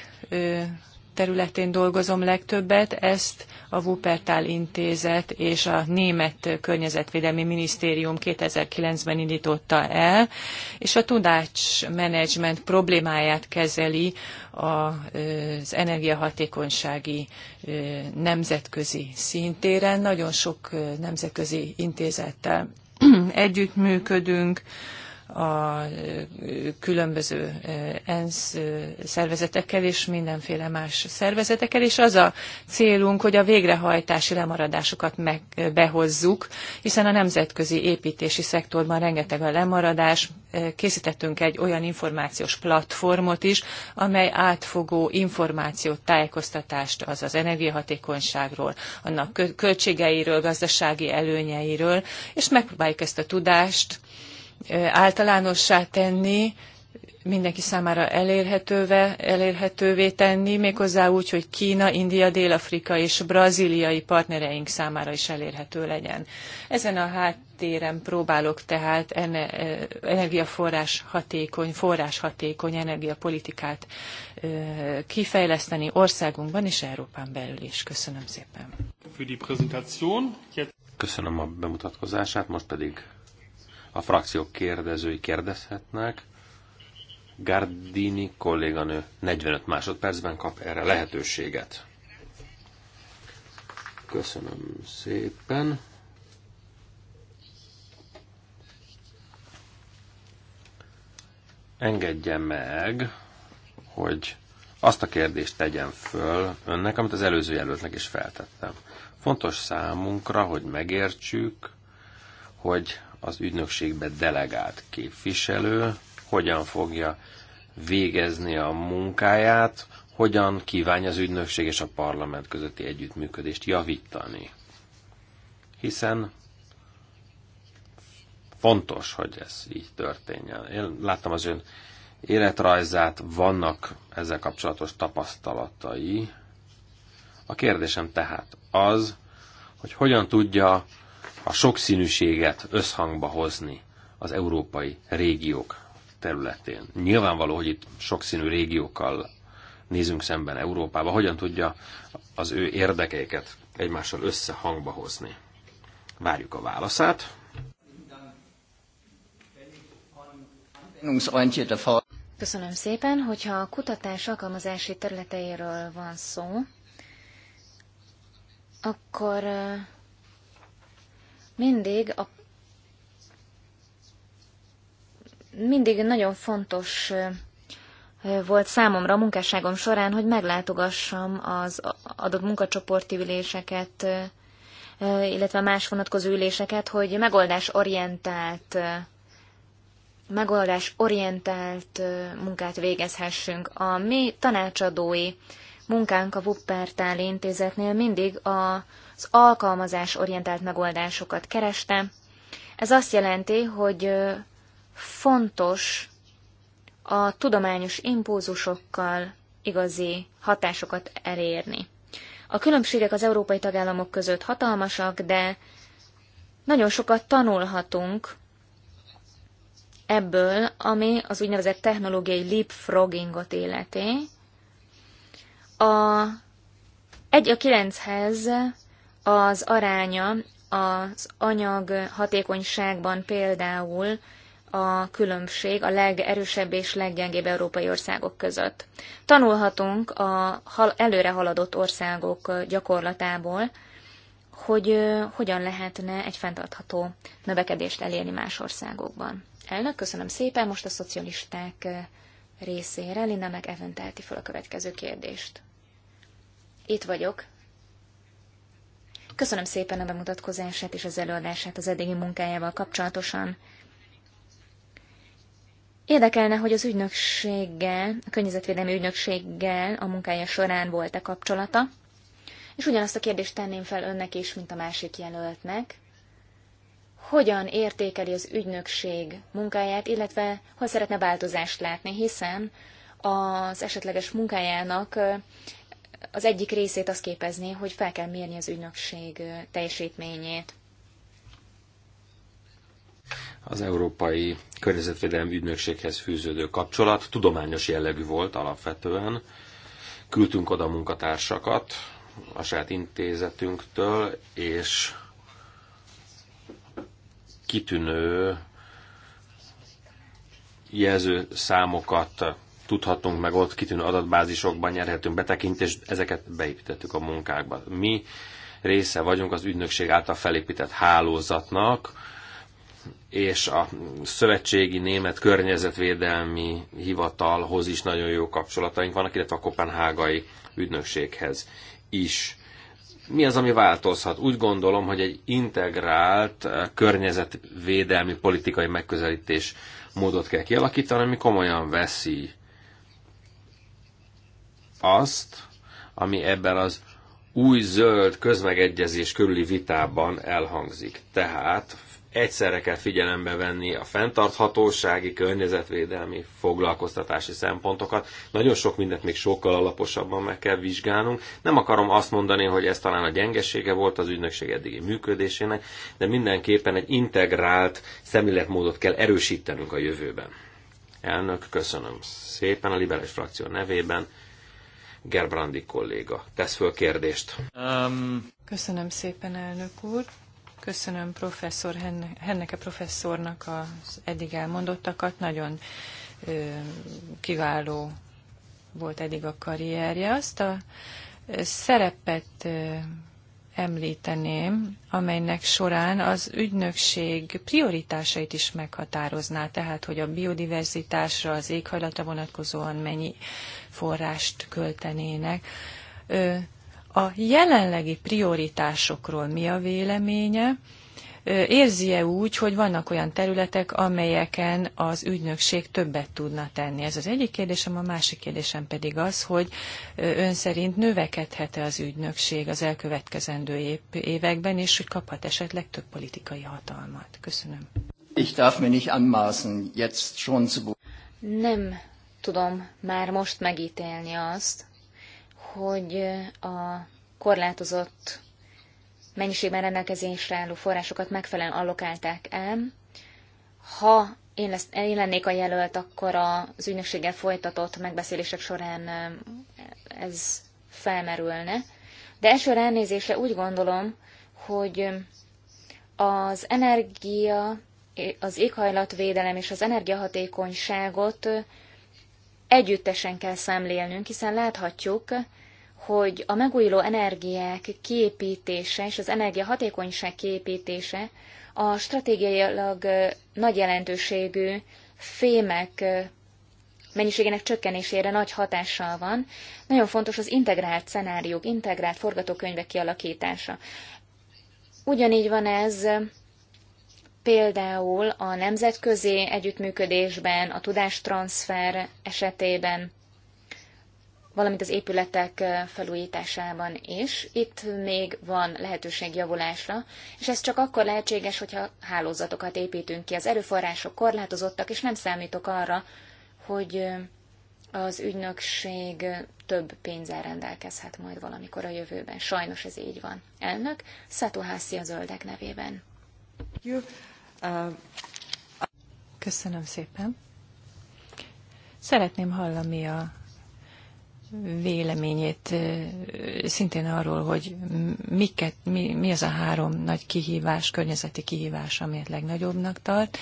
területén dolgozom legtöbbet, ezt a Wuppertal Intézet és a Német Környezetvédelmi Minisztérium 2009-ben indította el, és a tudásmenedzsment problémáját kezeli az energiahatékonysági nemzetközi szintéren. Nagyon sok nemzetközi intézettel együttműködünk, a különböző e, ENSZ e, szervezetekkel és mindenféle más szervezetekkel, és az a célunk, hogy a végrehajtási lemaradásokat behozzuk. hiszen a nemzetközi építési szektorban rengeteg a lemaradás, e, készítettünk egy olyan információs platformot is, amely átfogó információt, tájékoztatást az az energiahatékonyságról, annak költségeiről, gazdasági előnyeiről, és megpróbáljuk ezt a tudást általánossá tenni, mindenki számára elérhetővé elérhetővé tenni, méghozzá úgy, hogy Kína, India, Dél-Afrika és braziliai partnereink számára is elérhető legyen. Ezen a háttéren próbálok tehát energiaforrás hatékony, forrás hatékony energiapolitikát kifejleszteni országunkban és Európán belül is. Köszönöm szépen. Köszönöm a bemutatkozását, most pedig a frakciók kérdezői kérdezhetnek. Gardini kolléganő 45 másodpercben kap erre lehetőséget. Köszönöm szépen. Engedje meg, hogy azt a kérdést tegyem föl önnek, amit az előző jelöltnek is feltettem. Fontos számunkra, hogy megértsük, hogy az ügynökségbe delegált képviselő hogyan fogja végezni a munkáját, hogyan kívánja az ügynökség és a parlament közötti együttműködést javítani. Hiszen fontos, hogy ez így történjen. Én láttam az ön életrajzát, vannak ezzel kapcsolatos tapasztalatai. A kérdésem tehát az, hogy hogyan tudja a sokszínűséget összhangba hozni az európai régiók területén. Nyilvánvaló, hogy itt sokszínű régiókkal nézünk szemben Európába, hogyan tudja az ő érdekeiket egymással összehangba hozni. Várjuk a válaszát. Köszönöm szépen, hogyha a kutatás alkalmazási területeiről van szó, akkor mindig a mindig nagyon fontos volt számomra a munkásságom során, hogy meglátogassam az adott munkacsoporti üléseket, illetve más vonatkozó üléseket, hogy megoldásorientált megoldásorientált munkát végezhessünk. A mi tanácsadói munkánk a Wuppertal intézetnél mindig a az alkalmazás orientált megoldásokat kereste. Ez azt jelenti, hogy fontos a tudományos impulzusokkal igazi hatásokat elérni. A különbségek az európai tagállamok között hatalmasak, de nagyon sokat tanulhatunk ebből, ami az úgynevezett technológiai leapfroggingot életé. A 1 a 9-hez az aránya az anyag hatékonyságban például a különbség a legerősebb és leggyengébb európai országok között. Tanulhatunk a előre haladott országok gyakorlatából, hogy hogyan lehetne egy fenntartható növekedést elérni más országokban. Elnök, köszönöm szépen, most a szocialisták részére Linda meg Evan teheti fel a következő kérdést. Itt vagyok, Köszönöm szépen a bemutatkozását és az előadását az eddigi munkájával kapcsolatosan. Érdekelne, hogy az ügynökséggel, a környezetvédelmi ügynökséggel a munkája során volt-e kapcsolata, és ugyanazt a kérdést tenném fel önnek is, mint a másik jelöltnek. Hogyan értékeli az ügynökség munkáját, illetve hol szeretne változást látni, hiszen az esetleges munkájának az egyik részét az képezné, hogy fel kell mérni az ügynökség teljesítményét. Az Európai Környezetvédelmi Ügynökséghez fűződő kapcsolat tudományos jellegű volt alapvetően. Küldtünk oda munkatársakat a saját intézetünktől, és kitűnő jelző számokat tudhatunk meg ott, kitűnő adatbázisokban nyerhetünk betekintést, ezeket beépítettük a munkákba. Mi része vagyunk az ügynökség által felépített hálózatnak, és a szövetségi német környezetvédelmi hivatalhoz is nagyon jó kapcsolataink vannak, illetve a kopenhágai ügynökséghez is. Mi az, ami változhat? Úgy gondolom, hogy egy integrált eh, környezetvédelmi politikai megközelítés módot kell kialakítani, ami komolyan veszi azt, ami ebben az új zöld közmegegyezés körüli vitában elhangzik. Tehát egyszerre kell figyelembe venni a fenntarthatósági, környezetvédelmi, foglalkoztatási szempontokat. Nagyon sok mindent még sokkal alaposabban meg kell vizsgálnunk. Nem akarom azt mondani, hogy ez talán a gyengesége volt az ügynökség eddigi működésének, de mindenképpen egy integrált szemléletmódot kell erősítenünk a jövőben. Elnök, köszönöm szépen a liberális frakció nevében. Gerbrandi kolléga tesz föl kérdést. Um... Köszönöm szépen, elnök úr. Köszönöm professzor Henneke professzornak az eddig elmondottakat. Nagyon ö, kiváló volt eddig a karrierje. Azt a szerepet említeném, amelynek során az ügynökség prioritásait is meghatározná, tehát hogy a biodiverzitásra, az éghajlata vonatkozóan mennyi forrást költenének. A jelenlegi prioritásokról mi a véleménye? érzi-e úgy, hogy vannak olyan területek, amelyeken az ügynökség többet tudna tenni? Ez az egyik kérdésem, a másik kérdésem pedig az, hogy ön szerint növekedhet-e az ügynökség az elkövetkezendő években, és hogy kaphat esetleg több politikai hatalmat? Köszönöm. Ich darf mir nicht anmaßen, jetzt schon zu... Nem tudom már most megítélni azt, hogy a korlátozott mennyiségben rendelkezésre álló forrásokat megfelelően allokálták el. Ha én, lesz, én lennék a jelölt, akkor az ügynökséggel folytatott megbeszélések során ez felmerülne. De első ránézésre úgy gondolom, hogy az energia, az éghajlatvédelem és az energiahatékonyságot együttesen kell szemlélnünk, hiszen láthatjuk, hogy a megújuló energiák kiépítése és az energiahatékonyság kiépítése a stratégiailag nagy jelentőségű fémek mennyiségének csökkenésére nagy hatással van. Nagyon fontos az integrált szenáriók, integrált forgatókönyvek kialakítása. Ugyanígy van ez például a nemzetközi együttműködésben, a tudástranszfer esetében, valamint az épületek felújításában is. Itt még van lehetőség javulásra, és ez csak akkor lehetséges, hogyha hálózatokat építünk ki. Az erőforrások korlátozottak, és nem számítok arra, hogy az ügynökség több pénzzel rendelkezhet majd valamikor a jövőben. Sajnos ez így van. Elnök, Szatuhászi a zöldek nevében. Köszönöm szépen. Szeretném hallani a véleményét szintén arról, hogy miket, mi, mi az a három nagy kihívás, környezeti kihívás, amit legnagyobbnak tart,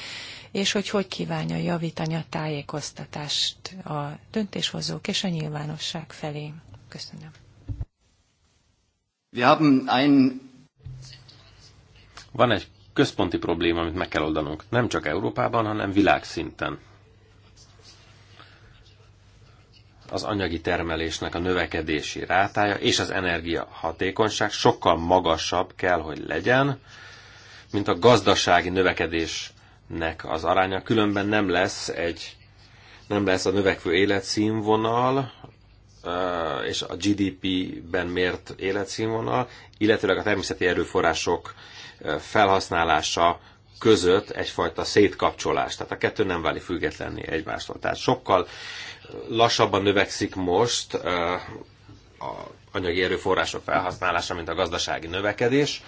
és hogy hogy kívánja javítani a tájékoztatást a döntéshozók és a nyilvánosság felé. Köszönöm. Van egy központi probléma, amit meg kell oldanunk, nem csak Európában, hanem világszinten. az anyagi termelésnek a növekedési rátája és az energiahatékonyság sokkal magasabb kell, hogy legyen, mint a gazdasági növekedésnek az aránya. Különben nem lesz egy nem lesz a növekvő életszínvonal, és a GDP-ben mért életszínvonal, illetőleg a természeti erőforrások felhasználása között egyfajta szétkapcsolás. Tehát a kettő nem válik függetlenni egymástól. Tehát sokkal lassabban növekszik most a anyagi erőforrások felhasználása, mint a gazdasági növekedés.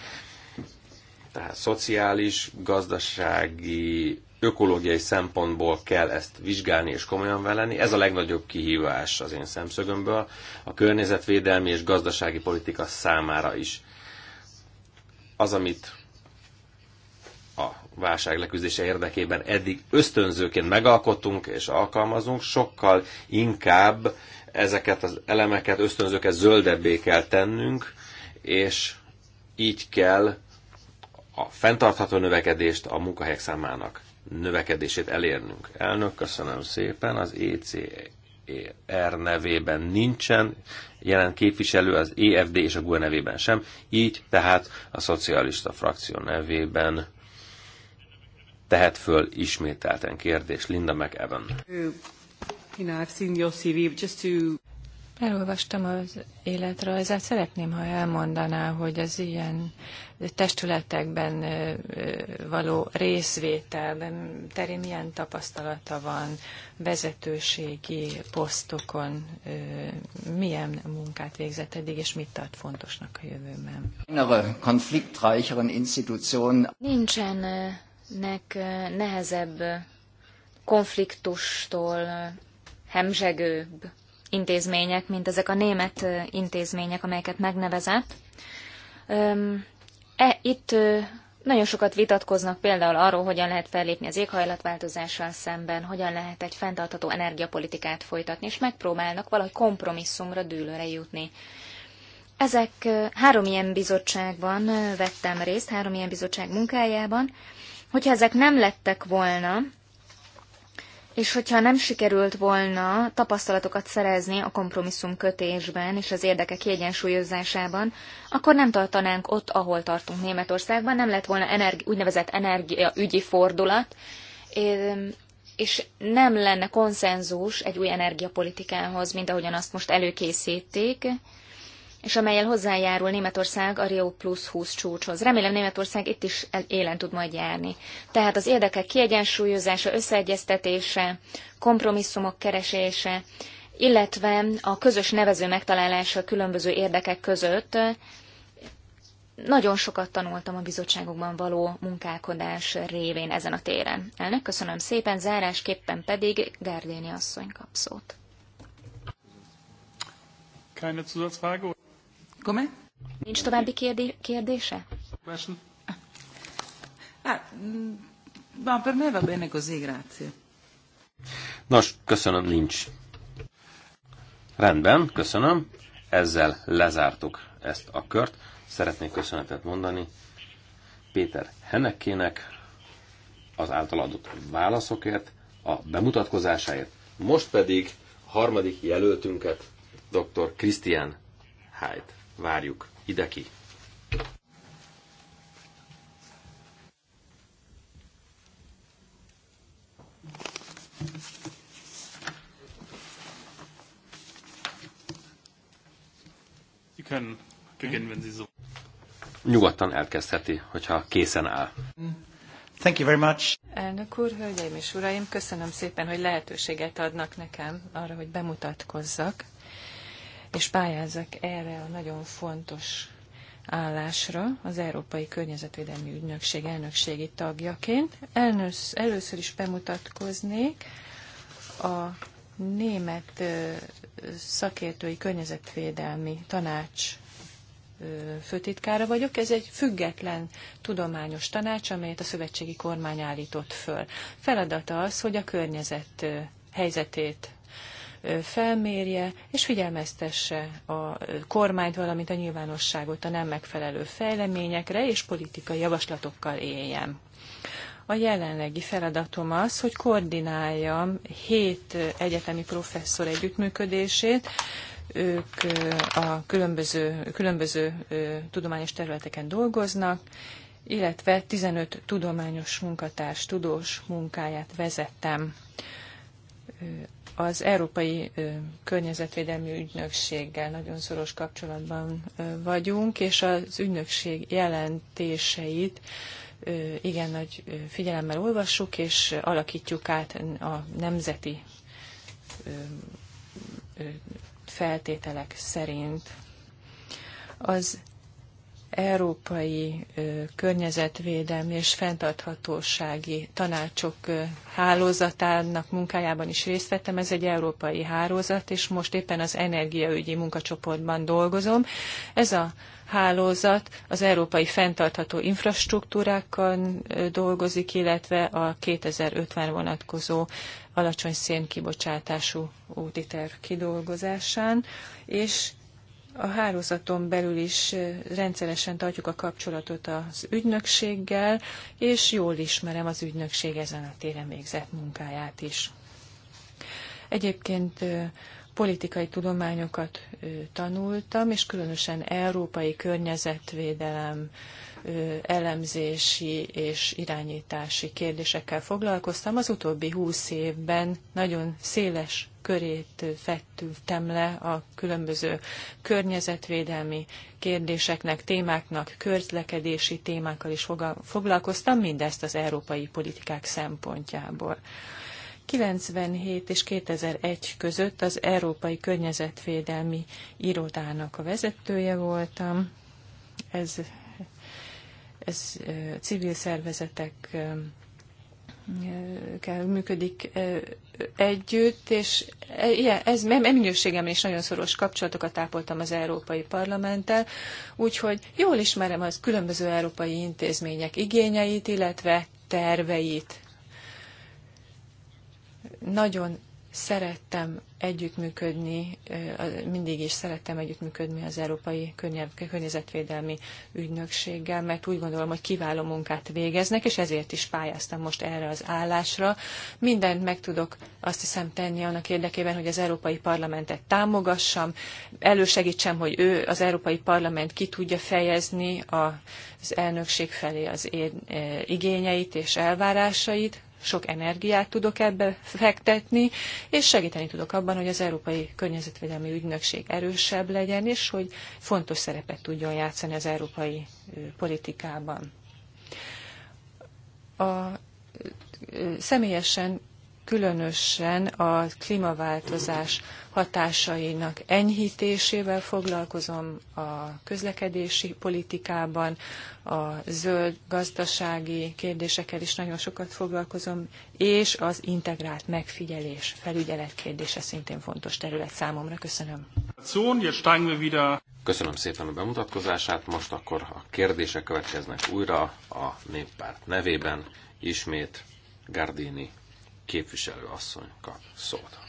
Tehát szociális, gazdasági, ökológiai szempontból kell ezt vizsgálni és komolyan venni. Ez a legnagyobb kihívás az én szemszögömből a környezetvédelmi és gazdasági politika számára is. Az, amit válság leküzdése érdekében eddig ösztönzőként megalkottunk és alkalmazunk, sokkal inkább ezeket az elemeket, ösztönzőket zöldebbé kell tennünk, és így kell a fenntartható növekedést a munkahelyek számának növekedését elérnünk. Elnök, köszönöm szépen, az ECR e nevében nincsen jelen képviselő, az EFD és a GUE nevében sem, így tehát a szocialista frakció nevében tehet föl ismételten kérdés. Linda McEwen. I've seen your CV, just to... Elolvastam az életrajzát. Szeretném, ha elmondaná, hogy az ilyen testületekben való részvételben terén milyen tapasztalata van, vezetőségi posztokon, milyen munkát végzett eddig, és mit tart fontosnak a jövőben. Nincsen nek nehezebb konfliktustól hemzsegőbb intézmények, mint ezek a német intézmények, amelyeket megnevezett. E, itt nagyon sokat vitatkoznak például arról, hogyan lehet fellépni az éghajlatváltozással szemben, hogyan lehet egy fenntartható energiapolitikát folytatni, és megpróbálnak valahogy kompromisszumra dűlőre jutni. Ezek három ilyen bizottságban vettem részt, három ilyen bizottság munkájában, Hogyha ezek nem lettek volna, és hogyha nem sikerült volna tapasztalatokat szerezni a kompromisszum kötésben és az érdekek kiegyensúlyozásában, akkor nem tartanánk ott, ahol tartunk Németországban, nem lett volna energi- úgynevezett energiaügyi fordulat, és nem lenne konszenzus egy új energiapolitikához, mint ahogyan azt most előkészítik, és amelyel hozzájárul Németország a Rio Plus 20 csúcshoz. Remélem Németország itt is élen tud majd járni. Tehát az érdekek kiegyensúlyozása, összeegyeztetése, kompromisszumok keresése, illetve a közös nevező megtalálása a különböző érdekek között. Nagyon sokat tanultam a bizottságokban való munkálkodás révén ezen a téren. Elnök, köszönöm szépen, zárásképpen pedig Gárdéni asszony kapszót. Keine Zusatzfrage? Come? Nincs további kérdé- kérdése? Ah, Ma mm, ah, per me va bene così, grazie. Nos, köszönöm, nincs. Rendben, köszönöm. Ezzel lezártuk ezt a kört. Szeretnék köszönetet mondani Péter Henekkének az által adott válaszokért, a bemutatkozásáért. Most pedig harmadik jelöltünket, dr. Christian Hyde várjuk ide ki. Nyugodtan elkezdheti, hogyha készen áll. Thank you very much. Elnök úr, hölgyeim és uraim, köszönöm szépen, hogy lehetőséget adnak nekem arra, hogy bemutatkozzak és pályázzak erre a nagyon fontos állásra az Európai Környezetvédelmi Ügynökség elnökségi tagjaként. Elnös, először is bemutatkoznék a német szakértői környezetvédelmi tanács főtitkára vagyok. Ez egy független tudományos tanács, amelyet a szövetségi kormány állított föl. Feladata az, hogy a környezet helyzetét felmérje és figyelmeztesse a kormányt, valamint a nyilvánosságot a nem megfelelő fejleményekre és politikai javaslatokkal éljen. A jelenlegi feladatom az, hogy koordináljam hét egyetemi professzor együttműködését, ők a különböző, különböző tudományos területeken dolgoznak, illetve 15 tudományos munkatárs tudós munkáját vezettem az Európai Környezetvédelmi Ügynökséggel nagyon szoros kapcsolatban vagyunk, és az ügynökség jelentéseit igen nagy figyelemmel olvassuk, és alakítjuk át a nemzeti feltételek szerint. Az európai környezetvédelmi és fenntarthatósági tanácsok hálózatának munkájában is részt vettem. Ez egy európai hálózat, és most éppen az energiaügyi munkacsoportban dolgozom. Ez a hálózat az európai fenntartható infrastruktúrákkal dolgozik, illetve a 2050 vonatkozó alacsony szénkibocsátású úti terv kidolgozásán, és a hálózaton belül is rendszeresen tartjuk a kapcsolatot az ügynökséggel, és jól ismerem az ügynökség ezen a téren végzett munkáját is. Egyébként politikai tudományokat tanultam, és különösen európai környezetvédelem, elemzési és irányítási kérdésekkel foglalkoztam. Az utóbbi húsz évben nagyon széles körét fettültem le a különböző környezetvédelmi kérdéseknek, témáknak, körzlekedési témákkal is foglalkoztam, mindezt az európai politikák szempontjából. 97 és 2001 között az Európai Környezetvédelmi Irodának a vezetője voltam. Ez ez civil szervezetek kell működik együtt, és e, ez minőségem is nagyon szoros kapcsolatokat ápoltam az Európai Parlamenttel, úgyhogy jól ismerem az különböző európai intézmények igényeit, illetve terveit. Nagyon szerettem együttműködni, mindig is szerettem együttműködni az Európai Környezetvédelmi Ügynökséggel, mert úgy gondolom, hogy kiváló munkát végeznek, és ezért is pályáztam most erre az állásra. Mindent meg tudok azt hiszem tenni annak érdekében, hogy az Európai Parlamentet támogassam, elősegítsem, hogy ő, az Európai Parlament ki tudja fejezni az elnökség felé az én igényeit és elvárásait, sok energiát tudok ebbe fektetni, és segíteni tudok abban, hogy az Európai Környezetvédelmi Ügynökség erősebb legyen, és hogy fontos szerepet tudjon játszani az európai politikában. A, személyesen különösen a klímaváltozás hatásainak enyhítésével foglalkozom a közlekedési politikában, a zöld gazdasági kérdésekkel is nagyon sokat foglalkozom, és az integrált megfigyelés, felügyelet kérdése szintén fontos terület számomra. Köszönöm. Köszönöm szépen a bemutatkozását, most akkor a kérdések következnek újra a néppárt nevében, ismét Gardini képviselő asszony kap szót.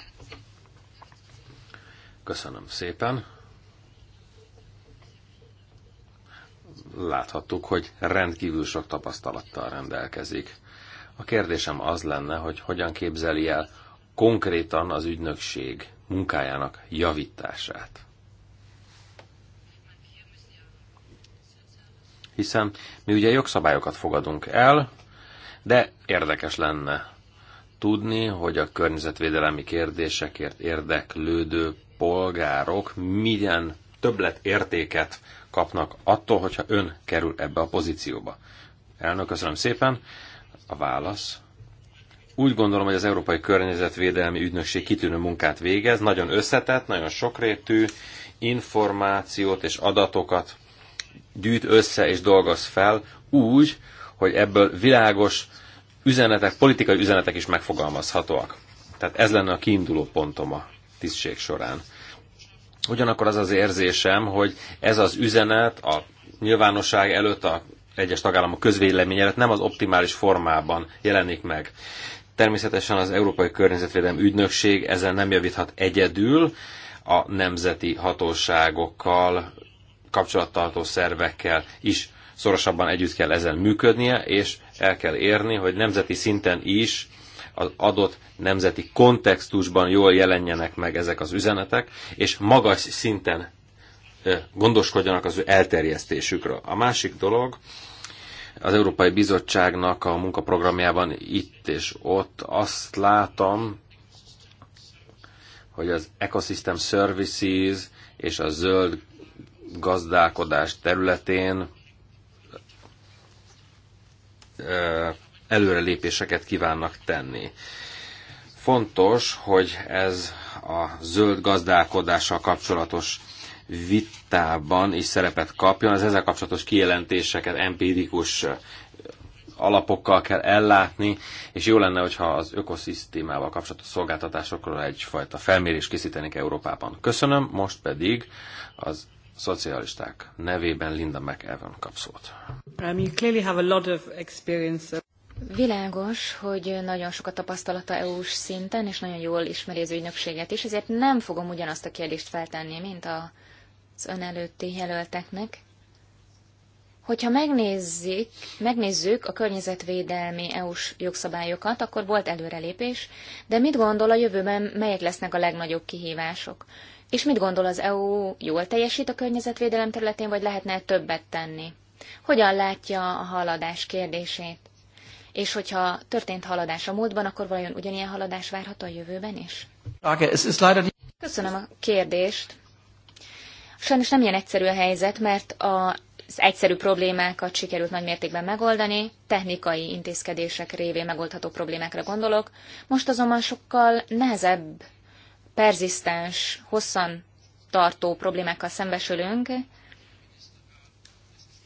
Köszönöm szépen. Láthattuk, hogy rendkívül sok tapasztalattal rendelkezik. A kérdésem az lenne, hogy hogyan képzeli el konkrétan az ügynökség munkájának javítását. Hiszen mi ugye jogszabályokat fogadunk el, de érdekes lenne tudni, hogy a környezetvédelmi kérdésekért érdeklődő polgárok milyen többlet értéket kapnak attól, hogyha ön kerül ebbe a pozícióba. Elnök, köszönöm szépen. A válasz. Úgy gondolom, hogy az Európai Környezetvédelmi Ügynökség kitűnő munkát végez, nagyon összetett, nagyon sokrétű információt és adatokat gyűjt össze és dolgoz fel úgy, hogy ebből világos üzenetek, politikai üzenetek is megfogalmazhatóak. Tehát ez lenne a kiinduló pontom a tisztség során. Ugyanakkor az az érzésem, hogy ez az üzenet a nyilvánosság előtt a egyes tagállamok közvélemény előtt nem az optimális formában jelenik meg. Természetesen az Európai Környezetvédelmi Ügynökség ezzel nem javíthat egyedül, a nemzeti hatóságokkal, kapcsolattartó szervekkel is szorosabban együtt kell ezzel működnie, és el kell érni, hogy nemzeti szinten is az adott nemzeti kontextusban jól jelenjenek meg ezek az üzenetek, és magas szinten gondoskodjanak az ő elterjesztésükről. A másik dolog, az Európai Bizottságnak a munkaprogramjában itt és ott azt látom, hogy az Ecosystem Services és a zöld gazdálkodás területén előrelépéseket kívánnak tenni. Fontos, hogy ez a zöld gazdálkodással kapcsolatos vitában is szerepet kapjon. Az ezzel kapcsolatos kijelentéseket empirikus alapokkal kell ellátni, és jó lenne, hogyha az ökoszisztémával kapcsolatos szolgáltatásokról egyfajta felmérés készítenék Európában. Köszönöm, most pedig az szocialisták nevében Linda McEwan kap szót. Um, you clearly have a lot of experience. Világos, hogy nagyon sokat tapasztalata EU-s szinten, és nagyon jól ismeri az ügynökséget is, ezért nem fogom ugyanazt a kérdést feltenni, mint az ön előtti jelölteknek. Hogyha megnézzük, megnézzük a környezetvédelmi EU-s jogszabályokat, akkor volt előrelépés, de mit gondol a jövőben, melyek lesznek a legnagyobb kihívások? És mit gondol az EU, jól teljesít a környezetvédelem területén, vagy lehetne többet tenni? Hogyan látja a haladás kérdését? És hogyha történt haladás a múltban, akkor vajon ugyanilyen haladás várható a jövőben is? Köszönöm a kérdést. Sajnos nem ilyen egyszerű a helyzet, mert a az egyszerű problémákat sikerült nagy mértékben megoldani, technikai intézkedések révén megoldható problémákra gondolok, most azonban sokkal nehezebb perzisztens, hosszan tartó problémákkal szembesülünk.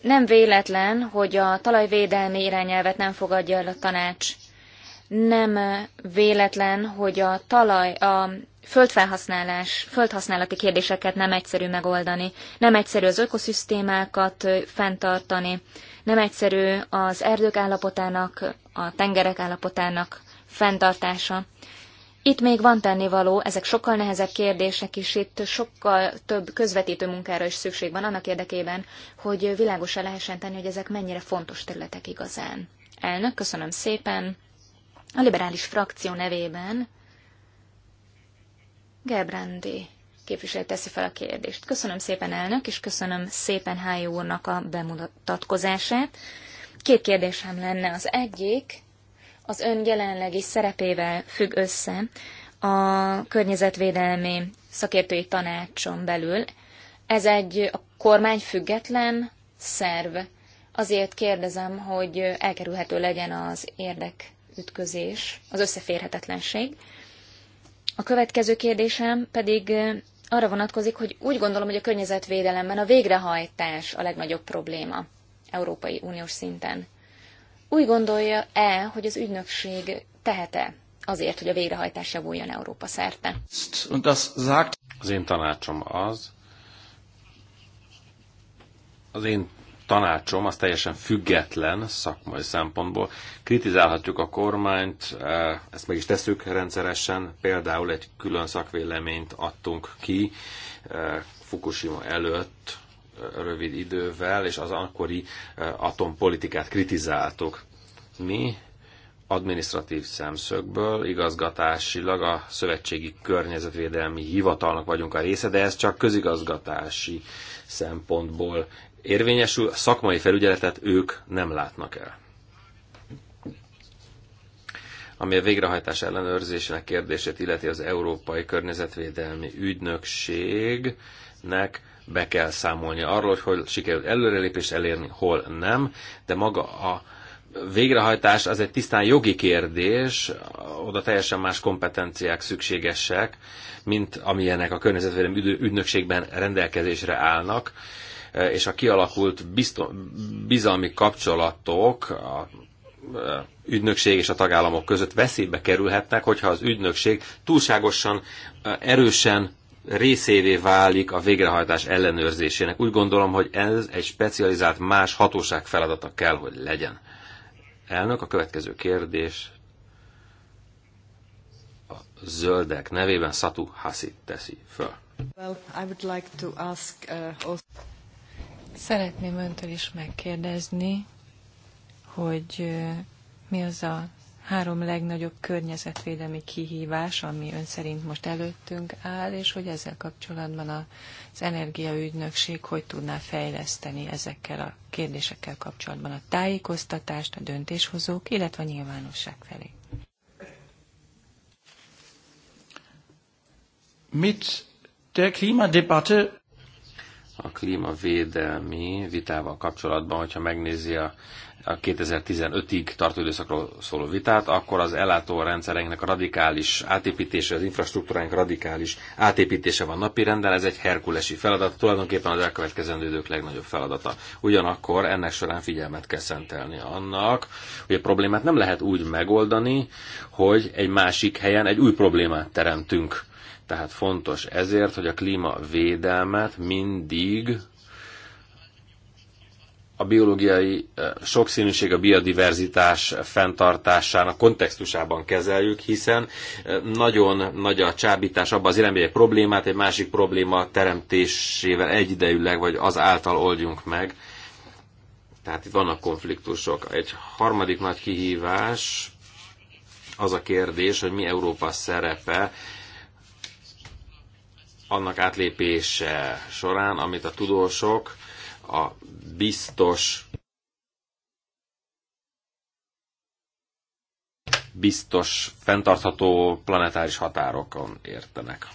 Nem véletlen, hogy a talajvédelmi irányelvet nem fogadja el a tanács. Nem véletlen, hogy a talaj, a földfelhasználás, földhasználati kérdéseket nem egyszerű megoldani, nem egyszerű az ökoszisztémákat fenntartani, nem egyszerű az erdők állapotának, a tengerek állapotának fenntartása. Itt még van tennivaló, ezek sokkal nehezebb kérdések is, itt sokkal több közvetítő munkára is szükség van annak érdekében, hogy világosan lehessen tenni, hogy ezek mennyire fontos területek igazán. Elnök, köszönöm szépen. A liberális frakció nevében Gebrandi képviselő teszi fel a kérdést. Köszönöm szépen elnök, és köszönöm szépen Hájó úrnak a bemutatkozását. Két kérdésem lenne. Az egyik, az ön jelenlegi szerepével függ össze a környezetvédelmi szakértői tanácson belül. Ez egy a kormány független szerv. Azért kérdezem, hogy elkerülhető legyen az érdekütközés, az összeférhetetlenség. A következő kérdésem pedig arra vonatkozik, hogy úgy gondolom, hogy a környezetvédelemben a végrehajtás a legnagyobb probléma Európai Uniós szinten. Úgy gondolja-e, hogy az ügynökség tehet-e azért, hogy a végrehajtás javuljon Európa szerte? Az én tanácsom az, az én tanácsom, az teljesen független szakmai szempontból. Kritizálhatjuk a kormányt, e, ezt meg is tesszük rendszeresen, például egy külön szakvéleményt adtunk ki e, Fukushima előtt rövid idővel, és az akkori atompolitikát kritizáltuk. Mi administratív szemszögből, igazgatásilag a Szövetségi Környezetvédelmi Hivatalnak vagyunk a része, de ez csak közigazgatási szempontból érvényesül, szakmai felügyeletet ők nem látnak el. Ami a végrehajtás ellenőrzésének kérdését illeti az Európai Környezetvédelmi Ügynökségnek be kell számolni arról, hogy hol sikerült előrelépést elérni, hol nem, de maga a végrehajtás az egy tisztán jogi kérdés, oda teljesen más kompetenciák szükségesek, mint amilyenek a környezetvédelmi ügynökségben rendelkezésre állnak, eh, és a kialakult bizto- bizalmi kapcsolatok a eh, ügynökség és a tagállamok között veszélybe kerülhetnek, hogyha az ügynökség túlságosan eh, erősen részévé válik a végrehajtás ellenőrzésének. Úgy gondolom, hogy ez egy specializált más hatóság feladata kell, hogy legyen. Elnök, a következő kérdés a zöldek nevében Satu Hasi teszi föl. Well, I would like to ask, uh, also... Szeretném öntől is megkérdezni, hogy uh, mi az a három legnagyobb környezetvédelmi kihívás, ami ön szerint most előttünk áll, és hogy ezzel kapcsolatban az energiaügynökség hogy tudná fejleszteni ezekkel a kérdésekkel kapcsolatban a tájékoztatást a döntéshozók, illetve a nyilvánosság felé. Mit der debatte a klímavédelmi vitával kapcsolatban, hogyha megnézi a a 2015-ig tartó időszakról szóló vitát, akkor az ellátó rendszereinknek a radikális átépítése, az infrastruktúránk radikális átépítése van napi renden, ez egy herkulesi feladat, tulajdonképpen az elkövetkezendő idők legnagyobb feladata. Ugyanakkor ennek során figyelmet kell szentelni annak, hogy a problémát nem lehet úgy megoldani, hogy egy másik helyen egy új problémát teremtünk. Tehát fontos ezért, hogy a klímavédelmet mindig a biológiai eh, sokszínűség, a biodiverzitás fenntartásának kontextusában kezeljük, hiszen eh, nagyon nagy a csábítás abban az irányba, egy problémát egy másik probléma teremtésével egyidejűleg, vagy az által oldjunk meg. Tehát itt vannak konfliktusok. Egy harmadik nagy kihívás az a kérdés, hogy mi Európa szerepe annak átlépése során, amit a tudósok, a biztos biztos, fenntartható planetáris határokon értenek.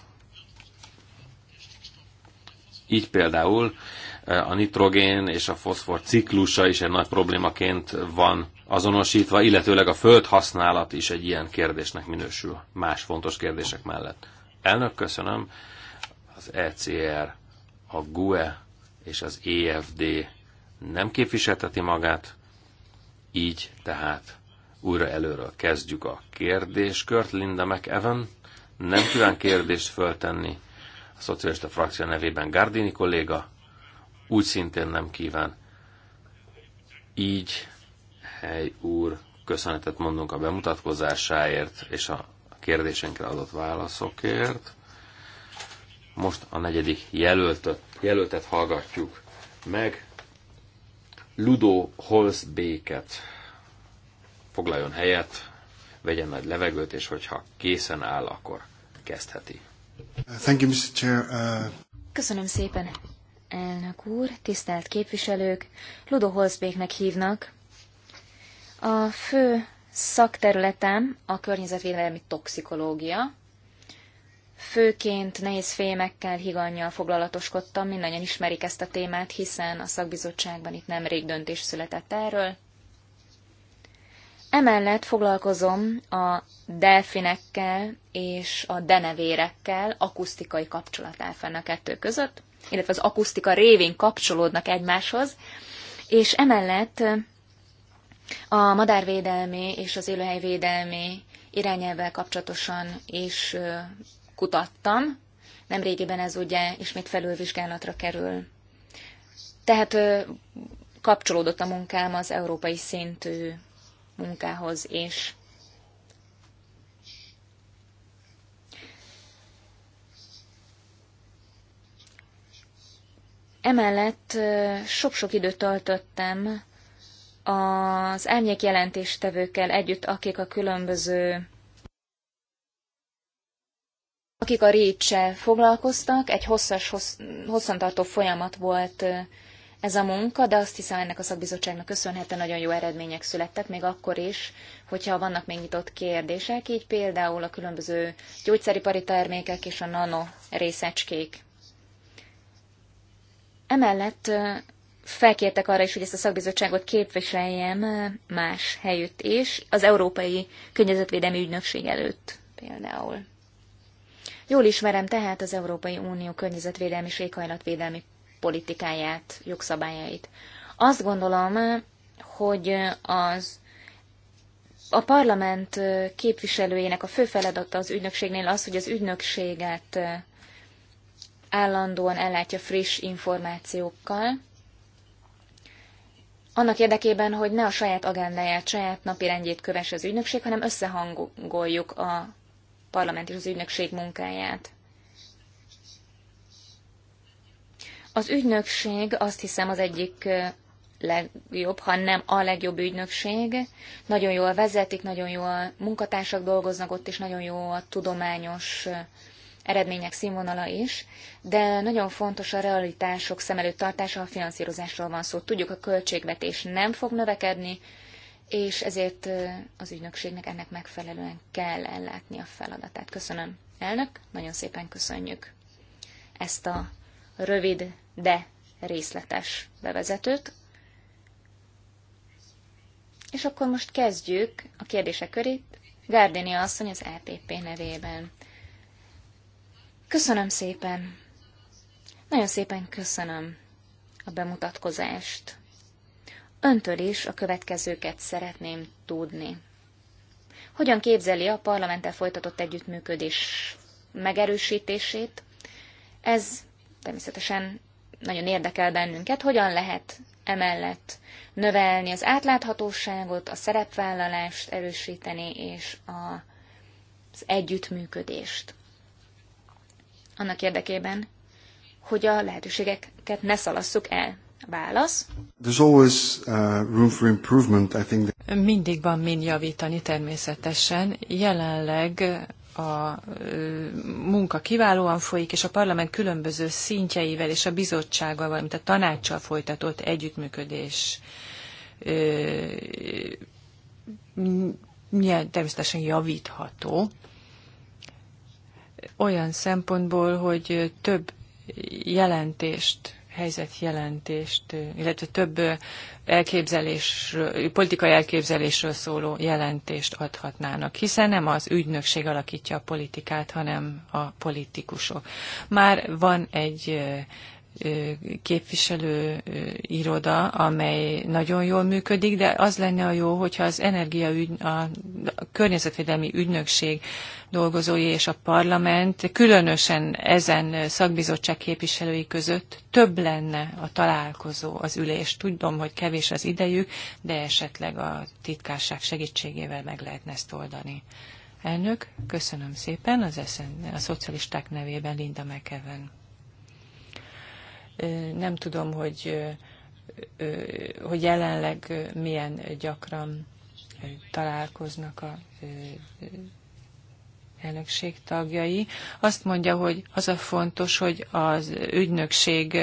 Így például eh, a nitrogén és a foszfor ciklusa is egy nagy problémaként van azonosítva, illetőleg a földhasználat is egy ilyen kérdésnek minősül, más fontos kérdések mellett. Elnök, köszönöm. Az ECR, a GUE és az EFD nem képviselteti magát, így tehát újra előről kezdjük a kérdéskört. Linda McEwan nem kíván kérdést föltenni a szocialista frakció nevében Gardini kolléga, úgy szintén nem kíván. Így, hely úr, köszönetet mondunk a bemutatkozásáért és a kérdésenkre adott válaszokért. Most a negyedik jelöltet, jelöltet hallgatjuk meg. Ludo béket foglaljon helyet, vegyen nagy levegőt, és hogyha készen áll, akkor kezdheti. Thank you, Mr. Chair. Uh... Köszönöm szépen, elnök úr, tisztelt képviselők. Ludo Holzbéknek hívnak. A fő szakterületem a környezetvédelmi toxikológia, Főként nehéz fémekkel, higannyal foglalatoskodtam, mindannyian ismerik ezt a témát, hiszen a szakbizottságban itt nemrég döntés született erről. Emellett foglalkozom a delfinekkel és a denevérekkel akusztikai kapcsolat fenn a kettő között, illetve az akusztika révén kapcsolódnak egymáshoz, és emellett a madárvédelmi és az élőhelyvédelmi irányelvvel kapcsolatosan is kutattam. Nem régiben ez ugye ismét felülvizsgálatra kerül. Tehát kapcsolódott a munkám az európai szintű munkához is. Emellett sok-sok időt töltöttem az árnyék jelentéstevőkkel együtt, akik a különböző akik a récse foglalkoztak, egy hosszas, hossz, hosszantartó folyamat volt ez a munka, de azt hiszem ennek a szakbizottságnak köszönhetően nagyon jó eredmények születtek, még akkor is, hogyha vannak még nyitott kérdések, így például a különböző gyógyszeripari termékek és a nano részecskék. Emellett felkértek arra is, hogy ezt a szakbizottságot képviseljem más helyütt is, az Európai Környezetvédelmi Ügynökség előtt például. Jól ismerem tehát az Európai Unió környezetvédelmi és éghajlatvédelmi politikáját, jogszabályait. Azt gondolom, hogy az a parlament képviselőjének a fő feladata az ügynökségnél az, hogy az ügynökséget állandóan ellátja friss információkkal, annak érdekében, hogy ne a saját agendáját, saját napirendjét kövesse az ügynökség, hanem összehangoljuk a parlament és az ügynökség munkáját. Az ügynökség azt hiszem az egyik legjobb, ha nem a legjobb ügynökség. Nagyon jól vezetik, nagyon jól munkatársak dolgoznak ott, és nagyon jó a tudományos eredmények színvonala is, de nagyon fontos a realitások szem előtt tartása, ha finanszírozásról van szó. Tudjuk, a költségvetés nem fog növekedni, és ezért az ügynökségnek ennek megfelelően kell ellátni a feladatát. Köszönöm, elnök, nagyon szépen köszönjük ezt a rövid, de részletes bevezetőt. És akkor most kezdjük a kérdések körét. Gárdini asszony az EPP nevében. Köszönöm szépen! Nagyon szépen köszönöm a bemutatkozást. Öntől is a következőket szeretném tudni. Hogyan képzeli a parlamenttel folytatott együttműködés megerősítését? Ez természetesen nagyon érdekel bennünket, hogyan lehet emellett növelni az átláthatóságot, a szerepvállalást erősíteni és a, az együttműködést. Annak érdekében, hogy a lehetőségeket ne szalasszuk el. Válasz. There's always uh, room for improvement, I think. Mindig van mind javítani természetesen. Jelenleg a munka kiválóan folyik, és a parlament különböző szintjeivel és a bizottsággal, valamint a tanácssal folytatott együttműködés természetesen javítható. Olyan szempontból, hogy több jelentést helyzetjelentést, illetve több elképzelés, politikai elképzelésről szóló jelentést adhatnának, hiszen nem az ügynökség alakítja a politikát, hanem a politikusok. Már van egy képviselő iroda, amely nagyon jól működik, de az lenne a jó, hogyha az ügy, a környezetvédelmi ügynökség dolgozói és a parlament, különösen ezen szakbizottság képviselői között több lenne a találkozó, az ülés. Tudom, hogy kevés az idejük, de esetleg a titkárság segítségével meg lehetne ezt oldani. Elnök, köszönöm szépen az eszen, a szocialisták nevében Linda McEwen. Nem tudom, hogy, hogy jelenleg milyen gyakran találkoznak a elnökség tagjai. Azt mondja, hogy az a fontos, hogy az ügynökség,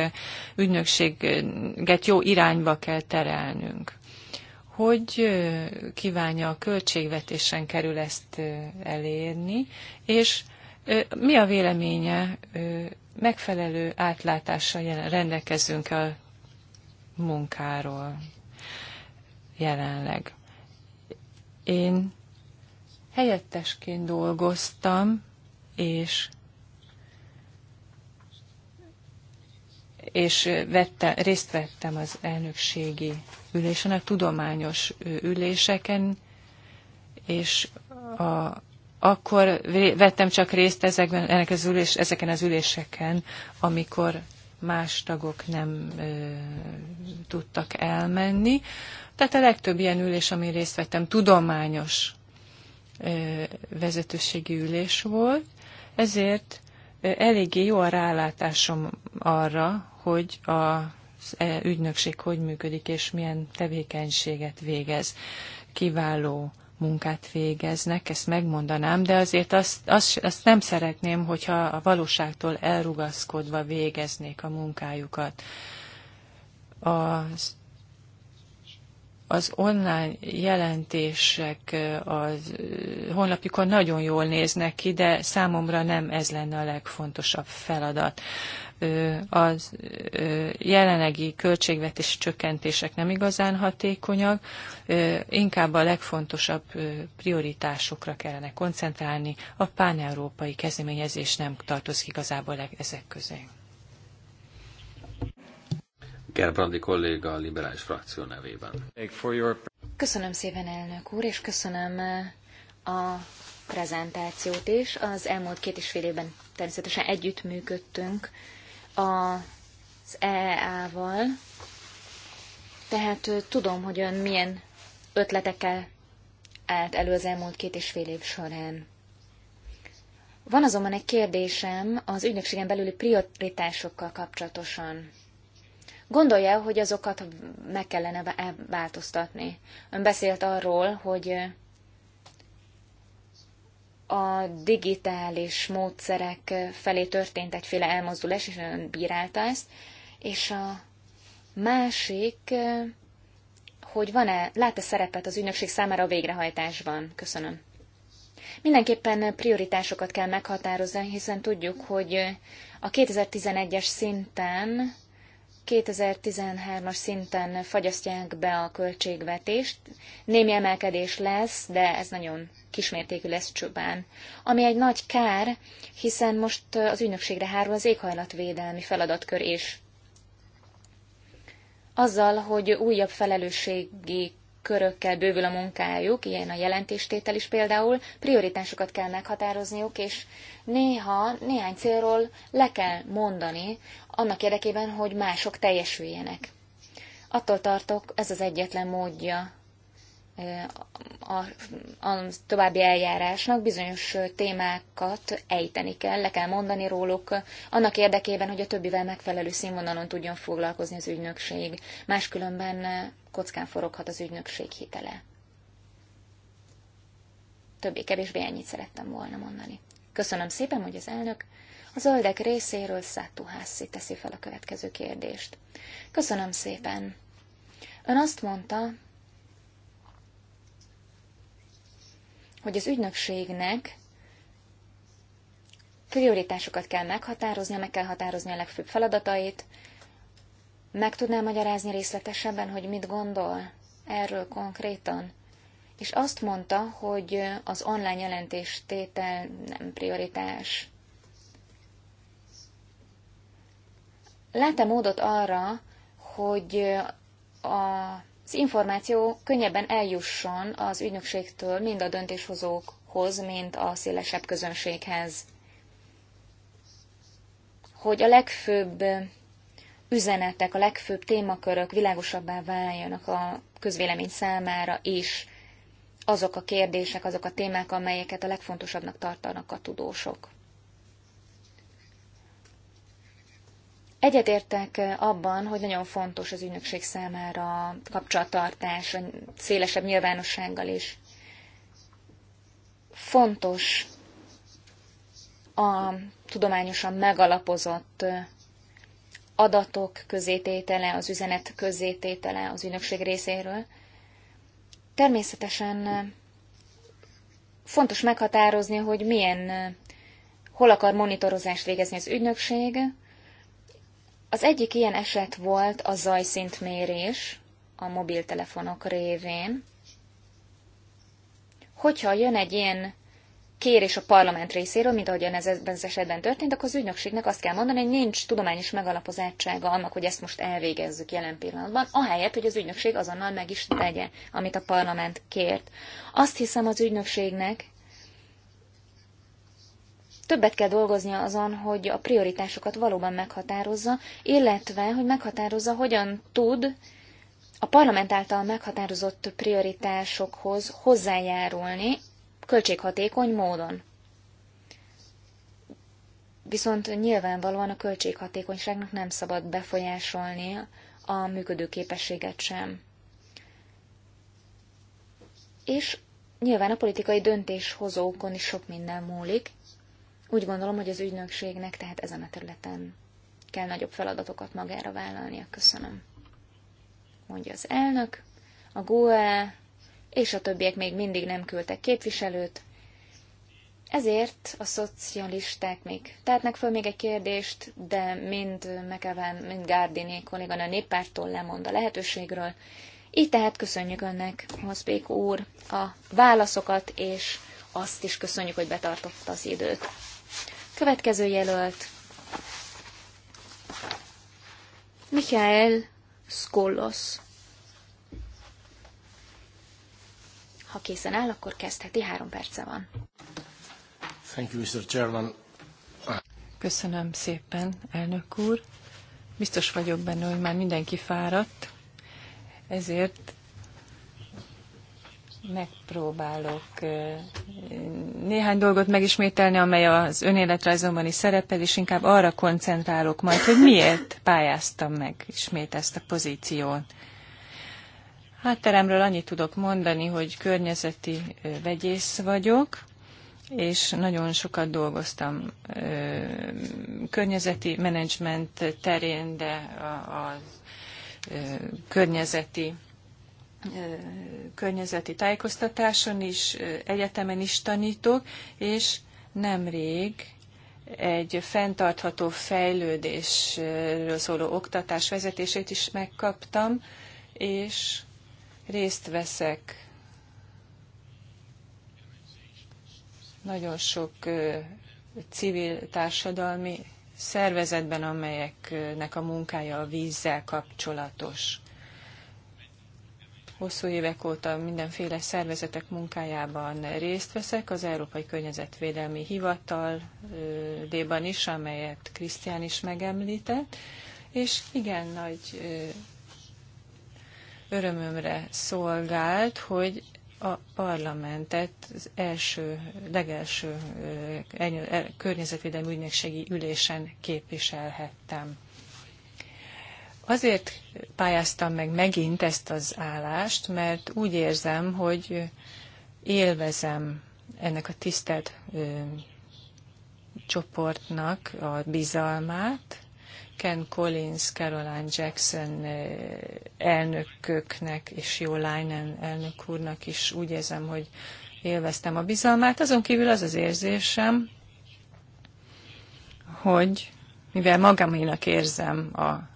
ügynökséget jó irányba kell terelnünk. Hogy kívánja a költségvetésen kerül ezt elérni, és mi a véleménye megfelelő átlátással rendelkezünk a munkáról jelenleg. Én helyettesként dolgoztam, és és vette, részt vettem az elnökségi ülésen, a tudományos üléseken, és a akkor vettem csak részt ezekben, ennek az ülés, ezeken az üléseken, amikor más tagok nem ö, tudtak elmenni. Tehát a legtöbb ilyen ülés, amin részt vettem, tudományos ö, vezetőségi ülés volt, ezért ö, eléggé jó a rálátásom arra, hogy a e ügynökség hogy működik és milyen tevékenységet végez. Kiváló munkát végeznek, ezt megmondanám, de azért azt, azt, azt nem szeretném, hogyha a valóságtól elrugaszkodva végeznék a munkájukat. Az az online jelentések a honlapjukon nagyon jól néznek ki, de számomra nem ez lenne a legfontosabb feladat. Az jelenlegi költségvetési csökkentések nem igazán hatékonyak, inkább a legfontosabb prioritásokra kellene koncentrálni. A páneurópai kezdeményezés nem tartozik igazából e- ezek közé. Gerbrandi kolléga a liberális frakció nevében. Köszönöm szépen, elnök úr, és köszönöm eh, a prezentációt is. Az elmúlt két és fél évben természetesen együttműködtünk az EEA-val, tehát eh, tudom, hogy ön milyen ötletekkel állt elő az elmúlt két és fél év során. Van azonban egy kérdésem az ügynökségen belüli prioritásokkal kapcsolatosan gondolja el, hogy azokat meg kellene e- változtatni? Ön beszélt arról, hogy a digitális módszerek felé történt egyféle elmozdulás, és ön bírálta ezt, és a másik, hogy van-e, lát-e szerepet az ügynökség számára a végrehajtásban? Köszönöm. Mindenképpen prioritásokat kell meghatározni, hiszen tudjuk, hogy a 2011-es szinten 2013-as szinten fagyasztják be a költségvetést. Némi emelkedés lesz, de ez nagyon kismértékű lesz csupán. Ami egy nagy kár, hiszen most az ügynökségre hárul az éghajlatvédelmi feladatkör is. Azzal, hogy újabb felelősségi körökkel bővül a munkájuk, ilyen a jelentéstétel is például, prioritásokat kell meghatározniuk, és néha néhány célról le kell mondani, annak érdekében, hogy mások teljesüljenek. Attól tartok, ez az egyetlen módja a, a további eljárásnak bizonyos témákat ejteni kell, le kell mondani róluk, annak érdekében, hogy a többivel megfelelő színvonalon tudjon foglalkozni az ügynökség. Máskülönben kockán foroghat az ügynökség hitele. Többé-kevésbé ennyit szerettem volna mondani. Köszönöm szépen, hogy az elnök a zöldek részéről Szátuhászi teszi fel a következő kérdést. Köszönöm szépen. Ön azt mondta, hogy az ügynökségnek prioritásokat kell meghatározni, meg kell határozni a legfőbb feladatait. Meg tudná magyarázni részletesebben, hogy mit gondol erről konkrétan? És azt mondta, hogy az online jelentéstétel nem prioritás. lát-e módot arra, hogy az információ könnyebben eljusson az ügynökségtől mind a döntéshozókhoz, mint a szélesebb közönséghez? Hogy a legfőbb üzenetek, a legfőbb témakörök világosabbá váljanak a közvélemény számára is, azok a kérdések, azok a témák, amelyeket a legfontosabbnak tartanak a tudósok. Egyetértek eh, abban, hogy nagyon fontos az ügynökség számára a kapcsolattartás, a szélesebb nyilvánossággal is. Fontos a tudományosan megalapozott eh, adatok közététele, az üzenet közététele az ügynökség részéről. Természetesen eh, fontos meghatározni, hogy milyen, hol akar monitorozást végezni az ügynökség, az egyik ilyen eset volt a zajszintmérés a mobiltelefonok révén. Hogyha jön egy ilyen kérés a parlament részéről, mint ahogyan ez ebben az esetben történt, akkor az ügynökségnek azt kell mondani, hogy nincs tudományos megalapozátsága annak, hogy ezt most elvégezzük jelen pillanatban, ahelyett, hogy az ügynökség azonnal meg is tegye, amit a parlament kért. Azt hiszem az ügynökségnek Többet kell dolgoznia azon, hogy a prioritásokat valóban meghatározza, illetve, hogy meghatározza, hogyan tud a parlament által meghatározott prioritásokhoz hozzájárulni költséghatékony módon. Viszont nyilvánvalóan a költséghatékonyságnak nem szabad befolyásolni a működőképességet sem. És nyilván a politikai döntéshozókon is sok minden múlik, úgy gondolom, hogy az ügynökségnek tehát ezen a területen kell nagyobb feladatokat magára vállalnia. Köszönöm. Mondja az elnök. A GUE és a többiek még mindig nem küldtek képviselőt, ezért a szocialisták még tehetnek föl még egy kérdést, de mind McEwen, mind kollégan a néppártól lemond a lehetőségről. Így tehát köszönjük önnek, Hozbék úr, a válaszokat, és azt is köszönjük, hogy betartotta az időt. Következő jelölt. Michael Skollos. Ha készen áll, akkor kezdheti, három perce van. Thank you, Mr. Chairman. Köszönöm szépen, elnök úr. Biztos vagyok benne, hogy már mindenki fáradt, ezért megpróbálok néhány dolgot megismételni, amely az önéletrajzomban is szerepel, és inkább arra koncentrálok majd, hogy miért pályáztam meg ismét ezt a pozíciót. Hátteremről annyit tudok mondani, hogy környezeti vegyész vagyok, és nagyon sokat dolgoztam környezeti menedzsment terén, de a, a környezeti környezeti tájékoztatáson is, egyetemen is tanítok, és nemrég egy fenntartható fejlődésről szóló oktatás vezetését is megkaptam, és részt veszek nagyon sok civil társadalmi szervezetben, amelyeknek a munkája a vízzel kapcsolatos. Hosszú évek óta mindenféle szervezetek munkájában részt veszek, az Európai Környezetvédelmi Hivatal déban is, amelyet Krisztián is megemlített, és igen nagy örömömre szolgált, hogy a parlamentet az első, legelső e, környezetvédelmi ügynökségi ülésen képviselhettem. Azért pályáztam meg megint ezt az állást, mert úgy érzem, hogy élvezem ennek a tisztelt ö, csoportnak a bizalmát. Ken Collins, Caroline Jackson elnököknek és Jó Leinen elnök úrnak is úgy érzem, hogy élveztem a bizalmát. Azon kívül az az érzésem, hogy mivel magaménak érzem a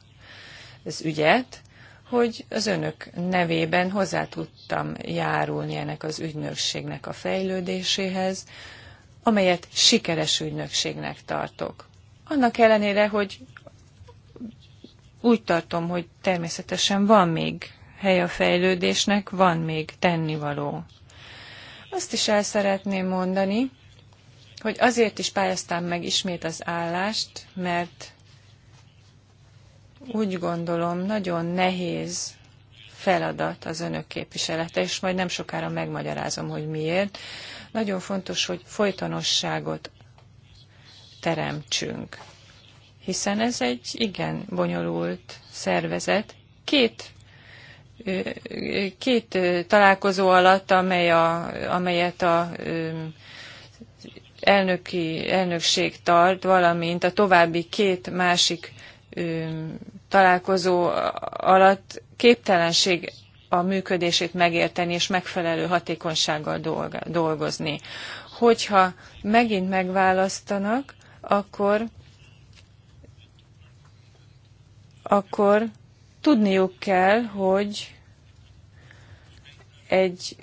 az ügyet, hogy az önök nevében hozzá tudtam járulni ennek az ügynökségnek a fejlődéséhez, amelyet sikeres ügynökségnek tartok. Annak ellenére, hogy úgy tartom, hogy természetesen van még hely a fejlődésnek, van még tennivaló. Azt is el szeretném mondani, hogy azért is pályáztam meg ismét az állást, mert úgy gondolom, nagyon nehéz feladat az önök képviselete, és majd nem sokára megmagyarázom, hogy miért. Nagyon fontos, hogy folytonosságot teremtsünk, hiszen ez egy igen bonyolult szervezet. Két két találkozó alatt, amely a, amelyet a elnöki, elnökség tart, valamint a további két másik találkozó alatt képtelenség a működését megérteni és megfelelő hatékonysággal dolgozni. Hogyha megint megválasztanak, akkor, akkor tudniuk kell, hogy egy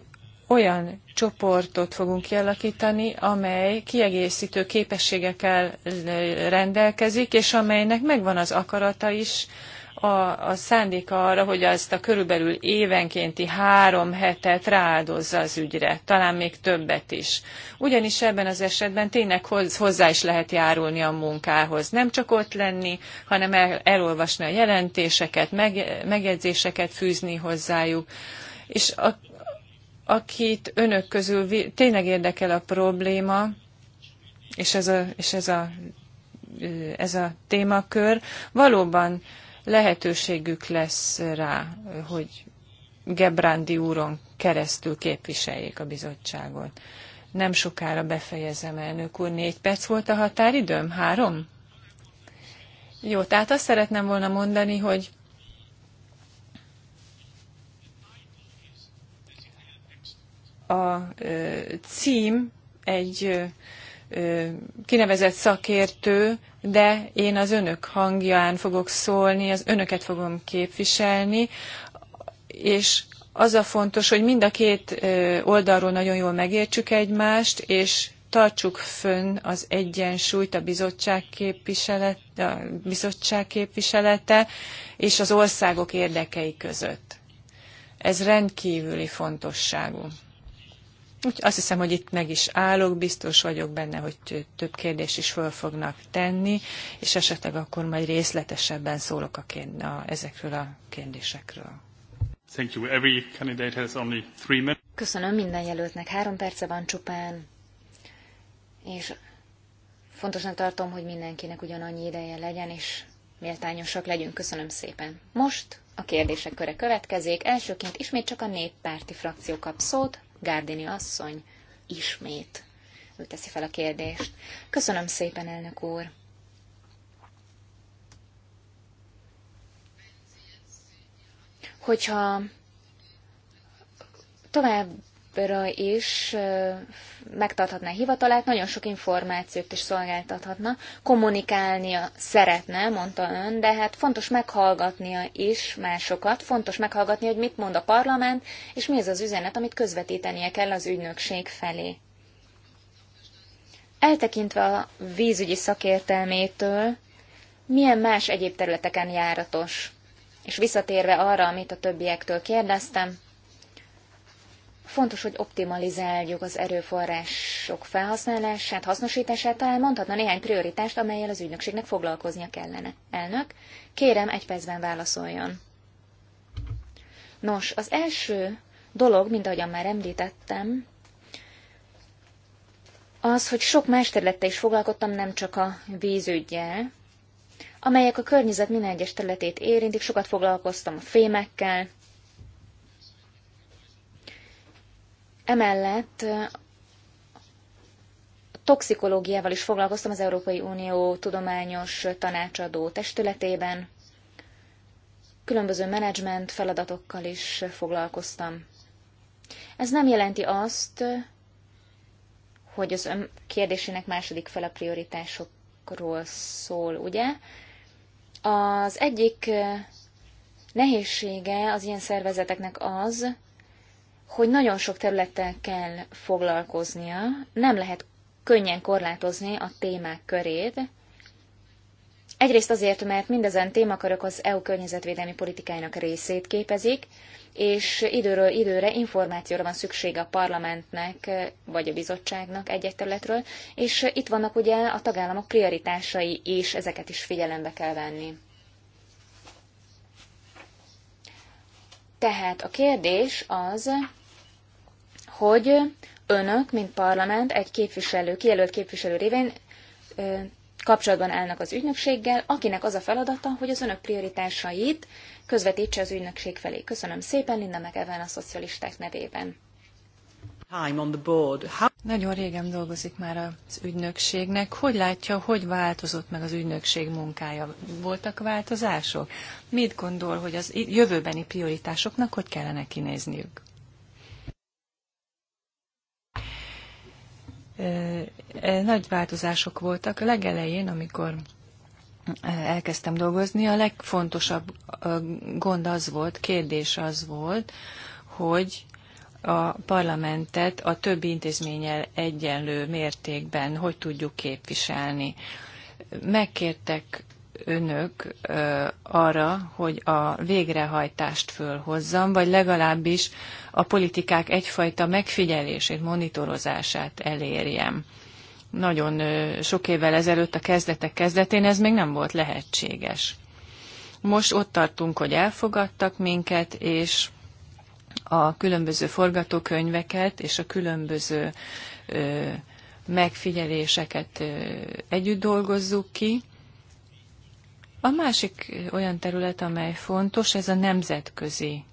olyan csoportot fogunk kialakítani, amely kiegészítő képességekkel rendelkezik, és amelynek megvan az akarata is, a, a szándéka arra, hogy azt a körülbelül évenkénti három hetet rááldozza az ügyre, talán még többet is. Ugyanis ebben az esetben tényleg hozzá is lehet járulni a munkához. Nem csak ott lenni, hanem el, elolvasni a jelentéseket, meg, megjegyzéseket fűzni hozzájuk. És a akit önök közül tényleg érdekel a probléma, és ez a, és ez a, ez a témakör, valóban lehetőségük lesz rá, hogy Gebrandi úron keresztül képviseljék a bizottságot. Nem sokára befejezem, elnök úr. Négy perc volt a határidőm? Három? Jó, tehát azt szeretném volna mondani, hogy a cím egy kinevezett szakértő, de én az önök hangján fogok szólni, az önöket fogom képviselni, és az a fontos, hogy mind a két oldalról nagyon jól megértsük egymást, és tartsuk fönn az egyensúlyt a bizottság, képviselet, a bizottság képviselete és az országok érdekei között. Ez rendkívüli fontosságú. Úgy azt hiszem, hogy itt meg is állok, biztos vagyok benne, hogy több kérdés is föl fognak tenni, és esetleg akkor majd részletesebben szólok a kérd- a, ezekről a kérdésekről. Thank you. Every candidate has only three minutes. Köszönöm minden jelöltnek. Három perce van csupán, és fontosnak tartom, hogy mindenkinek ugyanannyi ideje legyen, és méltányosak legyünk. Köszönöm szépen. Most a kérdések köre következik. Elsőként ismét csak a néppárti frakció kap szót. Gárdini asszony ismét. Ő teszi fel a kérdést. Köszönöm szépen, elnök úr! Hogyha tovább továbbra is megtarthatná hivatalát, nagyon sok információt is szolgáltathatna, kommunikálnia szeretne, mondta ön, de hát fontos meghallgatnia is másokat, fontos meghallgatni, hogy mit mond a parlament, és mi az az üzenet, amit közvetítenie kell az ügynökség felé. Eltekintve a vízügyi szakértelmétől, milyen más egyéb területeken járatos? És visszatérve arra, amit a többiektől kérdeztem, Fontos, hogy optimalizáljuk az erőforrások felhasználását, hasznosítását, talán mondhatna néhány prioritást, amelyel az ügynökségnek foglalkoznia kellene. Elnök, kérem egy percben válaszoljon. Nos, az első dolog, mint ahogyan már említettem, az, hogy sok más területtel is foglalkoztam, nem csak a vízügyjel, amelyek a környezet minden egyes területét érintik, sokat foglalkoztam a fémekkel, Emellett toxikológiával is foglalkoztam az Európai Unió tudományos tanácsadó testületében, különböző menedzsment feladatokkal is foglalkoztam. Ez nem jelenti azt, hogy az ön kérdésének második fele prioritásokról szól, ugye? Az egyik nehézsége az ilyen szervezeteknek az, hogy nagyon sok területtel kell foglalkoznia, nem lehet könnyen korlátozni a témák körét. Egyrészt azért, mert mindezen témakörök az EU környezetvédelmi politikájának részét képezik, és időről időre információra van szüksége a parlamentnek vagy a bizottságnak egy-egy területről, és itt vannak ugye a tagállamok prioritásai, és ezeket is figyelembe kell venni. Tehát a kérdés az, hogy önök, mint parlament, egy képviselő, kijelölt képviselő révén kapcsolatban állnak az ügynökséggel, akinek az a feladata, hogy az önök prioritásait közvetítse az ügynökség felé. Köszönöm szépen, Linda McEwen a szocialisták nevében. Nagyon régen dolgozik már az ügynökségnek. Hogy látja, hogy változott meg az ügynökség munkája? Voltak változások? Mit gondol, hogy az jövőbeni prioritásoknak hogy kellene kinézniük? nagy változások voltak. A legelején, amikor elkezdtem dolgozni, a legfontosabb gond az volt, kérdés az volt, hogy a parlamentet a többi intézménnyel egyenlő mértékben hogy tudjuk képviselni. Megkértek önök arra, hogy a végrehajtást fölhozzam, vagy legalábbis a politikák egyfajta megfigyelését, monitorozását elérjem. Nagyon sok évvel ezelőtt a kezdetek kezdetén ez még nem volt lehetséges. Most ott tartunk, hogy elfogadtak minket, és a különböző forgatókönyveket és a különböző megfigyeléseket együtt dolgozzuk ki a másik olyan terület, amely fontos, ez a nemzetközi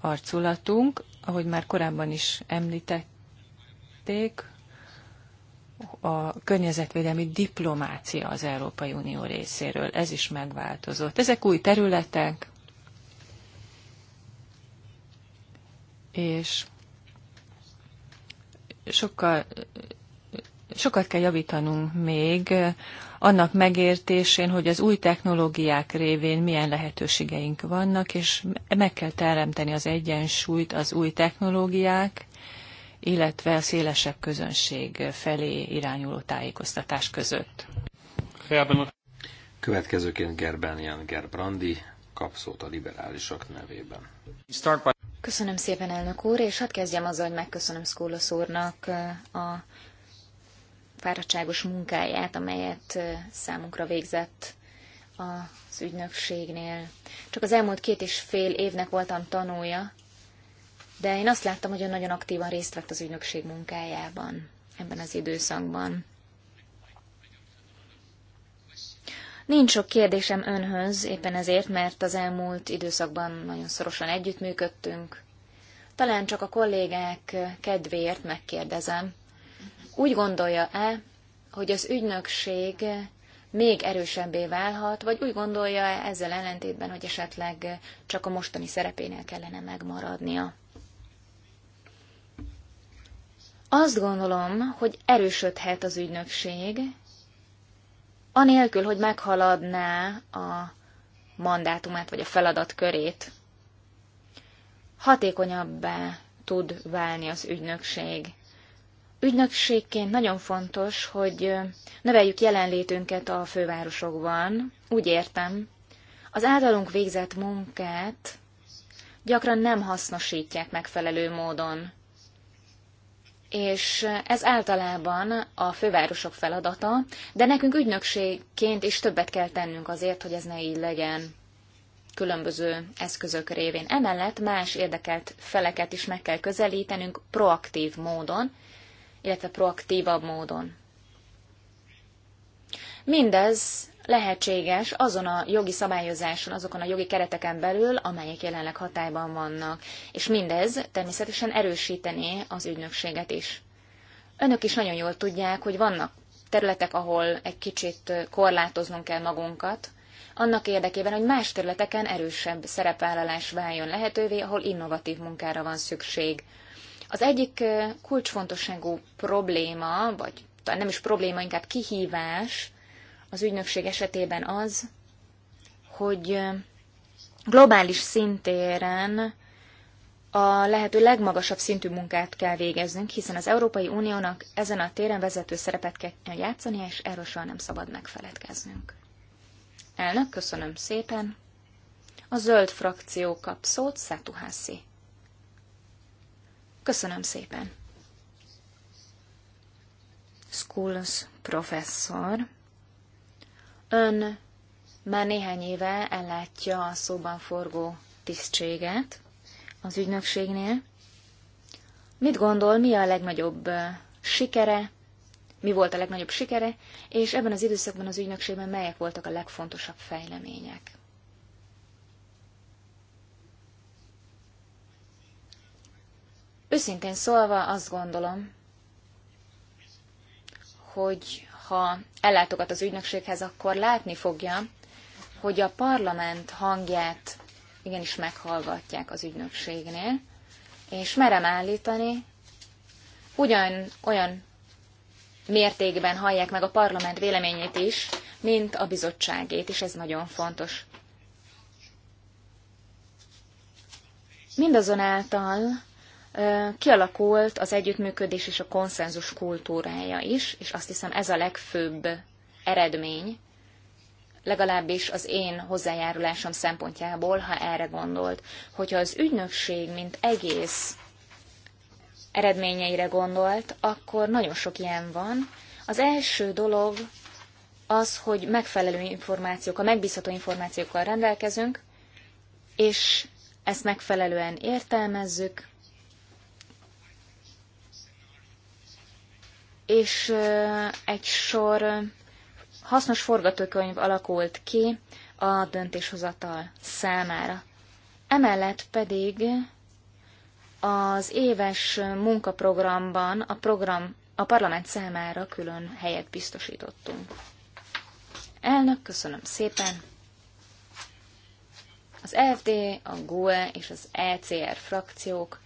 arculatunk, ahogy már korábban is említették, a környezetvédelmi diplomácia az Európai Unió részéről. Ez is megváltozott. Ezek új területek, és sokkal sokat kell javítanunk még eh, annak megértésén, hogy az új technológiák révén milyen lehetőségeink vannak, és meg kell teremteni az egyensúlyt az új technológiák, illetve a szélesebb közönség felé irányuló tájékoztatás között. Következőként Gerbenian Gerbrandi kap szót a liberálisok nevében. Köszönöm szépen, elnök úr, és hadd kezdjem azzal, hogy megköszönöm Skólasz úrnak eh, a fáradtságos munkáját, amelyet számunkra végzett az ügynökségnél. Csak az elmúlt két és fél évnek voltam tanulja, de én azt láttam, hogy ő nagyon aktívan részt vett az ügynökség munkájában ebben az időszakban. Nincs sok kérdésem önhöz, éppen ezért, mert az elmúlt időszakban nagyon szorosan együttműködtünk. Talán csak a kollégák kedvéért megkérdezem, úgy gondolja-e, hogy az ügynökség még erősebbé válhat, vagy úgy gondolja -e ezzel ellentétben, hogy esetleg csak a mostani szerepénél kellene megmaradnia? Azt gondolom, hogy erősödhet az ügynökség, anélkül, hogy meghaladná a mandátumát vagy a feladat körét. Hatékonyabbá tud válni az ügynökség. Ügynökségként nagyon fontos, hogy növeljük jelenlétünket a fővárosokban. Úgy értem, az általunk végzett munkát gyakran nem hasznosítják megfelelő módon. És ez általában a fővárosok feladata, de nekünk ügynökségként is többet kell tennünk azért, hogy ez ne így legyen különböző eszközök révén. Emellett más érdekelt feleket is meg kell közelítenünk proaktív módon, illetve proaktívabb módon. Mindez lehetséges azon a jogi szabályozáson, azokon a jogi kereteken belül, amelyek jelenleg hatályban vannak, és mindez természetesen erősítené az ügynökséget is. Önök is nagyon jól tudják, hogy vannak területek, ahol egy kicsit korlátoznunk kell magunkat, annak érdekében, hogy más területeken erősebb szerepvállalás váljon lehetővé, ahol innovatív munkára van szükség. Az egyik kulcsfontosságú probléma, vagy talán nem is probléma, inkább kihívás az ügynökség esetében az, hogy globális szintéren a lehető legmagasabb szintű munkát kell végeznünk, hiszen az Európai Uniónak ezen a téren vezető szerepet kell játszania, és erről soha nem szabad megfeledkeznünk. Elnök, köszönöm szépen. A zöld frakció kap szót, Szátuhászi Köszönöm szépen. Schools professzor. Ön már néhány éve ellátja a szóban forgó tisztséget az ügynökségnél. Mit gondol, mi a legnagyobb sikere, mi volt a legnagyobb sikere, és ebben az időszakban az ügynökségben melyek voltak a legfontosabb fejlemények? Őszintén szólva azt gondolom, hogy ha ellátogat az ügynökséghez, akkor látni fogja, hogy a parlament hangját igenis meghallgatják az ügynökségnél, és merem állítani, ugyan olyan mértékben hallják meg a parlament véleményét is, mint a bizottságét, és ez nagyon fontos. Mindazonáltal kialakult az együttműködés és a konszenzus kultúrája is, és azt hiszem ez a legfőbb eredmény, legalábbis az én hozzájárulásom szempontjából, ha erre gondolt, hogyha az ügynökség, mint egész eredményeire gondolt, akkor nagyon sok ilyen van. Az első dolog az, hogy megfelelő információk, a megbízható információkkal rendelkezünk, és ezt megfelelően értelmezzük, és egy sor hasznos forgatókönyv alakult ki a döntéshozatal számára. Emellett pedig az éves munkaprogramban a, program, a parlament számára külön helyet biztosítottunk. Elnök, köszönöm szépen! Az FD, a GUE és az ECR frakciók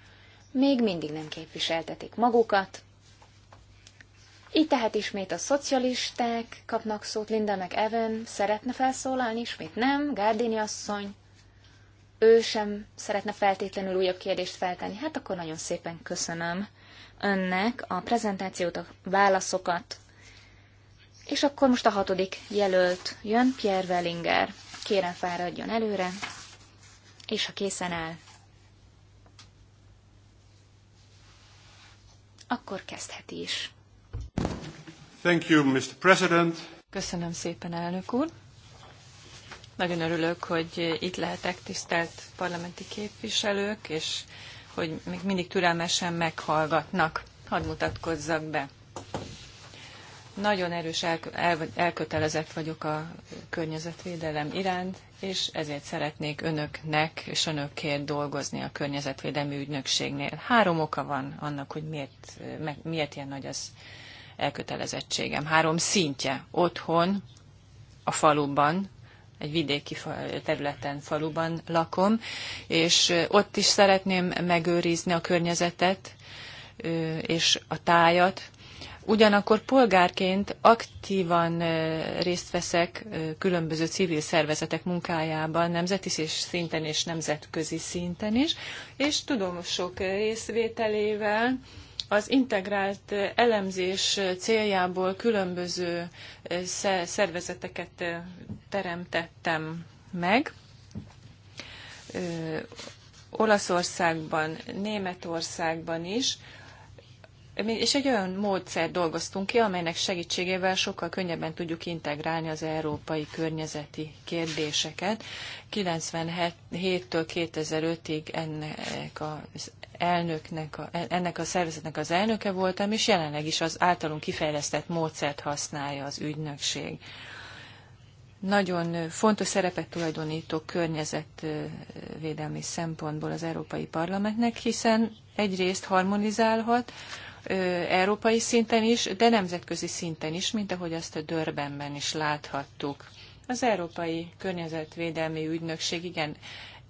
még mindig nem képviseltetik magukat, így tehát ismét a szocialisták kapnak szót, Linda meg Evan szeretne felszólalni, ismét nem, Gárdini asszony, ő sem szeretne feltétlenül újabb kérdést feltenni. Hát akkor nagyon szépen köszönöm önnek a prezentációt, a válaszokat. És akkor most a hatodik jelölt jön, Pierre Wellinger. Kérem fáradjon előre, és ha készen áll, akkor kezdheti is. Thank you, Mr. President. Köszönöm szépen, elnök úr. Nagyon örülök, hogy itt lehetek tisztelt parlamenti képviselők, és hogy még mindig türelmesen meghallgatnak. Hadd mutatkozzak be. Nagyon erős elkötelezett vagyok a környezetvédelem iránt, és ezért szeretnék önöknek és önökért dolgozni a környezetvédelmi ügynökségnél. Három oka van annak, hogy miért, miért ilyen nagy az elkötelezettségem. Három szintje otthon, a faluban, egy vidéki területen, faluban lakom, és ott is szeretném megőrizni a környezetet és a tájat. Ugyanakkor polgárként aktívan részt veszek különböző civil szervezetek munkájában, nemzeti szinten és nemzetközi szinten is, és tudom sok részvételével, az integrált elemzés céljából különböző eh, szervezeteket eh, teremtettem meg. Eh, Olaszországban, Németországban is, és egy olyan módszert dolgoztunk ki, amelynek segítségével sokkal könnyebben tudjuk integrálni az európai környezeti kérdéseket. 97-től 2005-ig ennek az elnöknek, a, ennek a szervezetnek az elnöke voltam, és jelenleg is az általunk kifejlesztett módszert használja az ügynökség. Nagyon fontos szerepet tulajdonítok környezetvédelmi szempontból az Európai Parlamentnek, hiszen egyrészt harmonizálhat, európai szinten is, de nemzetközi szinten is, mint ahogy azt a Dörbenben is láthattuk. Az Európai Környezetvédelmi Ügynökség igen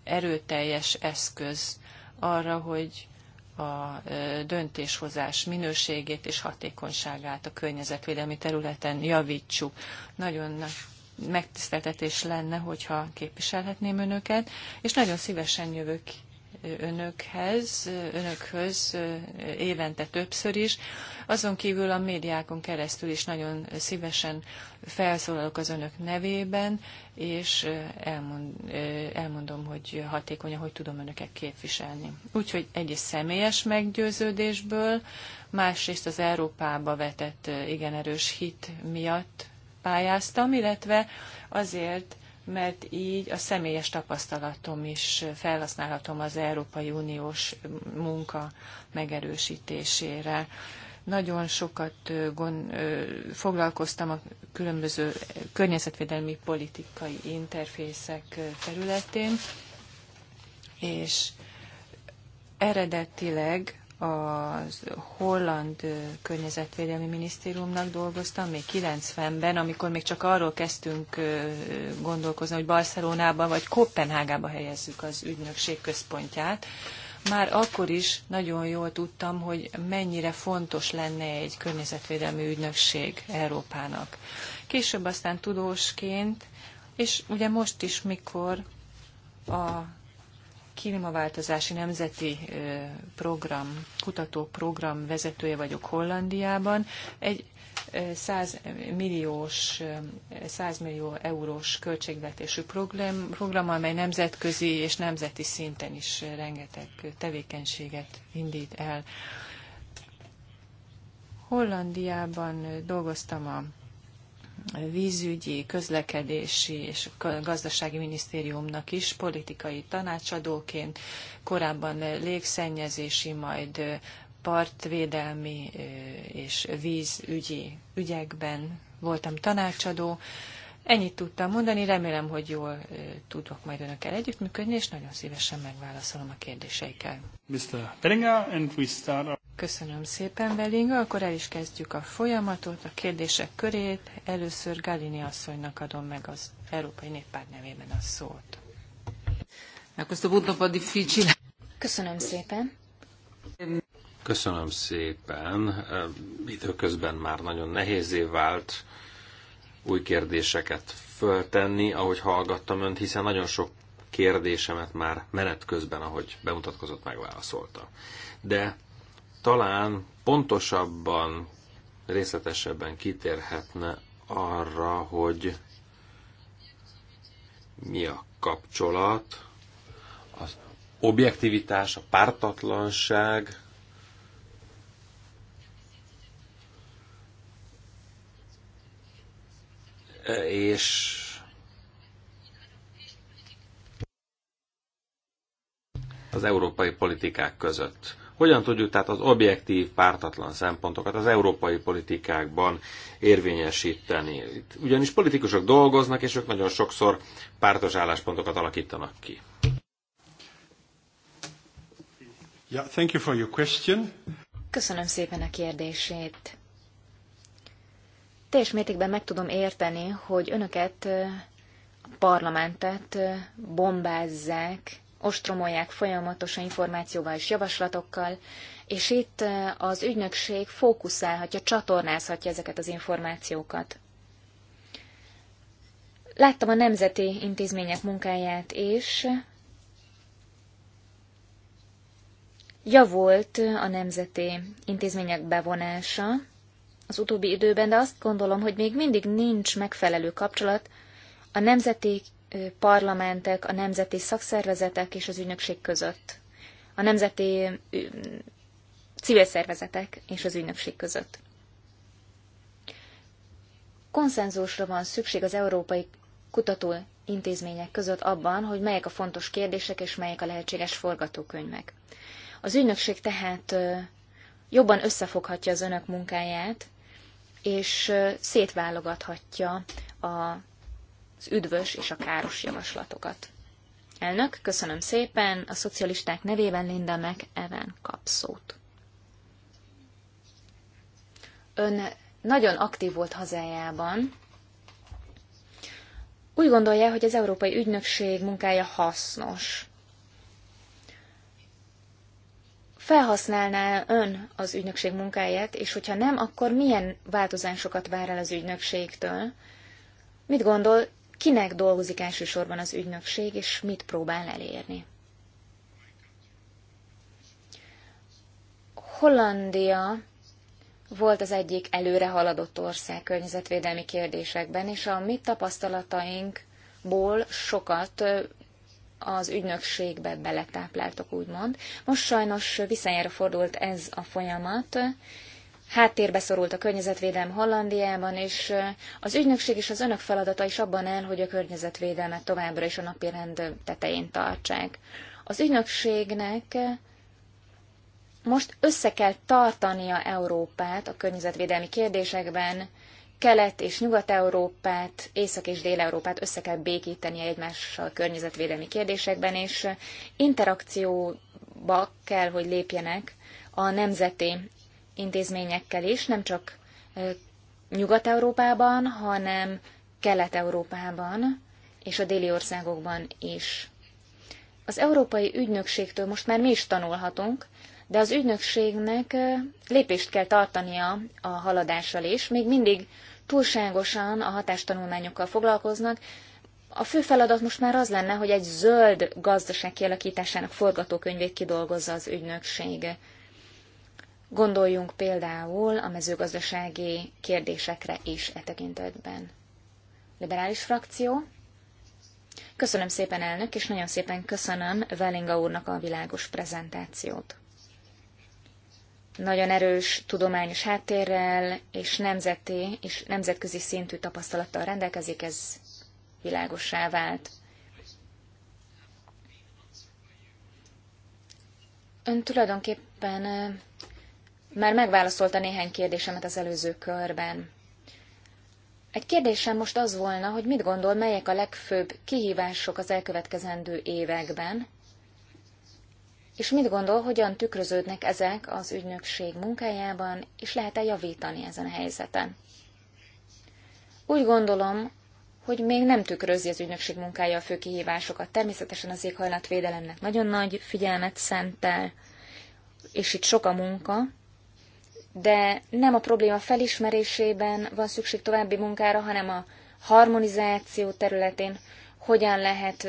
erőteljes eszköz arra, hogy a döntéshozás minőségét és hatékonyságát a környezetvédelmi területen javítsuk. Nagyon nagy megtiszteltetés lenne, hogyha képviselhetném önöket, és nagyon szívesen jövök önökhez, önökhöz évente többször is. Azon kívül a médiákon keresztül is nagyon szívesen felszólalok az önök nevében, és elmond, elmondom, hogy hatékonyan, hogy tudom önöket képviselni. Úgyhogy egyrészt személyes meggyőződésből, másrészt az Európába vetett igen erős hit miatt pályáztam, illetve azért, mert így a személyes tapasztalatom is felhasználhatom az Európai Uniós munka megerősítésére. Nagyon sokat gond, foglalkoztam a különböző környezetvédelmi politikai interfészek területén, és eredetileg az holland környezetvédelmi minisztériumnak dolgoztam, még 90-ben, amikor még csak arról kezdtünk gondolkozni, hogy Barcelonába vagy Kopenhágába helyezzük az ügynökség központját. Már akkor is nagyon jól tudtam, hogy mennyire fontos lenne egy környezetvédelmi ügynökség Európának. Később aztán tudósként, és ugye most is, mikor a klímaváltozási nemzeti program, kutatóprogram vezetője vagyok Hollandiában. Egy 100 milliós, 100 millió eurós költségvetésű program, program, amely nemzetközi és nemzeti szinten is rengeteg tevékenységet indít el. Hollandiában dolgoztam a vízügyi, közlekedési és gazdasági minisztériumnak is politikai tanácsadóként, korábban légszennyezési, majd partvédelmi és vízügyi ügyekben voltam tanácsadó. Ennyit tudtam mondani, remélem, hogy jól tudok majd önökkel együttműködni, és nagyon szívesen megválaszolom a kérdéseikkel. Mr. and we start Köszönöm szépen, velünk, Akkor el is kezdjük a folyamatot, a kérdések körét. Először Galini asszonynak adom meg az Európai Néppárt nevében a szót. Köszönöm szépen. Köszönöm szépen. Időközben már nagyon nehézé vált új kérdéseket föltenni, ahogy hallgattam önt, hiszen nagyon sok kérdésemet már menet közben, ahogy bemutatkozott, megválaszolta. De talán pontosabban, részletesebben kitérhetne arra, hogy mi a kapcsolat, az objektivitás, a pártatlanság, és az európai politikák között. Hogyan tudjuk tehát az objektív, pártatlan szempontokat az európai politikákban érvényesíteni? Itt ugyanis politikusok dolgoznak, és ők nagyon sokszor pártos álláspontokat alakítanak ki. Yeah, thank you for your question. Köszönöm szépen a kérdését. Teljes mértékben meg tudom érteni, hogy önöket a parlamentet bombázzák ostromolják folyamatosan információval és javaslatokkal, és itt eh, az ügynökség fókuszálhatja, csatornázhatja ezeket az információkat. Láttam a nemzeti intézmények munkáját és Javult a nemzeti intézmények bevonása az utóbbi időben, de azt gondolom, hogy még mindig nincs megfelelő kapcsolat a nemzeti parlamentek, a nemzeti szakszervezetek és az ügynökség között. A nemzeti civil szervezetek és az ügynökség között. Konszenzusra van szükség az európai kutató intézmények között abban, hogy melyek a fontos kérdések és melyek a lehetséges forgatókönyvek. Az ügynökség tehát jobban összefoghatja az önök munkáját, és szétválogathatja a az üdvös és a káros javaslatokat. Elnök, köszönöm szépen, a szocialisták nevében Linda meg Evan kap szót. Ön nagyon aktív volt hazájában. Úgy gondolja, hogy az Európai Ügynökség munkája hasznos. Felhasználná ön az ügynökség munkáját, és hogyha nem, akkor milyen változásokat vár el az ügynökségtől? Mit gondol, kinek dolgozik elsősorban az ügynökség, és mit próbál elérni. Hollandia volt az egyik előre haladott ország környezetvédelmi kérdésekben, és a mi tapasztalatainkból sokat az ügynökségbe beletápláltak, úgymond. Most sajnos visszajára fordult ez a folyamat, háttérbe szorult a környezetvédelem Hollandiában, és az ügynökség és az önök feladata is abban áll, hogy a környezetvédelmet továbbra is a napirend tetején tartsák. Az ügynökségnek most össze kell tartania Európát a környezetvédelmi kérdésekben, Kelet- és Nyugat-Európát, Észak- és Dél-Európát össze kell békíteni egymással környezetvédelmi kérdésekben, és interakcióba kell, hogy lépjenek a nemzeti intézményekkel is, nem csak Nyugat-Európában, hanem Kelet-Európában és a déli országokban is. Az Európai Ügynökségtől most már mi is tanulhatunk, de az ügynökségnek lépést kell tartania a haladással is. Még mindig túlságosan a hatástanulmányokkal foglalkoznak. A fő feladat most már az lenne, hogy egy zöld gazdaság kialakításának forgatókönyvét kidolgozza az ügynökség. Gondoljunk például a mezőgazdasági kérdésekre is e tekintetben. Liberális frakció. Köszönöm szépen elnök, és nagyon szépen köszönöm Velinga úrnak a világos prezentációt. Nagyon erős tudományos háttérrel és nemzeti és nemzetközi szintű tapasztalattal rendelkezik, ez világossá vált. Ön tulajdonképpen már megválaszolta néhány kérdésemet az előző körben. Egy kérdésem most az volna, hogy mit gondol, melyek a legfőbb kihívások az elkövetkezendő években, és mit gondol, hogyan tükröződnek ezek az ügynökség munkájában, és lehet-e javítani ezen a helyzeten? Úgy gondolom, hogy még nem tükrözi az ügynökség munkája a fő kihívásokat. Természetesen az éghajlatvédelemnek nagyon nagy figyelmet szentel, és itt sok a munka, de nem a probléma felismerésében van szükség további munkára, hanem a harmonizáció területén hogyan lehet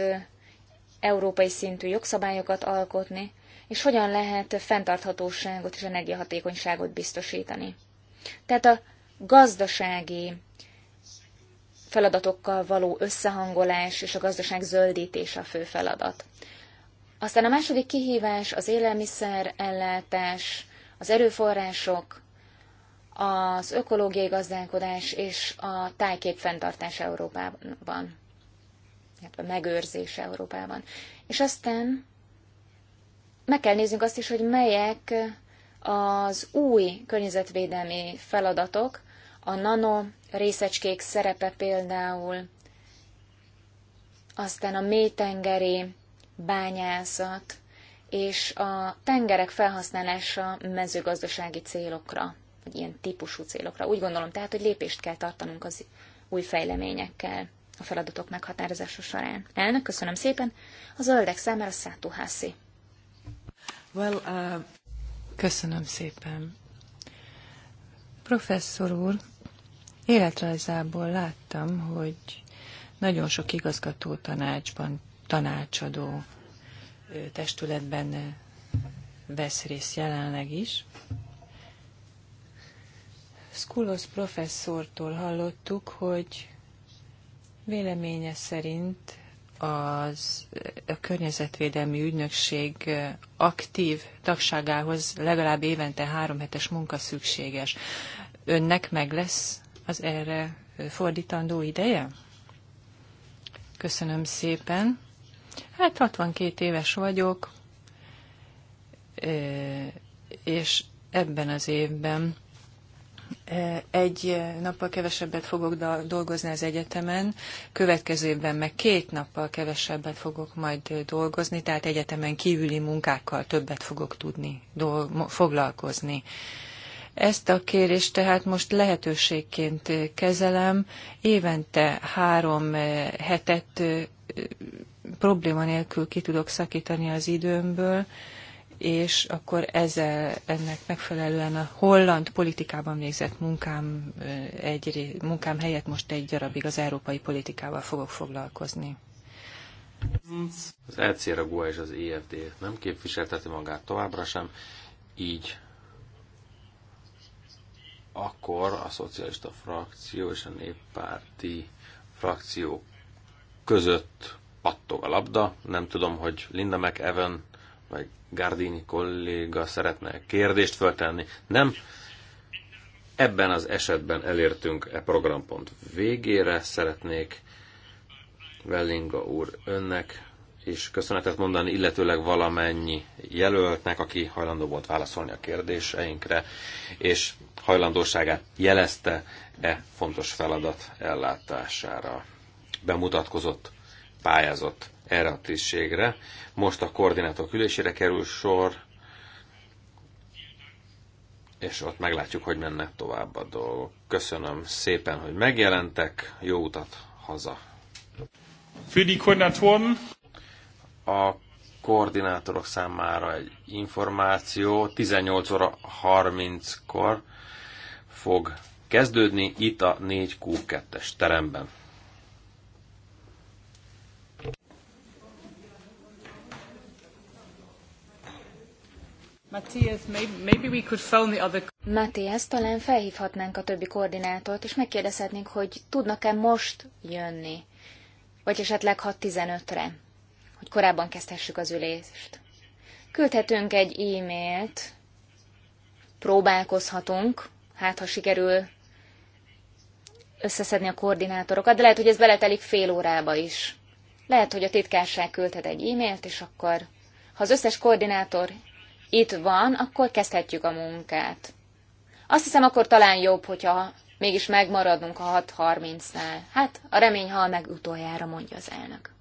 európai szintű jogszabályokat alkotni, és hogyan lehet fenntarthatóságot és energiahatékonyságot biztosítani. Tehát a gazdasági feladatokkal való összehangolás és a gazdaság zöldítése a fő feladat. Aztán a második kihívás az élelmiszer ellátás, az erőforrások, az ökológiai gazdálkodás és a tájkép fenntartás Európában, illetve megőrzés Európában. És aztán meg kell néznünk azt is, hogy melyek az új környezetvédelmi feladatok, a nano részecskék szerepe például, aztán a mélytengeri bányászat, és a tengerek felhasználása mezőgazdasági célokra, vagy ilyen típusú célokra. Úgy gondolom tehát, hogy lépést kell tartanunk az új fejleményekkel a feladatok meghatározása során. Elnök, köszönöm szépen. A zöldek számára Szátó Hászi. Well, uh... Köszönöm szépen. Professzor úr, életrajzából láttam, hogy nagyon sok igazgató tanácsban tanácsadó testületben vesz részt jelenleg is. Skulos professzortól hallottuk, hogy véleménye szerint az, a környezetvédelmi ügynökség aktív tagságához legalább évente három hetes munka szükséges. Önnek meg lesz az erre fordítandó ideje? Köszönöm szépen. Hát 62 éves vagyok, és ebben az évben egy nappal kevesebbet fogok dolgozni az egyetemen, következő évben meg két nappal kevesebbet fogok majd dolgozni, tehát egyetemen kívüli munkákkal többet fogok tudni foglalkozni. Ezt a kérést tehát most lehetőségként kezelem. Évente három hetet probléma nélkül ki tudok szakítani az időmből, és akkor ezzel ennek megfelelően a holland politikában végzett munkám, egy, munkám helyett most egy darabig az európai politikával fogok foglalkozni. Az ECR, a és az EFD nem képviselteti magát továbbra sem, így akkor a szocialista frakció és a néppárti frakció között pattog a labda. Nem tudom, hogy Linda McEwen vagy Gardini kolléga szeretne kérdést föltenni. Nem. Ebben az esetben elértünk e programpont végére. Szeretnék Vellinga úr önnek és köszönetet mondani, illetőleg valamennyi jelöltnek, aki hajlandó volt válaszolni a kérdéseinkre, és hajlandóságát jelezte e fontos feladat ellátására. Bemutatkozott pályázott erre a tisztségre. Most a koordinátor ülésére kerül sor, és ott meglátjuk, hogy mennek tovább a dolgok. Köszönöm szépen, hogy megjelentek, jó utat haza! Für die Koordinatoren. A koordinátorok számára egy információ 18 óra 30-kor fog kezdődni itt a 4Q2-es teremben. Matthias, talán felhívhatnánk a többi koordinátort, és megkérdezhetnénk, hogy tudnak-e most jönni, vagy esetleg 6.15-re, hogy korábban kezdhessük az ülést. Küldhetünk egy e-mailt, próbálkozhatunk, hát ha sikerül összeszedni a koordinátorokat, de lehet, hogy ez beletelik fél órába is. Lehet, hogy a titkárság küldhet egy e-mailt, és akkor, ha az összes koordinátor itt van, akkor kezdhetjük a munkát. Azt hiszem, akkor talán jobb, hogyha mégis megmaradunk a 6.30-nál. Hát, a remény hal meg utoljára, mondja az elnök.